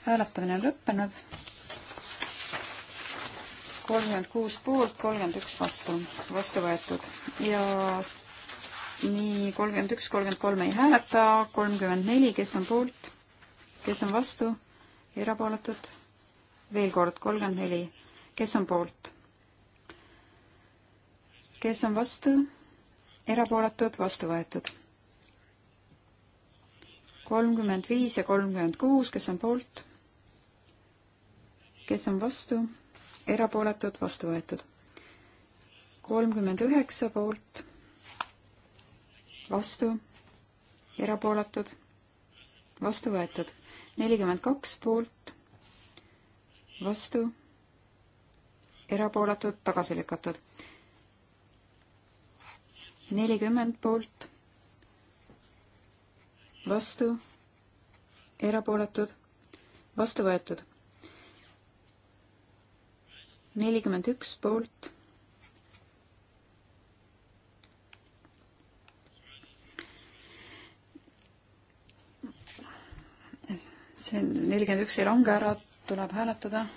hääletamine on lõppenud. kolmkümmend kuus poolt, kolmkümmend üks vastu, vastu võetud ja nii kolmkümmend üks, kolmkümmend kolm ei hääleta, kolmkümmend neli, kes on poolt, kes on vastu, erapooletud, veel kord kolmkümmend neli, kes on poolt kes on vastu, erapooletud, vastu võetud. kolmkümmend viis ja kolmkümmend kuus, kes on poolt, kes on vastu, erapooletud, vastu võetud. kolmkümmend üheksa poolt, vastu, erapooletud, vastu võetud. nelikümmend kaks poolt, vastu, erapooletud, tagasi lükatud nelikümmend poolt, vastu, erapooletud, vastu võetud. nelikümmend üks poolt see nelikümmend üks ei lange ära, tuleb hääletada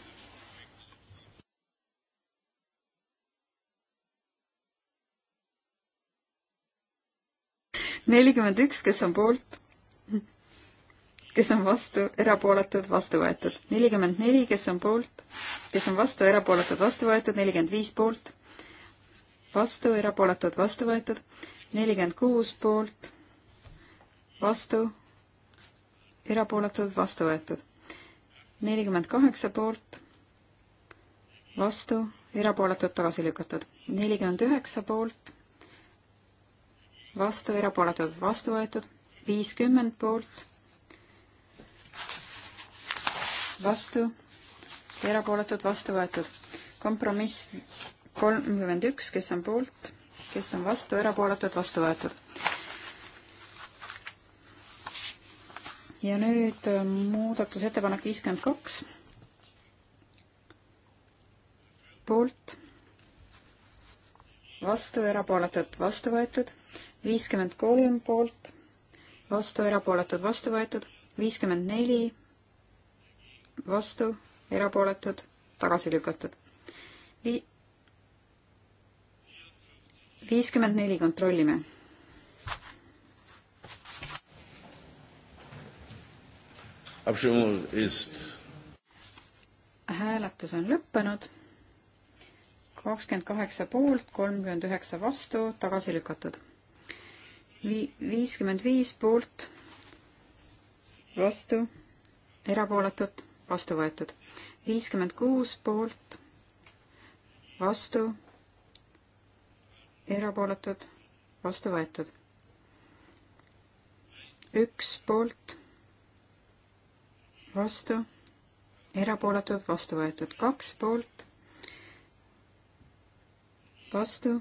nelikümmend üks, kes on poolt, kes on vastu, erapooletud, vastu võetud. nelikümmend neli, kes on poolt, kes on vastu, erapooletud, vastu võetud, nelikümmend viis poolt, vastu, erapooletud, vastu võetud, nelikümmend kuus poolt, vastu, erapooletud, vastu võetud. nelikümmend kaheksa poolt, vastu, erapooletud, tagasi lükatud. nelikümmend üheksa poolt vastu, erapooletud, vastu võetud, viiskümmend poolt, vastu, erapooletud, vastu võetud. kompromiss kolmkümmend üks, kes on poolt, kes on vastu, erapooletud, vastu võetud. ja nüüd äh, muudatusettepanek viiskümmend kaks, poolt, vastu, erapooletud, vastu võetud viiskümmend kolm poolt, vastu, erapooletud, vastu võetud, viiskümmend neli vastu, erapooletud, tagasi lükatud. Vi-, viiskümmend neli kontrollime. hääletus on lõppenud. kakskümmend kaheksa poolt, kolmkümmend üheksa vastu, tagasi lükatud viiskümmend viis poolt, vastu, erapooletud, vastu võetud. viiskümmend kuus poolt, vastu, erapooletud, vastu võetud. üks poolt, vastu, erapooletud, vastu võetud. kaks poolt, vastu,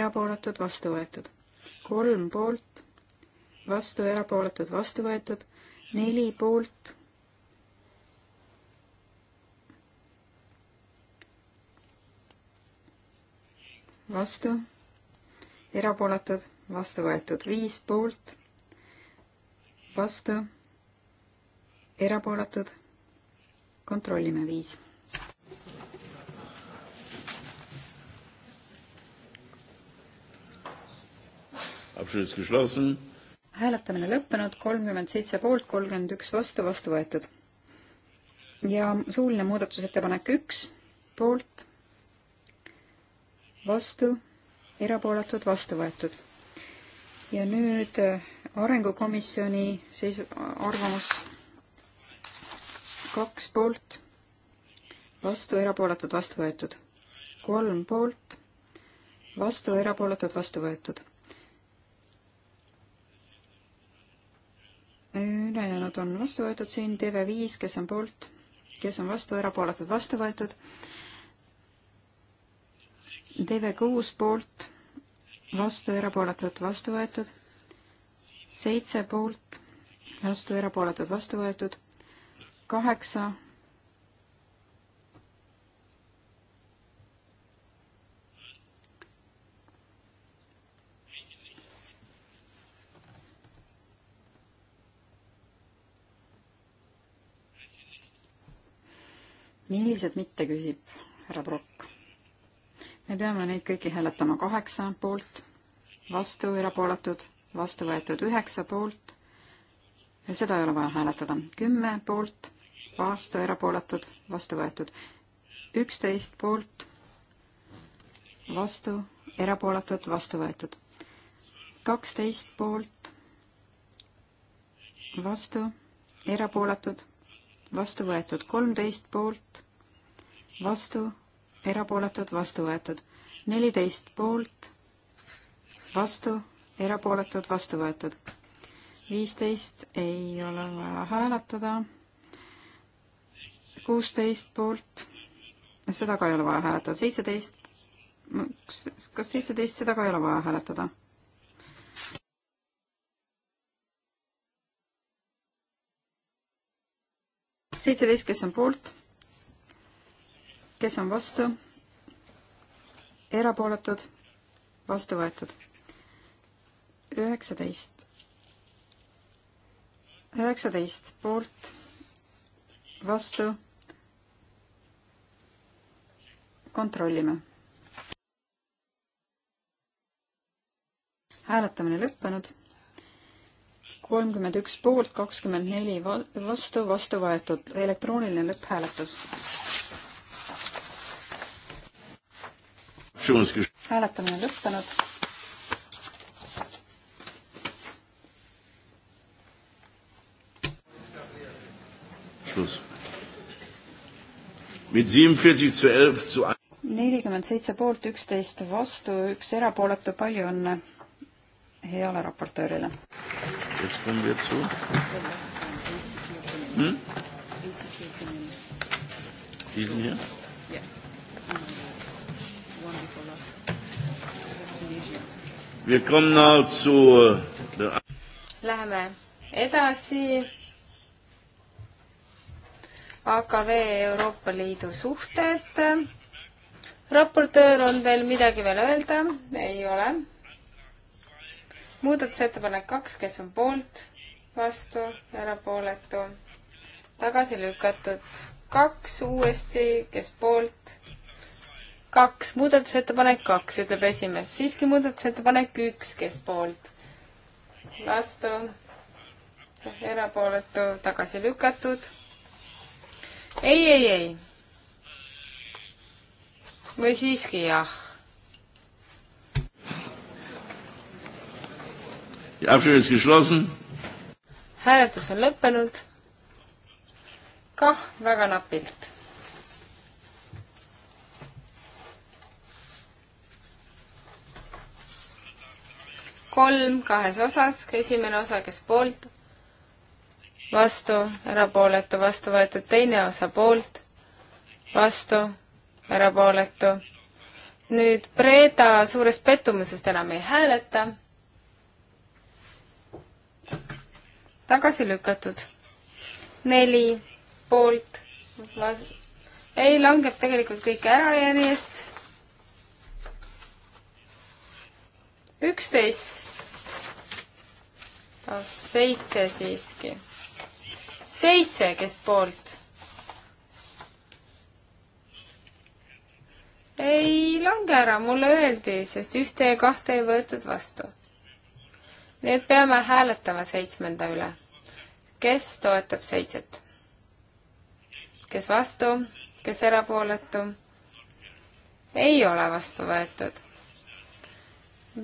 erapooletud, vastu võetud kolm poolt, vastu erapooletud, vastu võetud, neli poolt, vastu, erapooletud, vastu võetud, viis poolt, vastu, erapooletud, kontrollime viis hääletamine lõppenud, kolmkümmend seitse poolt, kolmkümmend üks vastu, vastu võetud. ja suuline muudatusettepanek üks, poolt, vastu, erapooletud, vastu võetud. ja nüüd äh, arengukomisjoni seis-, arvamus kaks poolt, vastu, erapooletud, vastu võetud. kolm poolt, vastu, erapooletud, vastu võetud erapooletud on vastu võetud siin, TV5, kes on poolt, kes on vastu, erapooletud vastu võetud. TV6 poolt, vastu, erapooletud vastu võetud. seitse poolt, vastu, erapooletud vastu võetud. kaheksa millised mitte, küsib härra Brock. me peame neid kõiki hääletama kaheksa poolt, vastu erapooletud, vastu võetud üheksa poolt, seda ei ole vaja hääletada, kümme poolt, vastu erapooletud, vastu võetud, üksteist poolt, vastu erapooletud, vastu võetud, kaksteist poolt, vastu erapooletud vastu võetud, kolmteist poolt, vastu, erapooletud, vastu võetud, neliteist poolt, vastu, erapooletud, vastu võetud. viisteist ei ole vaja hääletada, kuusteist poolt, seda ka ei ole vaja hääletada, seitseteist, kas seitseteist, seda ka ei ole vaja hääletada seitseteist, kes on poolt, kes on vastu, erapooletud, vastu võetud. üheksateist, üheksateist poolt, vastu, kontrollime. hääletamine lõppenud kolmkümmend üks poolt, kakskümmend neli vastu, vastu võetud. elektrooniline lõpphääletus. hääletamine lõppenud. nelikümmend seitse poolt, üksteist vastu, üks erapooletu, palju õnne heale raportöörile! Jetzt kommen wir zu. Hm? Diesen hier? Yeah. Wir kommen now zu äh, der Läheme edasi. AKV Euroopa Liidu suhted. raportöör on veel midagi veel öelda? ei ole muudatusettepanek kaks, kes on poolt, vastu, erapooletu, tagasi lükatud. kaks uuesti, kes poolt, kaks, muudatusettepanek kaks, ütleb esimees, siiski muudatusettepanek üks, kes poolt, vastu, erapooletu, tagasi lükatud. ei, ei, ei. või siiski jah hääletus on lõppenud. kah väga napilt. kolm kahes osas, esimene osa, kes poolt, vastu, erapooletu, vastu võetud, teine osa poolt, vastu, erapooletu. nüüd Breda suurest pettumusest enam ei hääleta tagasi lükatud. neli poolt, ei, langeb tegelikult kõik ära järjest. üksteist, seitse siiski, seitse, kes poolt ei lange ära, mulle öeldi, sest ühte ja kahte ei võetud vastu nii et peame hääletama seitsmenda üle. kes toetab seitset? kes vastu, kes erapooletu? ei ole vastu võetud.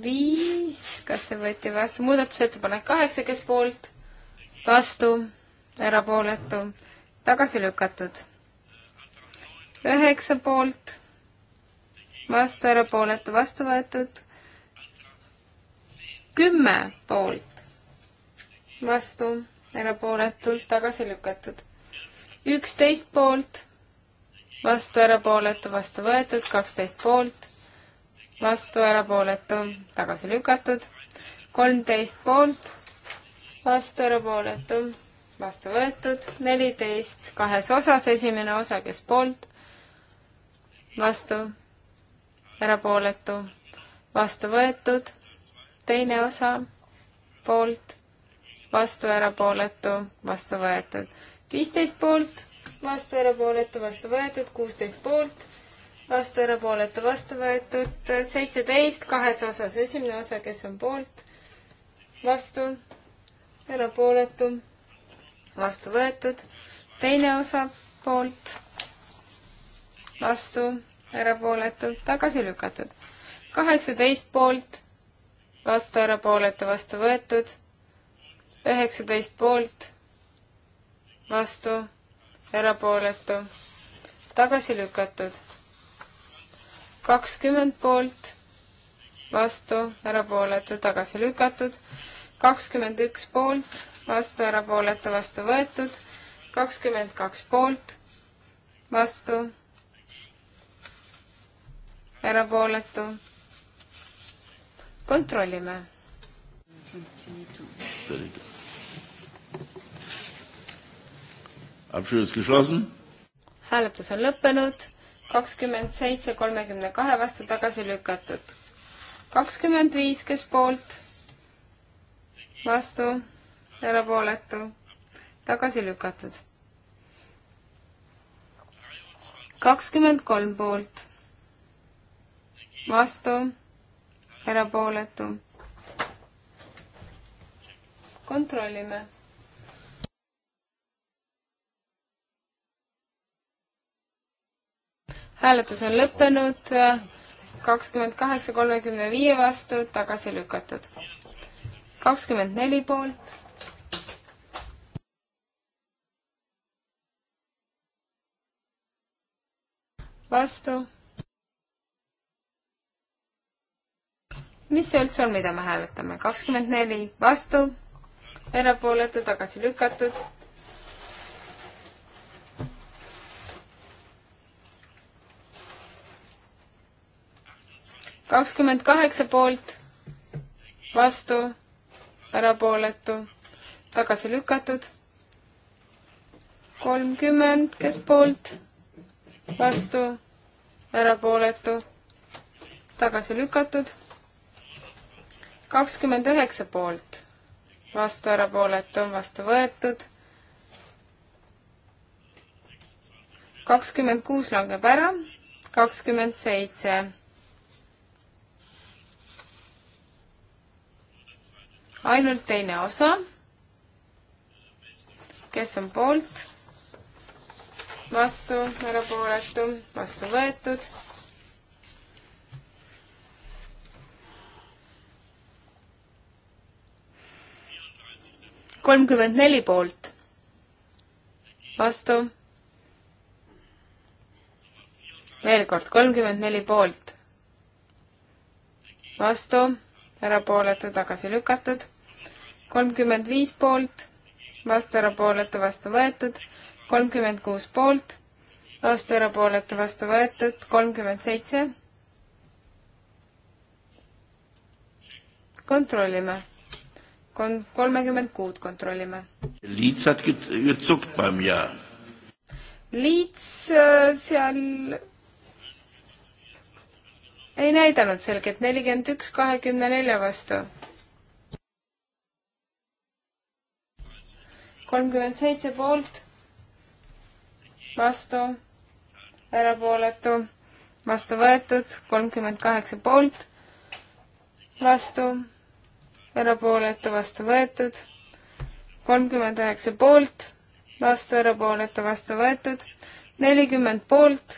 viis, kas see võeti vastu, muudatusettepanek kaheksa, kes poolt, vastu, erapooletu, tagasi lükatud. üheksa poolt, vastu, erapooletu, vastu võetud kümme poolt, vastu, erapooletult tagasi lükatud. üksteist poolt, vastu, erapooletu, vastu võetud, kaksteist poolt, vastu, erapooletu, tagasi lükatud, kolmteist poolt, vastu, erapooletu, vastu võetud, neliteist kahes osas, esimene osa, kes poolt, vastu, erapooletu, vastu võetud teine osa poolt, vastu, erapooletu, vastu võetud. viisteist poolt, vastu, erapooletu, vastu võetud, kuusteist poolt, vastu, erapooletu, vastu võetud, seitseteist kahes osas, esimene osa, kes on poolt, vastu, erapooletu, vastu võetud, teine osa poolt, vastu, erapooletu, tagasi lükatud. kaheksateist poolt vastu, erapooletu, vastu võetud, üheksateist poolt, vastu, erapooletu, tagasi lükatud, kakskümmend poolt, vastu, erapooletu, tagasi lükatud, kakskümmend üks poolt, vastu, erapooletu, vastu võetud, kakskümmend kaks poolt, vastu, erapooletu kontrollime. hääletus on lõppenud, kakskümmend seitse kolmekümne kahe vastu tagasi lükatud. kakskümmend viis, kes poolt, vastu, erapooletu, tagasi lükatud kakskümmend kolm poolt. vastu, erapooletu. kontrollime. hääletus on lõppenud, kakskümmend kaheksa kolmekümne viie vastu, tagasi lükatud. kakskümmend neli poolt vastu mis see üldse on, mida me hääletame? kakskümmend neli vastu, erapooletu, tagasi lükatud. kakskümmend kaheksa poolt, vastu, erapooletu, tagasi lükatud. kolmkümmend, kes poolt, vastu, erapooletu, tagasi lükatud kakskümmend üheksa poolt, vastu erapooletu, vastu võetud. kakskümmend kuus langeb ära, kakskümmend seitse. ainult teine osa. kes on poolt? vastu, erapooletu, vastu võetud kolmkümmend neli poolt, vastu. veel kord, kolmkümmend neli poolt, vastu, erapooletu, tagasi lükatud. kolmkümmend viis poolt, vastu, erapooletu, vastu võetud. kolmkümmend kuus poolt, vastu, erapooletu, vastu võetud. kolmkümmend seitse kontrollime kon-, kolmekümmend kuud kontrollime. Leeds hat gezuckt beim Jahr. Leeds äh, seal ei näidanud selgelt, nelikümmend üks kahekümne nelja vastu. kolmkümmend seitse poolt, vastu, erapooletu, vastu võetud, kolmkümmend kaheksa poolt, vastu erapooletu, vastu võetud. kolmkümmend üheksa poolt, vastu, erapooletu, vastu võetud. nelikümmend poolt,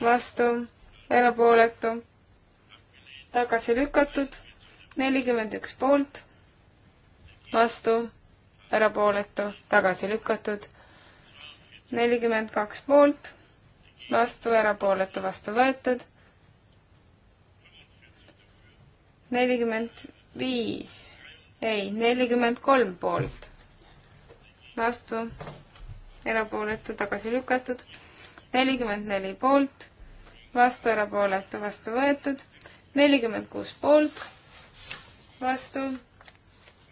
vastu, erapooletu, tagasi lükatud. nelikümmend üks poolt, vastu, erapooletu, tagasi lükatud. nelikümmend kaks poolt, vastu, erapooletu, vastu võetud nelikümmend viis, ei, nelikümmend kolm poolt. vastu, erapooletu, tagasi lükatud. nelikümmend neli poolt, vastu, erapooletu, vastu võetud. nelikümmend kuus poolt, vastu,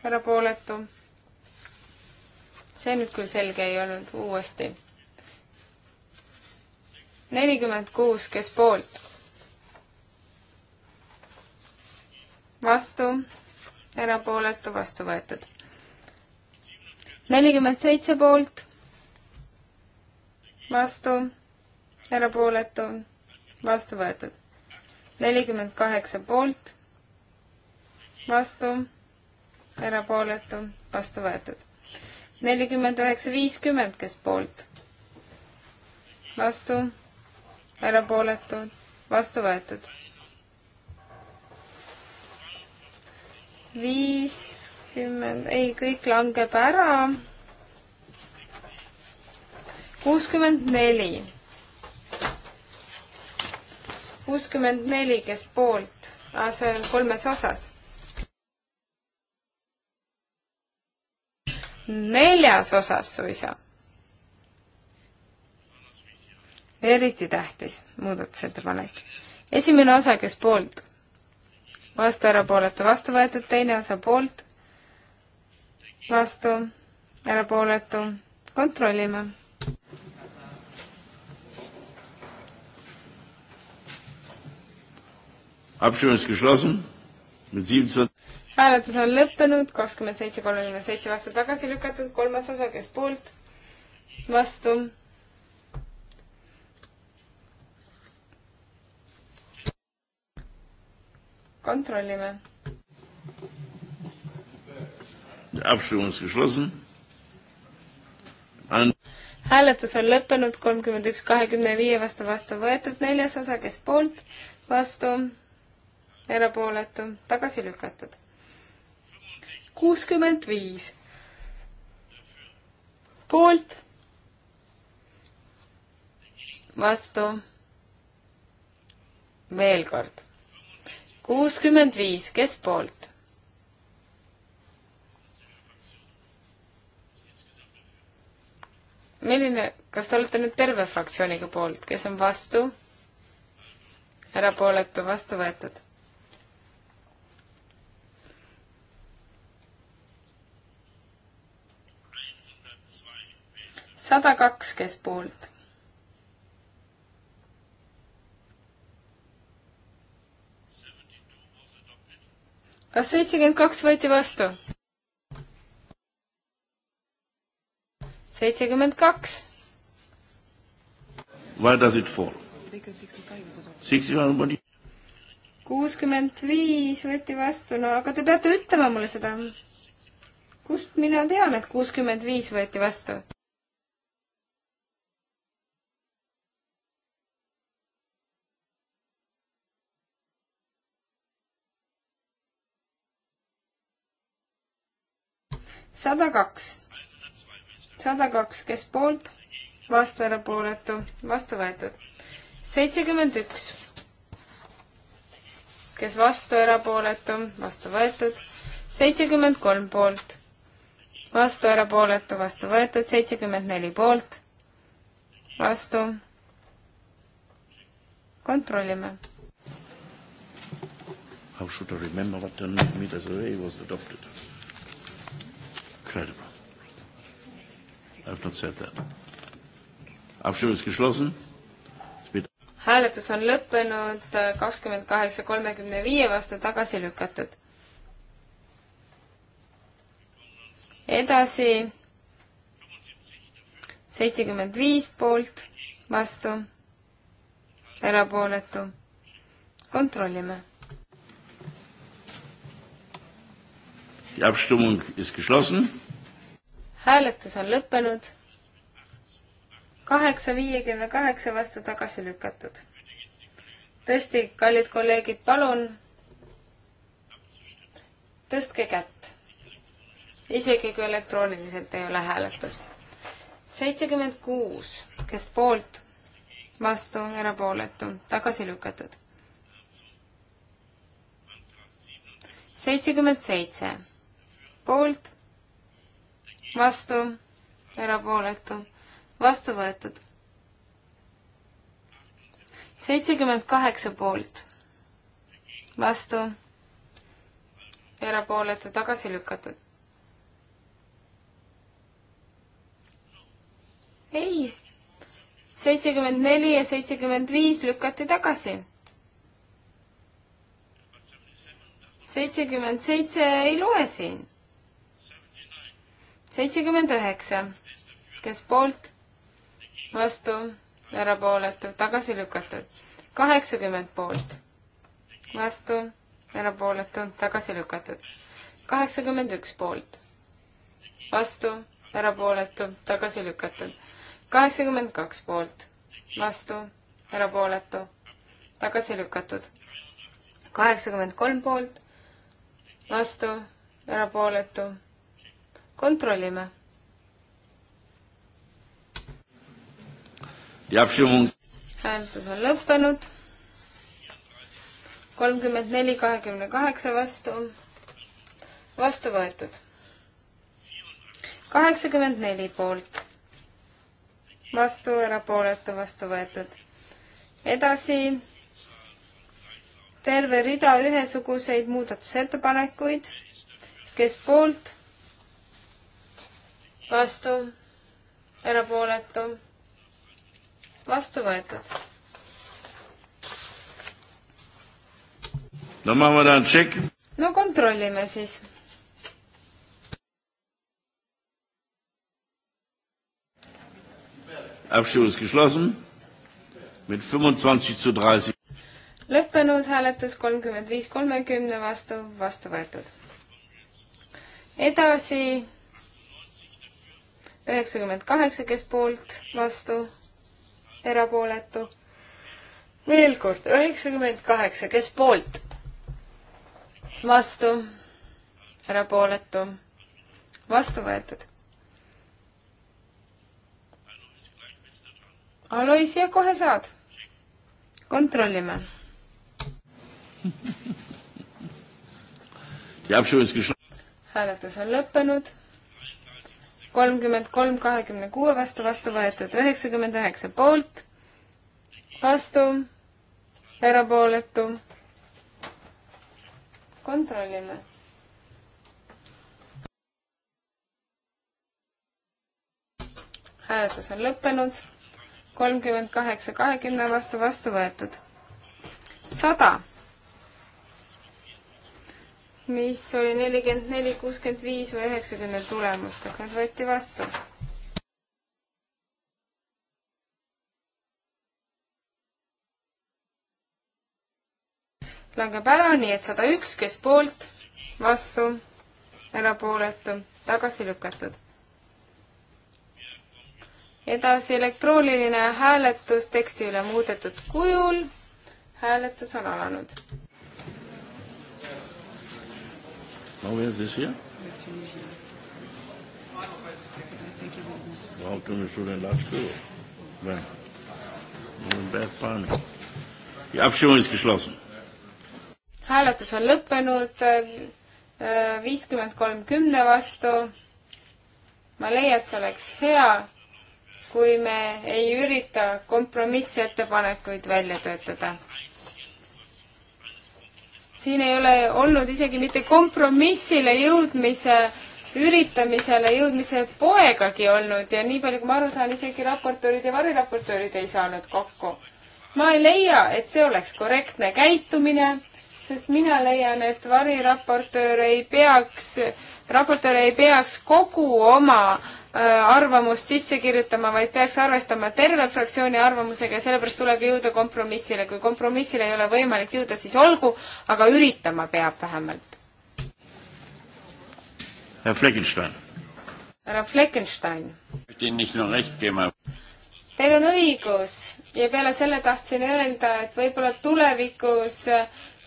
erapooletu. see nüüd küll selge ei olnud, uuesti nelikümmend kuus, kes poolt, vastu, erapooletu, vastu võetud. nelikümmend seitse poolt, vastu, erapooletu, vastu võetud. nelikümmend kaheksa poolt, vastu, erapooletu, vastu võetud. nelikümmend üheksa, viiskümmend, kes poolt, vastu, erapooletu, vastu võetud viiskümmend, ei, kõik langeb ära. kuuskümmend neli. kuuskümmend neli, kes poolt, ah, see on kolmes osas. neljas osas suisa. eriti tähtis muudatusettepanek. esimene osa, kes poolt vastu, erapooletu, vastu võetud, teine osa poolt, vastu, erapooletu, kontrollime. hääletus on lõppenud, kakskümmend seitse, kolmkümmend seitse vastu tagasi lükatud, kolmas osa, kes poolt, vastu kontrollime. hääletus on lõppenud, kolmkümmend üks kahekümne viie vastu vastu võetud, neljas osa, kes poolt, vastu, erapooletu, tagasi lükatud. kuuskümmend viis. poolt, vastu, veel kord kuuskümmend viis, kes poolt? milline, kas te olete nüüd terve fraktsiooniga poolt, kes on vastu? erapooletu, vastu võetud. sada kaks, kes poolt kas seitsekümmend kaks võeti vastu? seitsekümmend kaks. Where does it fall? kuuskümmend viis võeti vastu, no aga te peate ütlema mulle seda. kust mina tean, et kuuskümmend viis võeti vastu? sada kaks, sada kaks, kes poolt, vastu, erapooletu, vastu võetud. seitsekümmend üks, kes vastu, erapooletu, vastu võetud. seitsekümmend kolm poolt, vastu, erapooletu, vastu võetud. seitsekümmend neli poolt, vastu. kontrollime How should I remember what the meet as was adopted? incredible. I've not said that. Abstimmung ist geschlossen. hääletus on lõppenud äh, kakskümmend kaheksa kolmekümne viie vastu tagasi lükatud. edasi seitsekümmend viis poolt, vastu, erapooletu. kontrollime. Die Abstimmung ist geschlossen hääletus on lõppenud. kaheksa viiekümne kaheksa vastu tagasi lükatud. tõesti, kallid kolleegid, palun tõstke kätt. isegi kui elektrooniliselt ei ole hääletus. seitsekümmend kuus, kes poolt, vastu, erapooletu, tagasi lükatud. seitsekümmend seitse, poolt vastu, erapooletu, vastu võetud. seitsekümmend kaheksa poolt, vastu, erapooletu, tagasi lükatud. ei, seitsekümmend neli ja seitsekümmend viis lükati tagasi seitsekümmend seitse ei loe siin seitsekümmend üheksa, kes poolt, vastu, erapooletu, tagasi lükatud. kaheksakümmend poolt, vastu, erapooletu, tagasi lükatud. kaheksakümmend üks poolt, vastu, erapooletu, tagasi lükatud. kaheksakümmend kaks poolt, vastu, erapooletu, tagasi lükatud. kaheksakümmend kolm poolt, vastu, erapooletu kontrollime. hääletus on lõppenud. kolmkümmend neli, kahekümne kaheksa vastu. vastu võetud. kaheksakümmend neli poolt. vastu, erapooletu, vastu võetud. edasi terve rida ühesuguseid muudatusettepanekuid. kes poolt? vastu, erapooletu, vastu võetud. no ma võtan tšekk. no kontrollime siis. Abstimmung ist geschlossen mit 25 zu 30 lõppenud hääletus kolmkümmend viis kolmekümne vastu, vastu võetud. edasi üheksakümmend kaheksa, kes poolt, vastu, erapooletu. veel kord, üheksakümmend kaheksa, kes poolt, vastu, erapooletu, vastu võetud. Aloisia, kohe saad. kontrollime hääletus on lõppenud kolmkümmend kolm kahekümne kuue vastu, vastu võetud üheksakümmend üheksa poolt, vastu, erapooletu. kontrollime hääletus on lõppenud, kolmkümmend kaheksa kahekümne vastu vastu võetud. sada mis oli nelikümmend neli, kuuskümmend viis või üheksakümne tulemus, kas nad võeti vastu? langeb ära, nii et sada üks, kes poolt, vastu, erapooletu, tagasi lükatud. edasi elektrooniline hääletus teksti üle muudetud kujul. hääletus on alanud. No, where is this here? How can we shoot a large too? Well, bad planning. Die Abstimmung ist geschlossen. hääletus on lõppenud äh, viiskümmend kolm kümne vastu. ma leian, et see oleks hea, kui me ei ürita kompromissettepanekuid välja töötada siin ei ole olnud isegi mitte kompromissile jõudmise üritamisele jõudmise poegagi olnud ja nii palju, kui ma aru saan, isegi raportöörid ja variraportöörid ei saanud kokku. ma ei leia, et see oleks korrektne käitumine, sest mina leian, et variraportöör ei peaks, raportöör ei peaks kogu oma äh, Äh, arvamust sisse kirjutama, vaid peaks arvestama terve fraktsiooni arvamusega ja sellepärast tuleb jõuda kompromissile. kui kompromissile ei ole võimalik jõuda, siis olgu, aga üritama peab vähemalt. härra Fleckenstein. härra Fleckenstein. Teil on õigus ja peale selle tahtsin öelda, et võib-olla tulevikus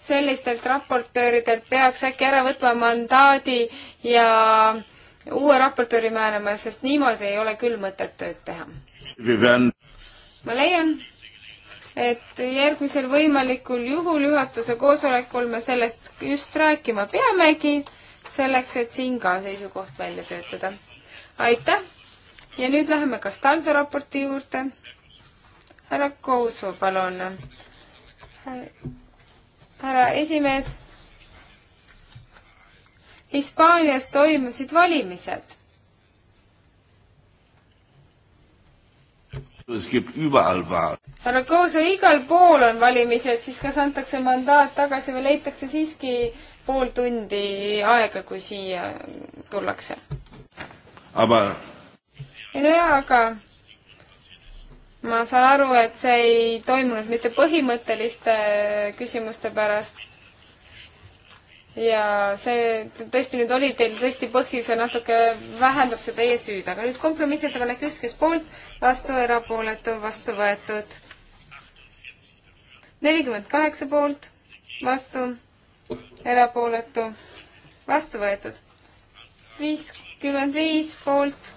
sellistelt raportööridelt peaks äkki ära võtma mandaadi ja äh, uue raportööri määrama, sest niimoodi ei ole küll mõtet tööd teha. ma leian, et järgmisel võimalikul juhul juhatuse koosolekul me sellest just rääkima peamegi, selleks et siin ka seisukoht välja töötada. aitäh ja nüüd läheme Castaldo raporti juurde. härra Kousu, palun. härra esimees Hispaanias toimusid valimised. härra Kouso, igal pool on valimised, siis kas antakse mandaat tagasi või leitakse siiski pool tundi aega, kui siia tullakse? aga? ei no jaa, aga ma saan aru, et see ei toimunud mitte põhimõtteliste küsimuste pärast, ja see tõesti nüüd oli teil tõesti põhjus ja natuke vähendab see teie süüd, aga nüüd kompromissettepanek üks, kes poolt, vastu, erapooletu, vastu võetud. nelikümmend kaheksa poolt, vastu, erapooletu, vastu võetud. viiskümmend viis poolt,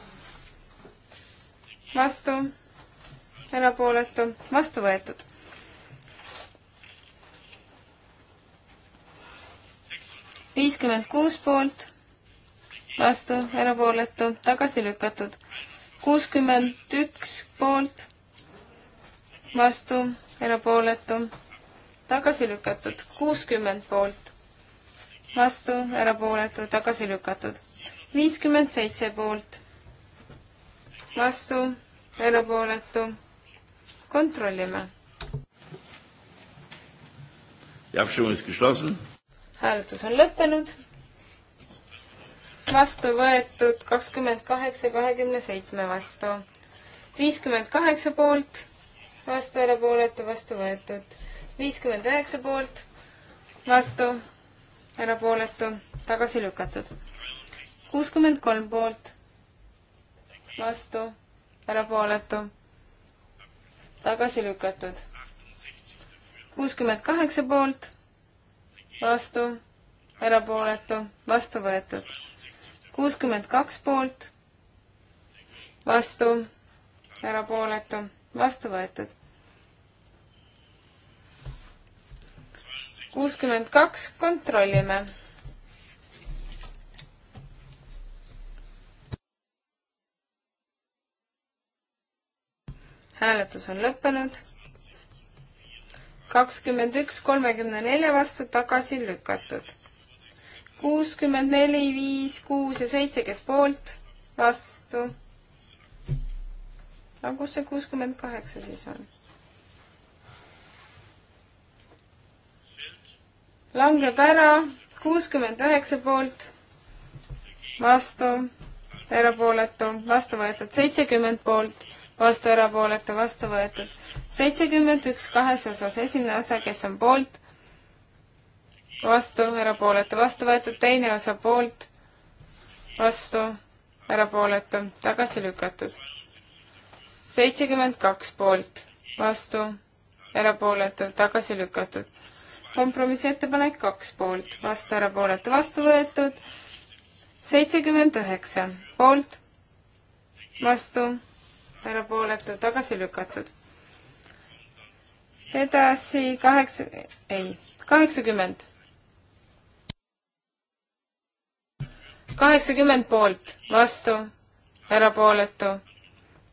vastu, erapooletu, vastu võetud viiskümmend kuus poolt, vastu, erapooletu, tagasi lükatud. kuuskümmend üks poolt, vastu, erapooletu, tagasi lükatud. kuuskümmend poolt, vastu, erapooletu, tagasi lükatud. viiskümmend seitse poolt, vastu, erapooletu, kontrollime. Die Abstimmung ist geschlossen hääletus on lõppenud. vastu võetud kakskümmend kaheksa, kahekümne seitsme vastu. viiskümmend kaheksa poolt, vastu erapooletu, vastu võetud. viiskümmend üheksa poolt, vastu erapooletu, tagasi lükatud. kuuskümmend kolm poolt, vastu erapooletu, tagasi lükatud. kuuskümmend kaheksa poolt vastu, erapooletu, vastu võetud. kuuskümmend kaks poolt, vastu, erapooletu, vastu võetud. kuuskümmend kaks, kontrollime hääletus on lõppenud kakskümmend üks kolmekümne nelja vastu tagasi lükatud. kuuskümmend neli, viis, kuus ja seitse, kes poolt, vastu. aga kus see kuuskümmend kaheksa siis on? langeb ära, kuuskümmend üheksa poolt, vastu, erapooletu, vastu võetud seitsekümmend poolt vastu erapooletu, vastu võetud. seitsekümmend üks kahes osas, esimene osa, kes on poolt, vastu, erapooletu, vastu võetud, teine osa poolt, vastu, erapooletu, tagasi lükatud. seitsekümmend kaks poolt, vastu, erapooletu, tagasi lükatud. kompromissettepanek kaks poolt, vastu, erapooletu, vastu võetud, seitsekümmend üheksa poolt, vastu erapooletu, tagasi lükatud. edasi kaheksa, ei, kaheksakümmend. kaheksakümmend poolt, vastu, erapooletu,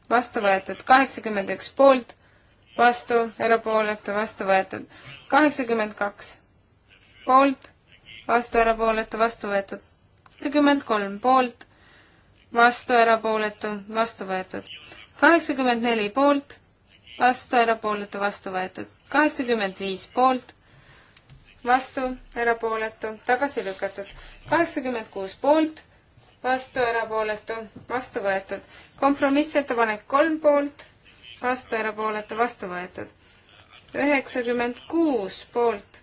vastu võetud, kaheksakümmend üks poolt, vastu, erapooletu, vastu võetud, kaheksakümmend kaks poolt, vastu, erapooletu, vastu võetud, kakskümmend kolm poolt, vastu, erapooletu, vastu võetud kaheksakümmend neli poolt, vastu, erapooletu, vastu võetud. kaheksakümmend viis poolt, vastu, erapooletu, tagasi lükatud. kaheksakümmend kuus poolt, vastu, erapooletu, vastu võetud. kompromissettepanek kolm poolt, vastu, erapooletu, vastu võetud. üheksakümmend kuus poolt,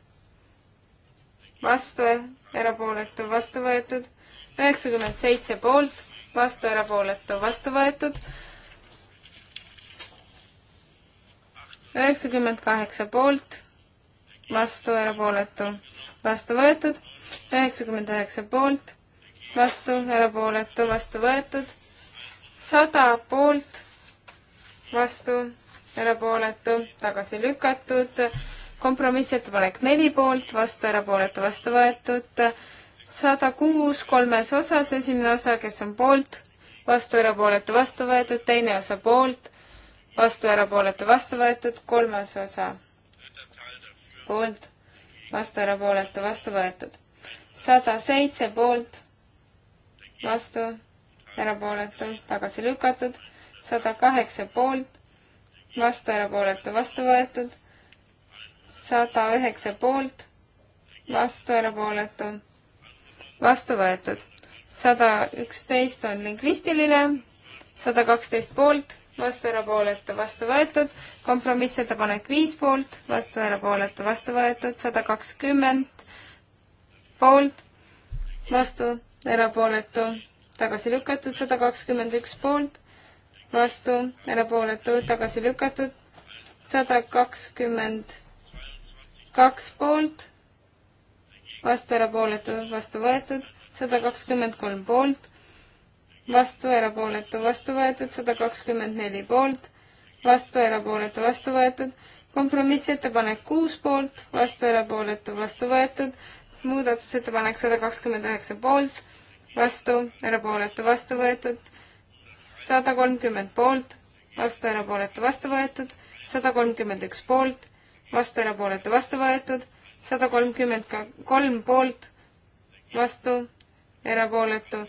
vastu, erapooletu, vastu võetud. üheksakümmend seitse poolt, vastu, erapooletu, vastu võetud üheksakümmend kaheksa poolt, vastu, erapooletu, vastu võetud, üheksakümmend üheksa poolt, vastu, erapooletu, vastu võetud, sada poolt, vastu, erapooletu, tagasi lükatud, kompromissettepanek neli poolt, vastu, erapooletu, vastu võetud, sada kuus kolmes osas, esimene osa, kes on poolt, vastu, erapooletu, vastu võetud, teine osa poolt, vastu, erapooletu, vastu võetud, kolmas osa poolt, vastu, erapooletu, vastu võetud. sada seitse poolt, vastu, erapooletu, tagasi lükatud, sada kaheksa poolt, vastu, erapooletu, vastu võetud, sada üheksa poolt, vastu, erapooletu, vastu võetud sada üksteist on lingvistiline, sada kaksteist poolt, vastu erapooletu, vastu võetud, kompromissettepanek viis poolt, vastu erapooletu, vastu võetud, sada kakskümmend poolt, vastu erapooletu, tagasi lükatud, sada kakskümmend üks poolt, vastu erapooletu, tagasi lükatud, sada kakskümmend kaks poolt, vastu erapooletu, vastu võetud, sada kakskümmend kolm poolt vastu, erapooletu, vastu võetud, sada kakskümmend neli poolt, vastu, erapooletu, vastu võetud, kompromissettepanek kuus poolt, vastu, erapooletu, vastu võetud, muudatusettepanek sada kakskümmend üheksa poolt, vastu, erapooletu, vastu võetud, sada kolmkümmend poolt, vastu, erapooletu, vastu võetud, sada kolmkümmend üks poolt, vastu, erapooletu, vastu võetud, sada kolmkümmend kolm poolt, vastu, erapooletu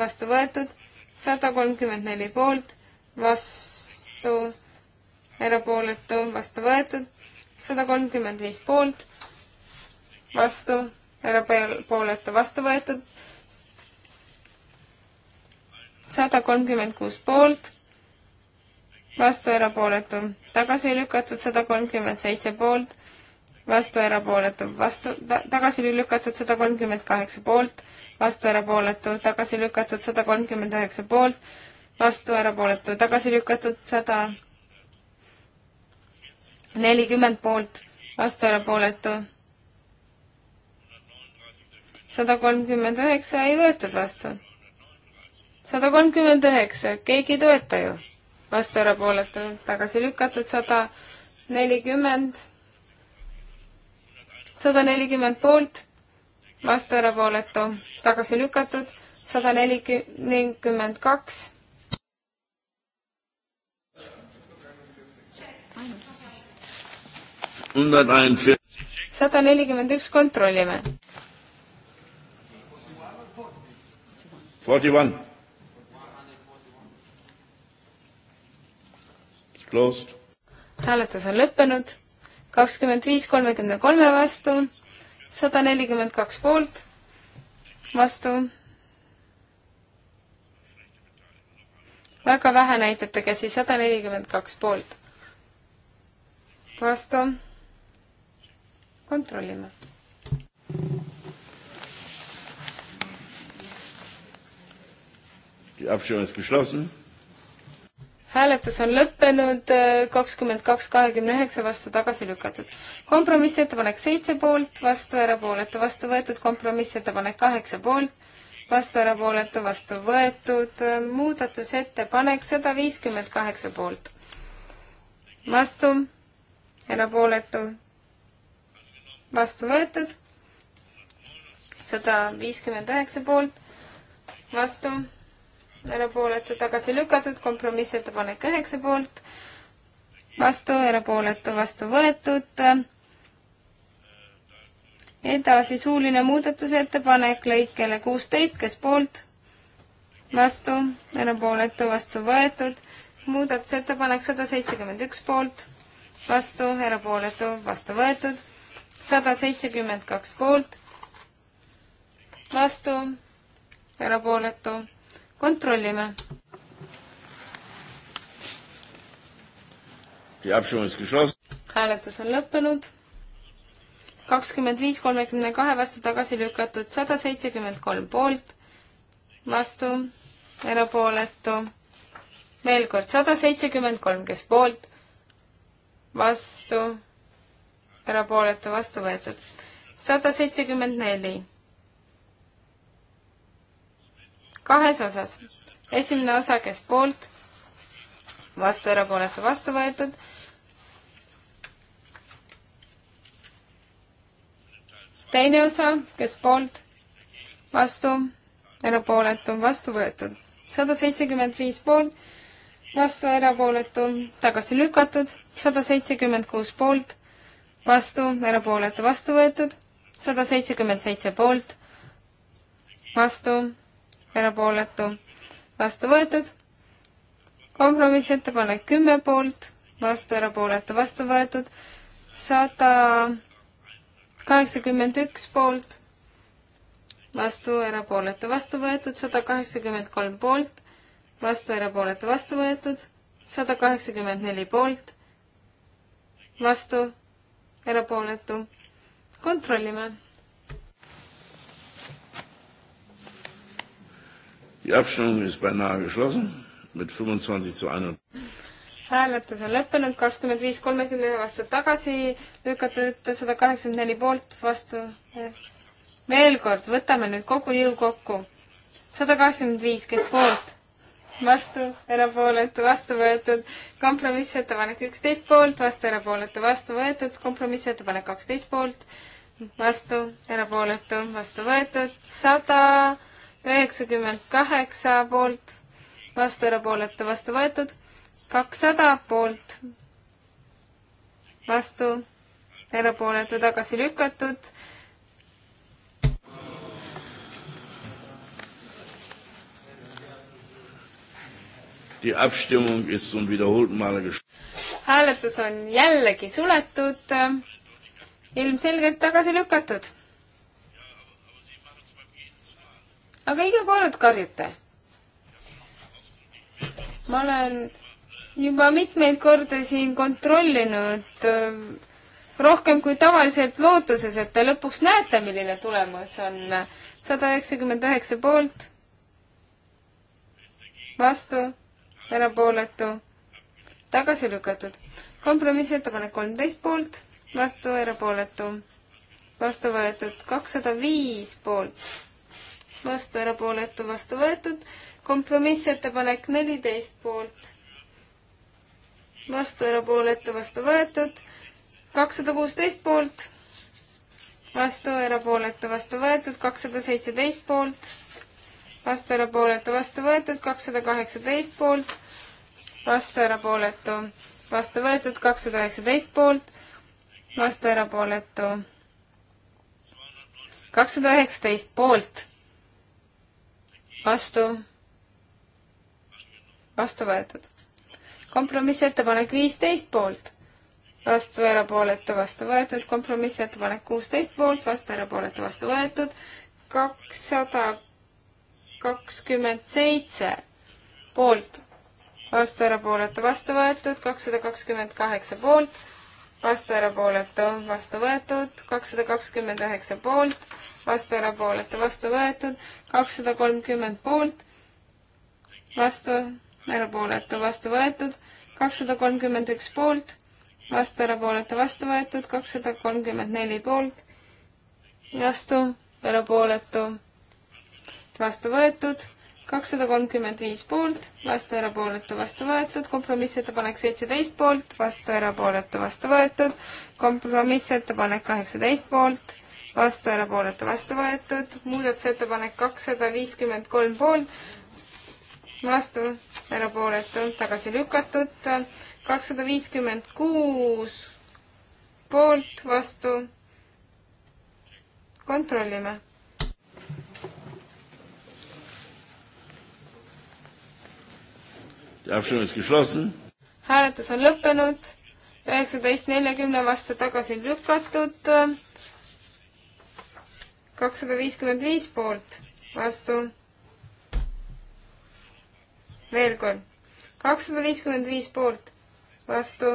vastu võetud, sada kolmkümmend neli poolt, vastu, erapooletu, vastu võetud, sada kolmkümmend viis poolt, vastu, erapooletu, vastu võetud, sada kolmkümmend kuus poolt, vastu erapooletu, tagasi lükatud sada kolmkümmend seitse poolt, vastu erapooletu, vastu ta,, tagasi lükatud sada kolmkümmend kaheksa poolt, vastu erapooletu, tagasi lükatud sada kolmkümmend üheksa poolt, vastu erapooletu, tagasi lükatud sada nelikümmend poolt, vastu erapooletu. sada kolmkümmend üheksa ei võetud vastu. sada kolmkümmend üheksa, keegi ei toeta ju. vastu erapooletu, tagasi lükatud sada nelikümmend sada nelikümmend poolt, vastu erapooletu, tagasi lükatud, sada nelikümmend kaks. sada nelikümmend üks, kontrollime. Forty one. Closed. hääletus on lõppenud kakskümmend viis kolmekümne kolme vastu, sada nelikümmend kaks poolt, vastu. väga vähe näitate käsi, sada nelikümmend kaks poolt, vastu. kontrollime. Die Abstimmung ist geschlossen hääletus on lõppenud, kakskümmend kaks, kahekümne üheksa vastu tagasi lükatud. kompromissettepanek seitse poolt, vastu erapooletu, vastu võetud, kompromissettepanek kaheksa poolt, vastu erapooletu, vastu võetud, muudatusettepanek sada viiskümmend kaheksa poolt. vastu, erapooletu, vastu võetud, sada viiskümmend üheksa poolt, vastu erapooletu, tagasi lükatud, kompromissettepanek üheksa poolt, vastu, erapooletu, vastu võetud. edasi suuline muudatusettepanek lõikele kuusteist, kes poolt, vastu, erapooletu, vastu võetud. muudatusettepanek sada seitsekümmend üks poolt, vastu, erapooletu, vastu võetud. sada seitsekümmend kaks poolt, vastu, erapooletu kontrollime. hääletus on lõppenud. kakskümmend viis kolmekümne kahe vastu tagasi lükatud, sada seitsekümmend kolm poolt, vastu, erapooletu. veel kord sada seitsekümmend kolm, kes poolt, vastu, erapooletu, vastu võetud. sada seitsekümmend neli kahes osas. esimene osa, kes poolt, vastu, erapooletu, vastu võetud. teine osa, kes poolt, vastu, erapooletu, vastu võetud. sada seitsekümmend viis poolt, vastu, erapooletu, tagasi lükatud. sada seitsekümmend kuus poolt, vastu, erapooletu, vastu võetud. sada seitsekümmend seitse poolt, vastu, erapooletu, vastu võetud. kompromissettepanek kümme poolt, vastu erapooletu, vastu võetud. sada kaheksakümmend üks poolt, vastu erapooletu, vastu võetud. sada kaheksakümmend kolm poolt, vastu erapooletu, vastu võetud. sada kaheksakümmend neli poolt, vastu erapooletu. kontrollime Die Abstimmung ist beinahe geschlossen mit 25 zu 1. hääletus on lõppenud, kakskümmend viis kolmekümne ühe vastu tagasi lükatud, sada kaheksakümmend neli poolt vastu. veel kord, võtame nüüd kogu jõu kokku. sada kaheksakümmend viis, kes poolt, vastu, erapooletu, vastu võetud, kompromissettepanek üksteist poolt, vastu, erapooletu, vastu võetud, kompromissettepanek kaksteist poolt, vastu, erapooletu, vastu võetud, sada 100 üheksakümmend kaheksa poolt, vastu erapooletu, vastu võetud, kakssada poolt, vastu erapooletu, tagasi lükatud. Die Abstimmung ist zum wiederholten Male gest- hääletus on jällegi suletud, ilmselgelt tagasi lükatud aga iga kord karjute. ma olen juba mitmeid kordi siin kontrollinud äh, rohkem kui tavaliselt lootuses, et te lõpuks näete, milline tulemus on. sada üheksakümmend üheksa poolt, vastu, erapooletu, tagasi lükatud. kompromissettepanek kolmteist poolt, vastu, erapooletu, vastu võetud kakssada viis poolt vastu, erapooletu, vastu võetud. kompromissettepanek neliteist poolt, vastu, erapooletu, vastu võetud. kakssada kuusteist poolt, vastu, erapooletu, vastu võetud. kakssada seitseteist poolt, vastu, erapooletu, vastu võetud. kakssada kaheksateist poolt, vastu, erapooletu, vastu võetud. kakssada üheksateist poolt, vastu, erapooletu kakssada üheksateist poolt, vastu, vastu võetud. kompromissettepanek viisteist poolt, vastu erapooletu, vastu võetud, kompromissettepanek kuusteist poolt, vastu erapooletu, vastu võetud, kakssada kakskümmend seitse poolt, vastu erapooletu, vastu võetud, kakssada kakskümmend kaheksa poolt, vastu erapooletu, vastu võetud, kakssada kakskümmend üheksa poolt, vastu erapooletu, vastu võetud, kakssada kolmkümmend poolt, vastu erapooletu, vastu võetud, kakssada kolmkümmend üks poolt, vastu erapooletu, vastu võetud, kakssada kolmkümmend neli poolt, vastu erapooletu, vastu võetud, kakssada kolmkümmend viis poolt, vastu erapooletu, vastu võetud, kompromissettepanek seitseteist poolt, vastu erapooletu, vastu võetud, kompromissettepanek kaheksateist poolt vastu, erapooletu, vastu võetud, muudatusettepanek kakssada viiskümmend kolm poolt, vastu, erapooletu, tagasi lükatud, kakssada viiskümmend kuus poolt, vastu, kontrollime. hääletus on lõppenud, üheksateist neljakümne vastu tagasi lükatud kakssada viiskümmend viis poolt, vastu. veel kord, kakssada viiskümmend viis poolt, vastu.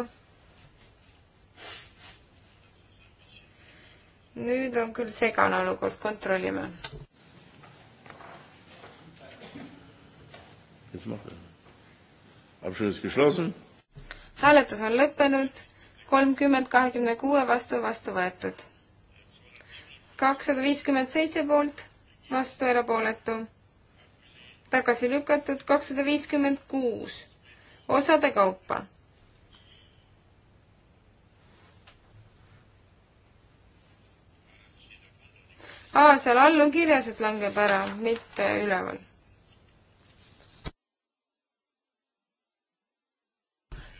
nüüd on küll segane olukord, kontrollime. hääletus on lõppenud, kolmkümmend kahekümne kuue vastu, vastu võetud kakssada viiskümmend seitse poolt, vastu erapooletu. tagasi lükatud kakssada viiskümmend kuus, osade kaupa. aa, seal all on kirjas, et langeb ära, mitte üleval.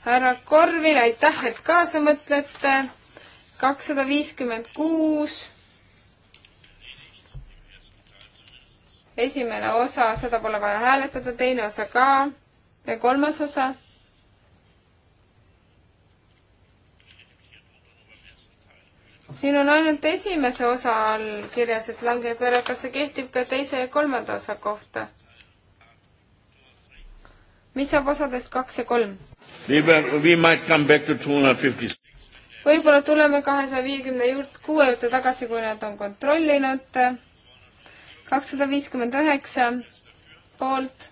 härra Korvil, aitäh, et kaasa mõtlete. kakssada viiskümmend kuus esimene osa, seda pole vaja hääletada, teine osa ka ja kolmas osa. siin on ainult esimese osa all kirjas, et langeb ära, kas see kehtib ka teise ja kolmanda osa kohta? mis saab osadest kaks ja kolm? võib-olla tuleme kahesaja viiekümne juurde, kuue juurde tagasi, kui nad on kontrollinud kakssada viiskümmend üheksa poolt,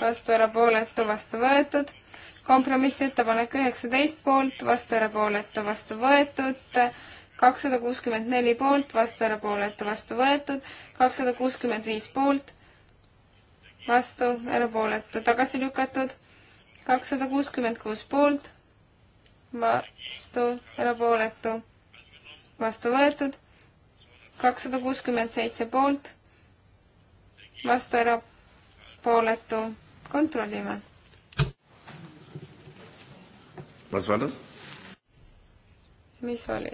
vastu erapooletu, vastu võetud. kompromissettepanek üheksateist poolt, vastu erapooletu, vastu võetud. kakssada kuuskümmend neli poolt, vastu erapooletu, vastu võetud. kakssada kuuskümmend viis poolt, vastu erapooletu, tagasi lükatud. kakssada kuuskümmend kuus poolt, vastu erapooletu, vastu võetud kakssada kuuskümmend seitse poolt, vastu erapooletu, kontrollime. mis oli?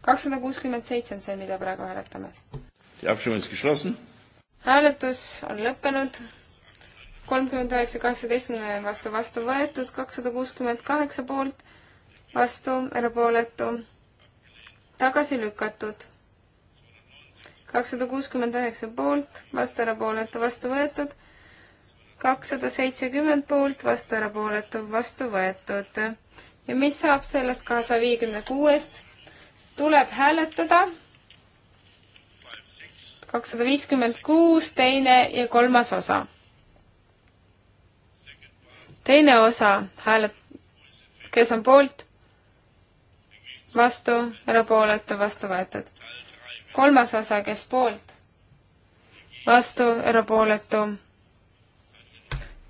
kakssada kuuskümmend seitse on see, mida praegu hääletame. hääletus on lõppenud kolmkümmend üheksa, kaheksateistkümne vastu vastu võetud, kakssada kuuskümmend kaheksa poolt, vastu, erapooletu, tagasi lükatud kakssada kuuskümmend üheksa poolt, vastu erapooletu, vastu võetud. kakssada seitsekümmend poolt, vastu erapooletu, vastu võetud. ja mis saab sellest kahesaja viiekümne kuuest? tuleb hääletada. kakssada viiskümmend kuus, teine ja kolmas osa. teine osa häälet-, kes on poolt? vastu, erapooletu, vastu võetud kolmas osa, kes poolt? vastu, erapooletu.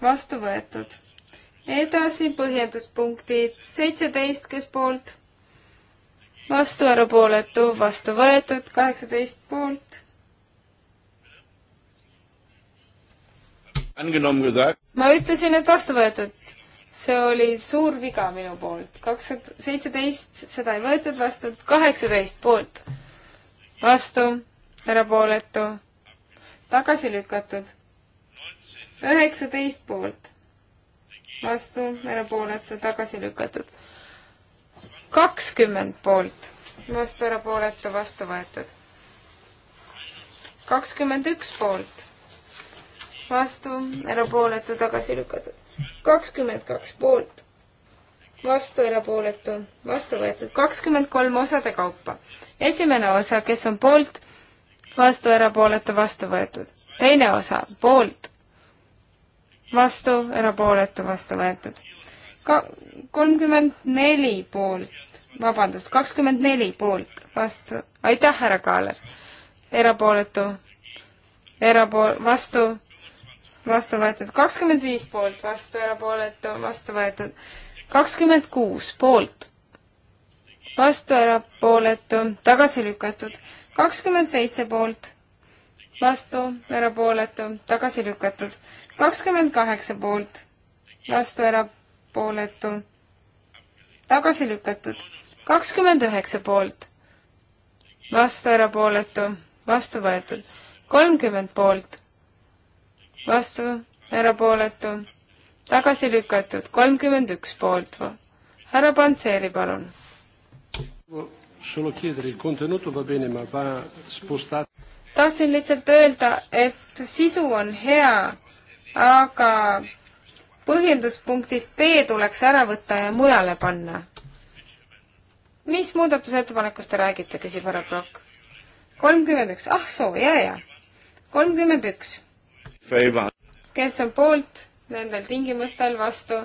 vastu võetud. edasi põhjenduspunktid seitseteist, kes poolt? vastu, erapooletu, vastu võetud, kaheksateist poolt. ma ütlesin, et vastu võetud see oli suur viga minu poolt. kakssada seitseteist, seda ei võetud vastu, kaheksateist poolt vastu, erapooletu, tagasi lükatud. üheksateist poolt, vastu, erapooletu, tagasi lükatud. kakskümmend poolt, vastu, erapooletu, vastu võetud. kakskümmend üks poolt, vastu, erapooletu, tagasi lükatud. kakskümmend kaks poolt, vastu, erapooletu, vastu võetud kakskümmend kolm osade kaupa. esimene osa, kes on poolt, vastu, erapooletu, vastu võetud. teine osa, poolt, vastu, erapooletu, vastu võetud. ka-, kolmkümmend neli poolt, vabandust, kakskümmend neli poolt, vastu, aitäh, härra Kaaler, erapooletu, erapool-, vastu, vastu võetud, kakskümmend viis poolt, vastu, erapooletu, vastu võetud kakskümmend kuus poolt, vastu erapooletu, tagasi lükatud. kakskümmend seitse poolt, vastu erapooletu, tagasi lükatud. kakskümmend kaheksa poolt, vastu erapooletu, tagasi lükatud. kakskümmend üheksa poolt, vastu erapooletu, vastu võetud. kolmkümmend poolt, vastu erapooletu tagasi lükatud, kolmkümmend üks poolt. härra Panseri, palun. tahtsin lihtsalt öelda, et sisu on hea, aga põhjenduspunktist B tuleks ära võtta ja mujale panna. mis muudatusettepanekust te räägite, küsib härra Prokk. kolmkümmend üks, ah soo, ja, ja. kolmkümmend üks. kes on poolt? nendel tingimustel vastu,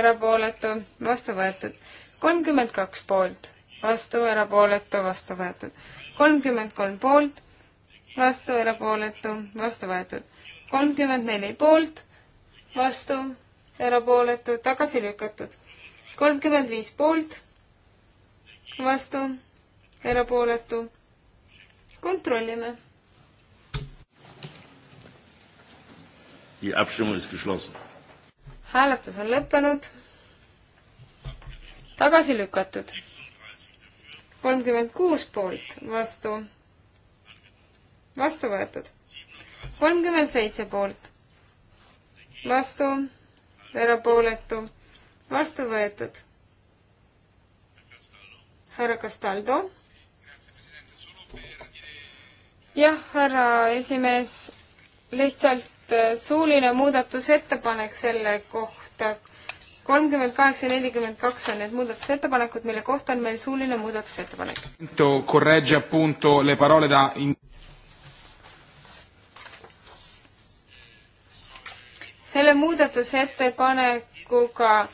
erapooletu, vastu võetud. kolmkümmend kaks poolt, vastu, erapooletu, vastu võetud. kolmkümmend kolm poolt, vastu, erapooletu, vastu võetud. kolmkümmend neli poolt, vastu, erapooletu, tagasi lükatud. kolmkümmend viis poolt, vastu, erapooletu. kontrollime hääletus on lõppenud, tagasi lükatud. kolmkümmend kuus poolt, vastu, vastu võetud. kolmkümmend seitse poolt, vastu, erapooletu, vastu võetud. härra Castaldo jah, härra esimees, lihtsalt Äh, suuline muudatusettepanek selle kohta. kolmkümmend kaheksa ja nelikümmend kaks on need muudatusettepanekud, mille kohta on meil suuline muudatusettepanek. selle muudatusettepanekuga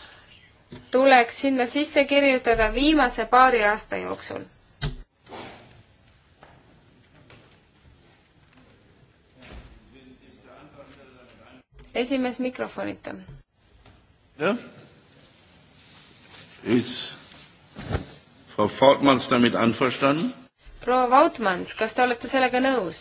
tuleks sinna sisse kirjutada viimase paari aasta jooksul esimees mikrofonita. jah. Is Frau Fortmanns damit einverstanden? proua Vautmans, kas te olete sellega nõus?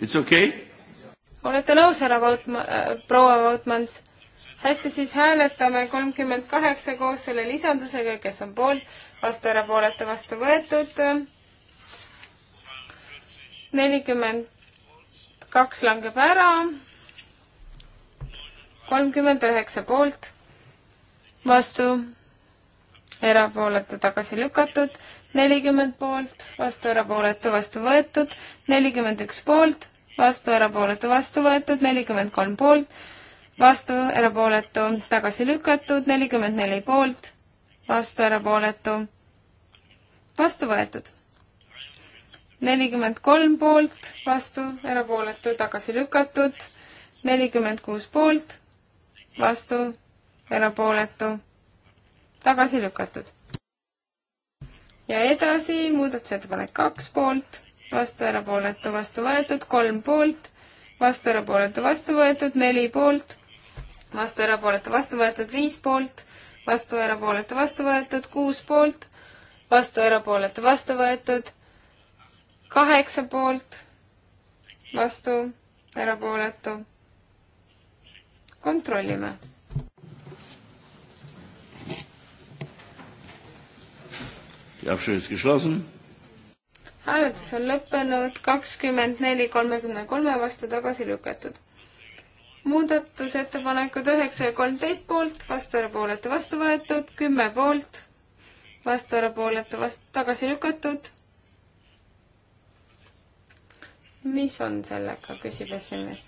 It's okay? olete nõus, härra Vautma- äh,, proua Vautmans? hästi, siis hääletame kolmkümmend kaheksa koos selle lisandusega, kes on poolt, vastu erapooletu vastu võetud. nelikümmend kaks langeb ära. kolmkümmend üheksa poolt, vastu erapooletu tagasi lükatud, nelikümmend poolt, vastu erapooletu vastu võetud, nelikümmend üks poolt, vastu erapooletu vastu võetud, nelikümmend kolm poolt, vastu erapooletu tagasi lükatud, nelikümmend neli poolt vastu erapooletu, vastu võetud. nelikümmend kolm poolt, vastu erapooletu, tagasi lükatud, nelikümmend kuus poolt, vastu erapooletu, tagasi lükatud. ja edasi muudatusettepanek kaks poolt, vastu erapooletu, vastu võetud, kolm poolt, vastu erapooletu, vastu võetud, neli poolt, vastu erapooletu, vastu võetud, viis poolt vastu, erapooletu, vastu võetud, kuus poolt, vastu, erapooletu, vastu võetud, kaheksa poolt, vastu, erapooletu. kontrollime. hääletus on lõppenud kakskümmend neli kolmekümne kolme vastu tagasi lükatud muudatusettepanekud üheksa ja kolmteist poolt, vastu, erapooletu, vastu võetud, kümme poolt, vastu, erapooletu, vastu, tagasi lükatud. mis on sellega, küsib esimees.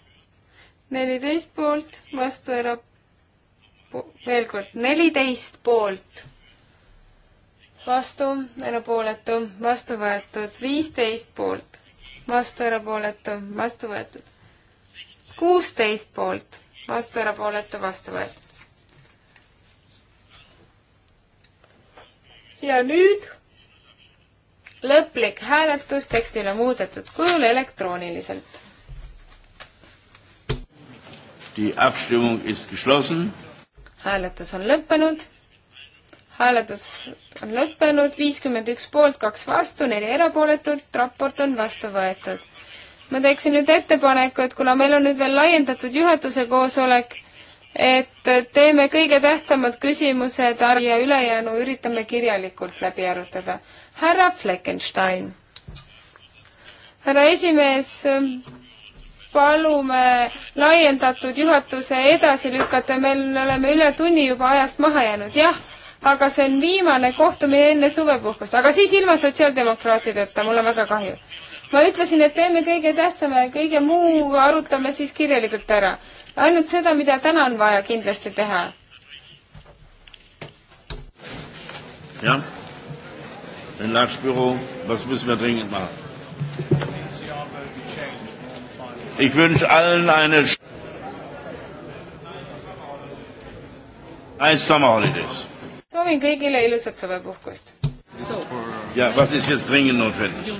neliteist poolt, vastu, erapo-, veel kord, neliteist poolt, vastu, erapooletu, vastu võetud, viisteist poolt, vastu, erapooletu, vastu võetud kuusteist poolt, vastu erapooletu, vastu võetud. ja nüüd lõplik hääletus tekstile muudetud kujul elektrooniliselt. hääletus on lõppenud. hääletus on lõppenud, viiskümmend üks poolt, kaks vastu, neli erapooletut, raport on vastu võetud ma teeksin nüüd ettepaneku, et kuna meil on nüüd veel laiendatud juhatuse koosolek, et teeme kõige tähtsamad küsimused ja ülejäänu üritame kirjalikult läbi arutada. härra Fleckenstein. härra esimees, palume laiendatud juhatuse edasi lükata, meil oleme üle tunni juba ajast maha jäänud, jah, aga see on viimane kohtumine enne suvepuhkust, aga siis ilma sotsiaaldemokraatideta, mul on väga kahju ma ütlesin, et teeme kõige tähtsama ja kõige muu arutame siis kirjalikult ära. ainult seda, mida täna on vaja kindlasti teha. jah. Enlargebüro, was müssen wir dringend machen? Ich wünsche allen eine nice summer holidays. soovin kõigile ilusat suvepuhkust. ja, was ist jetzt dringend notwendig?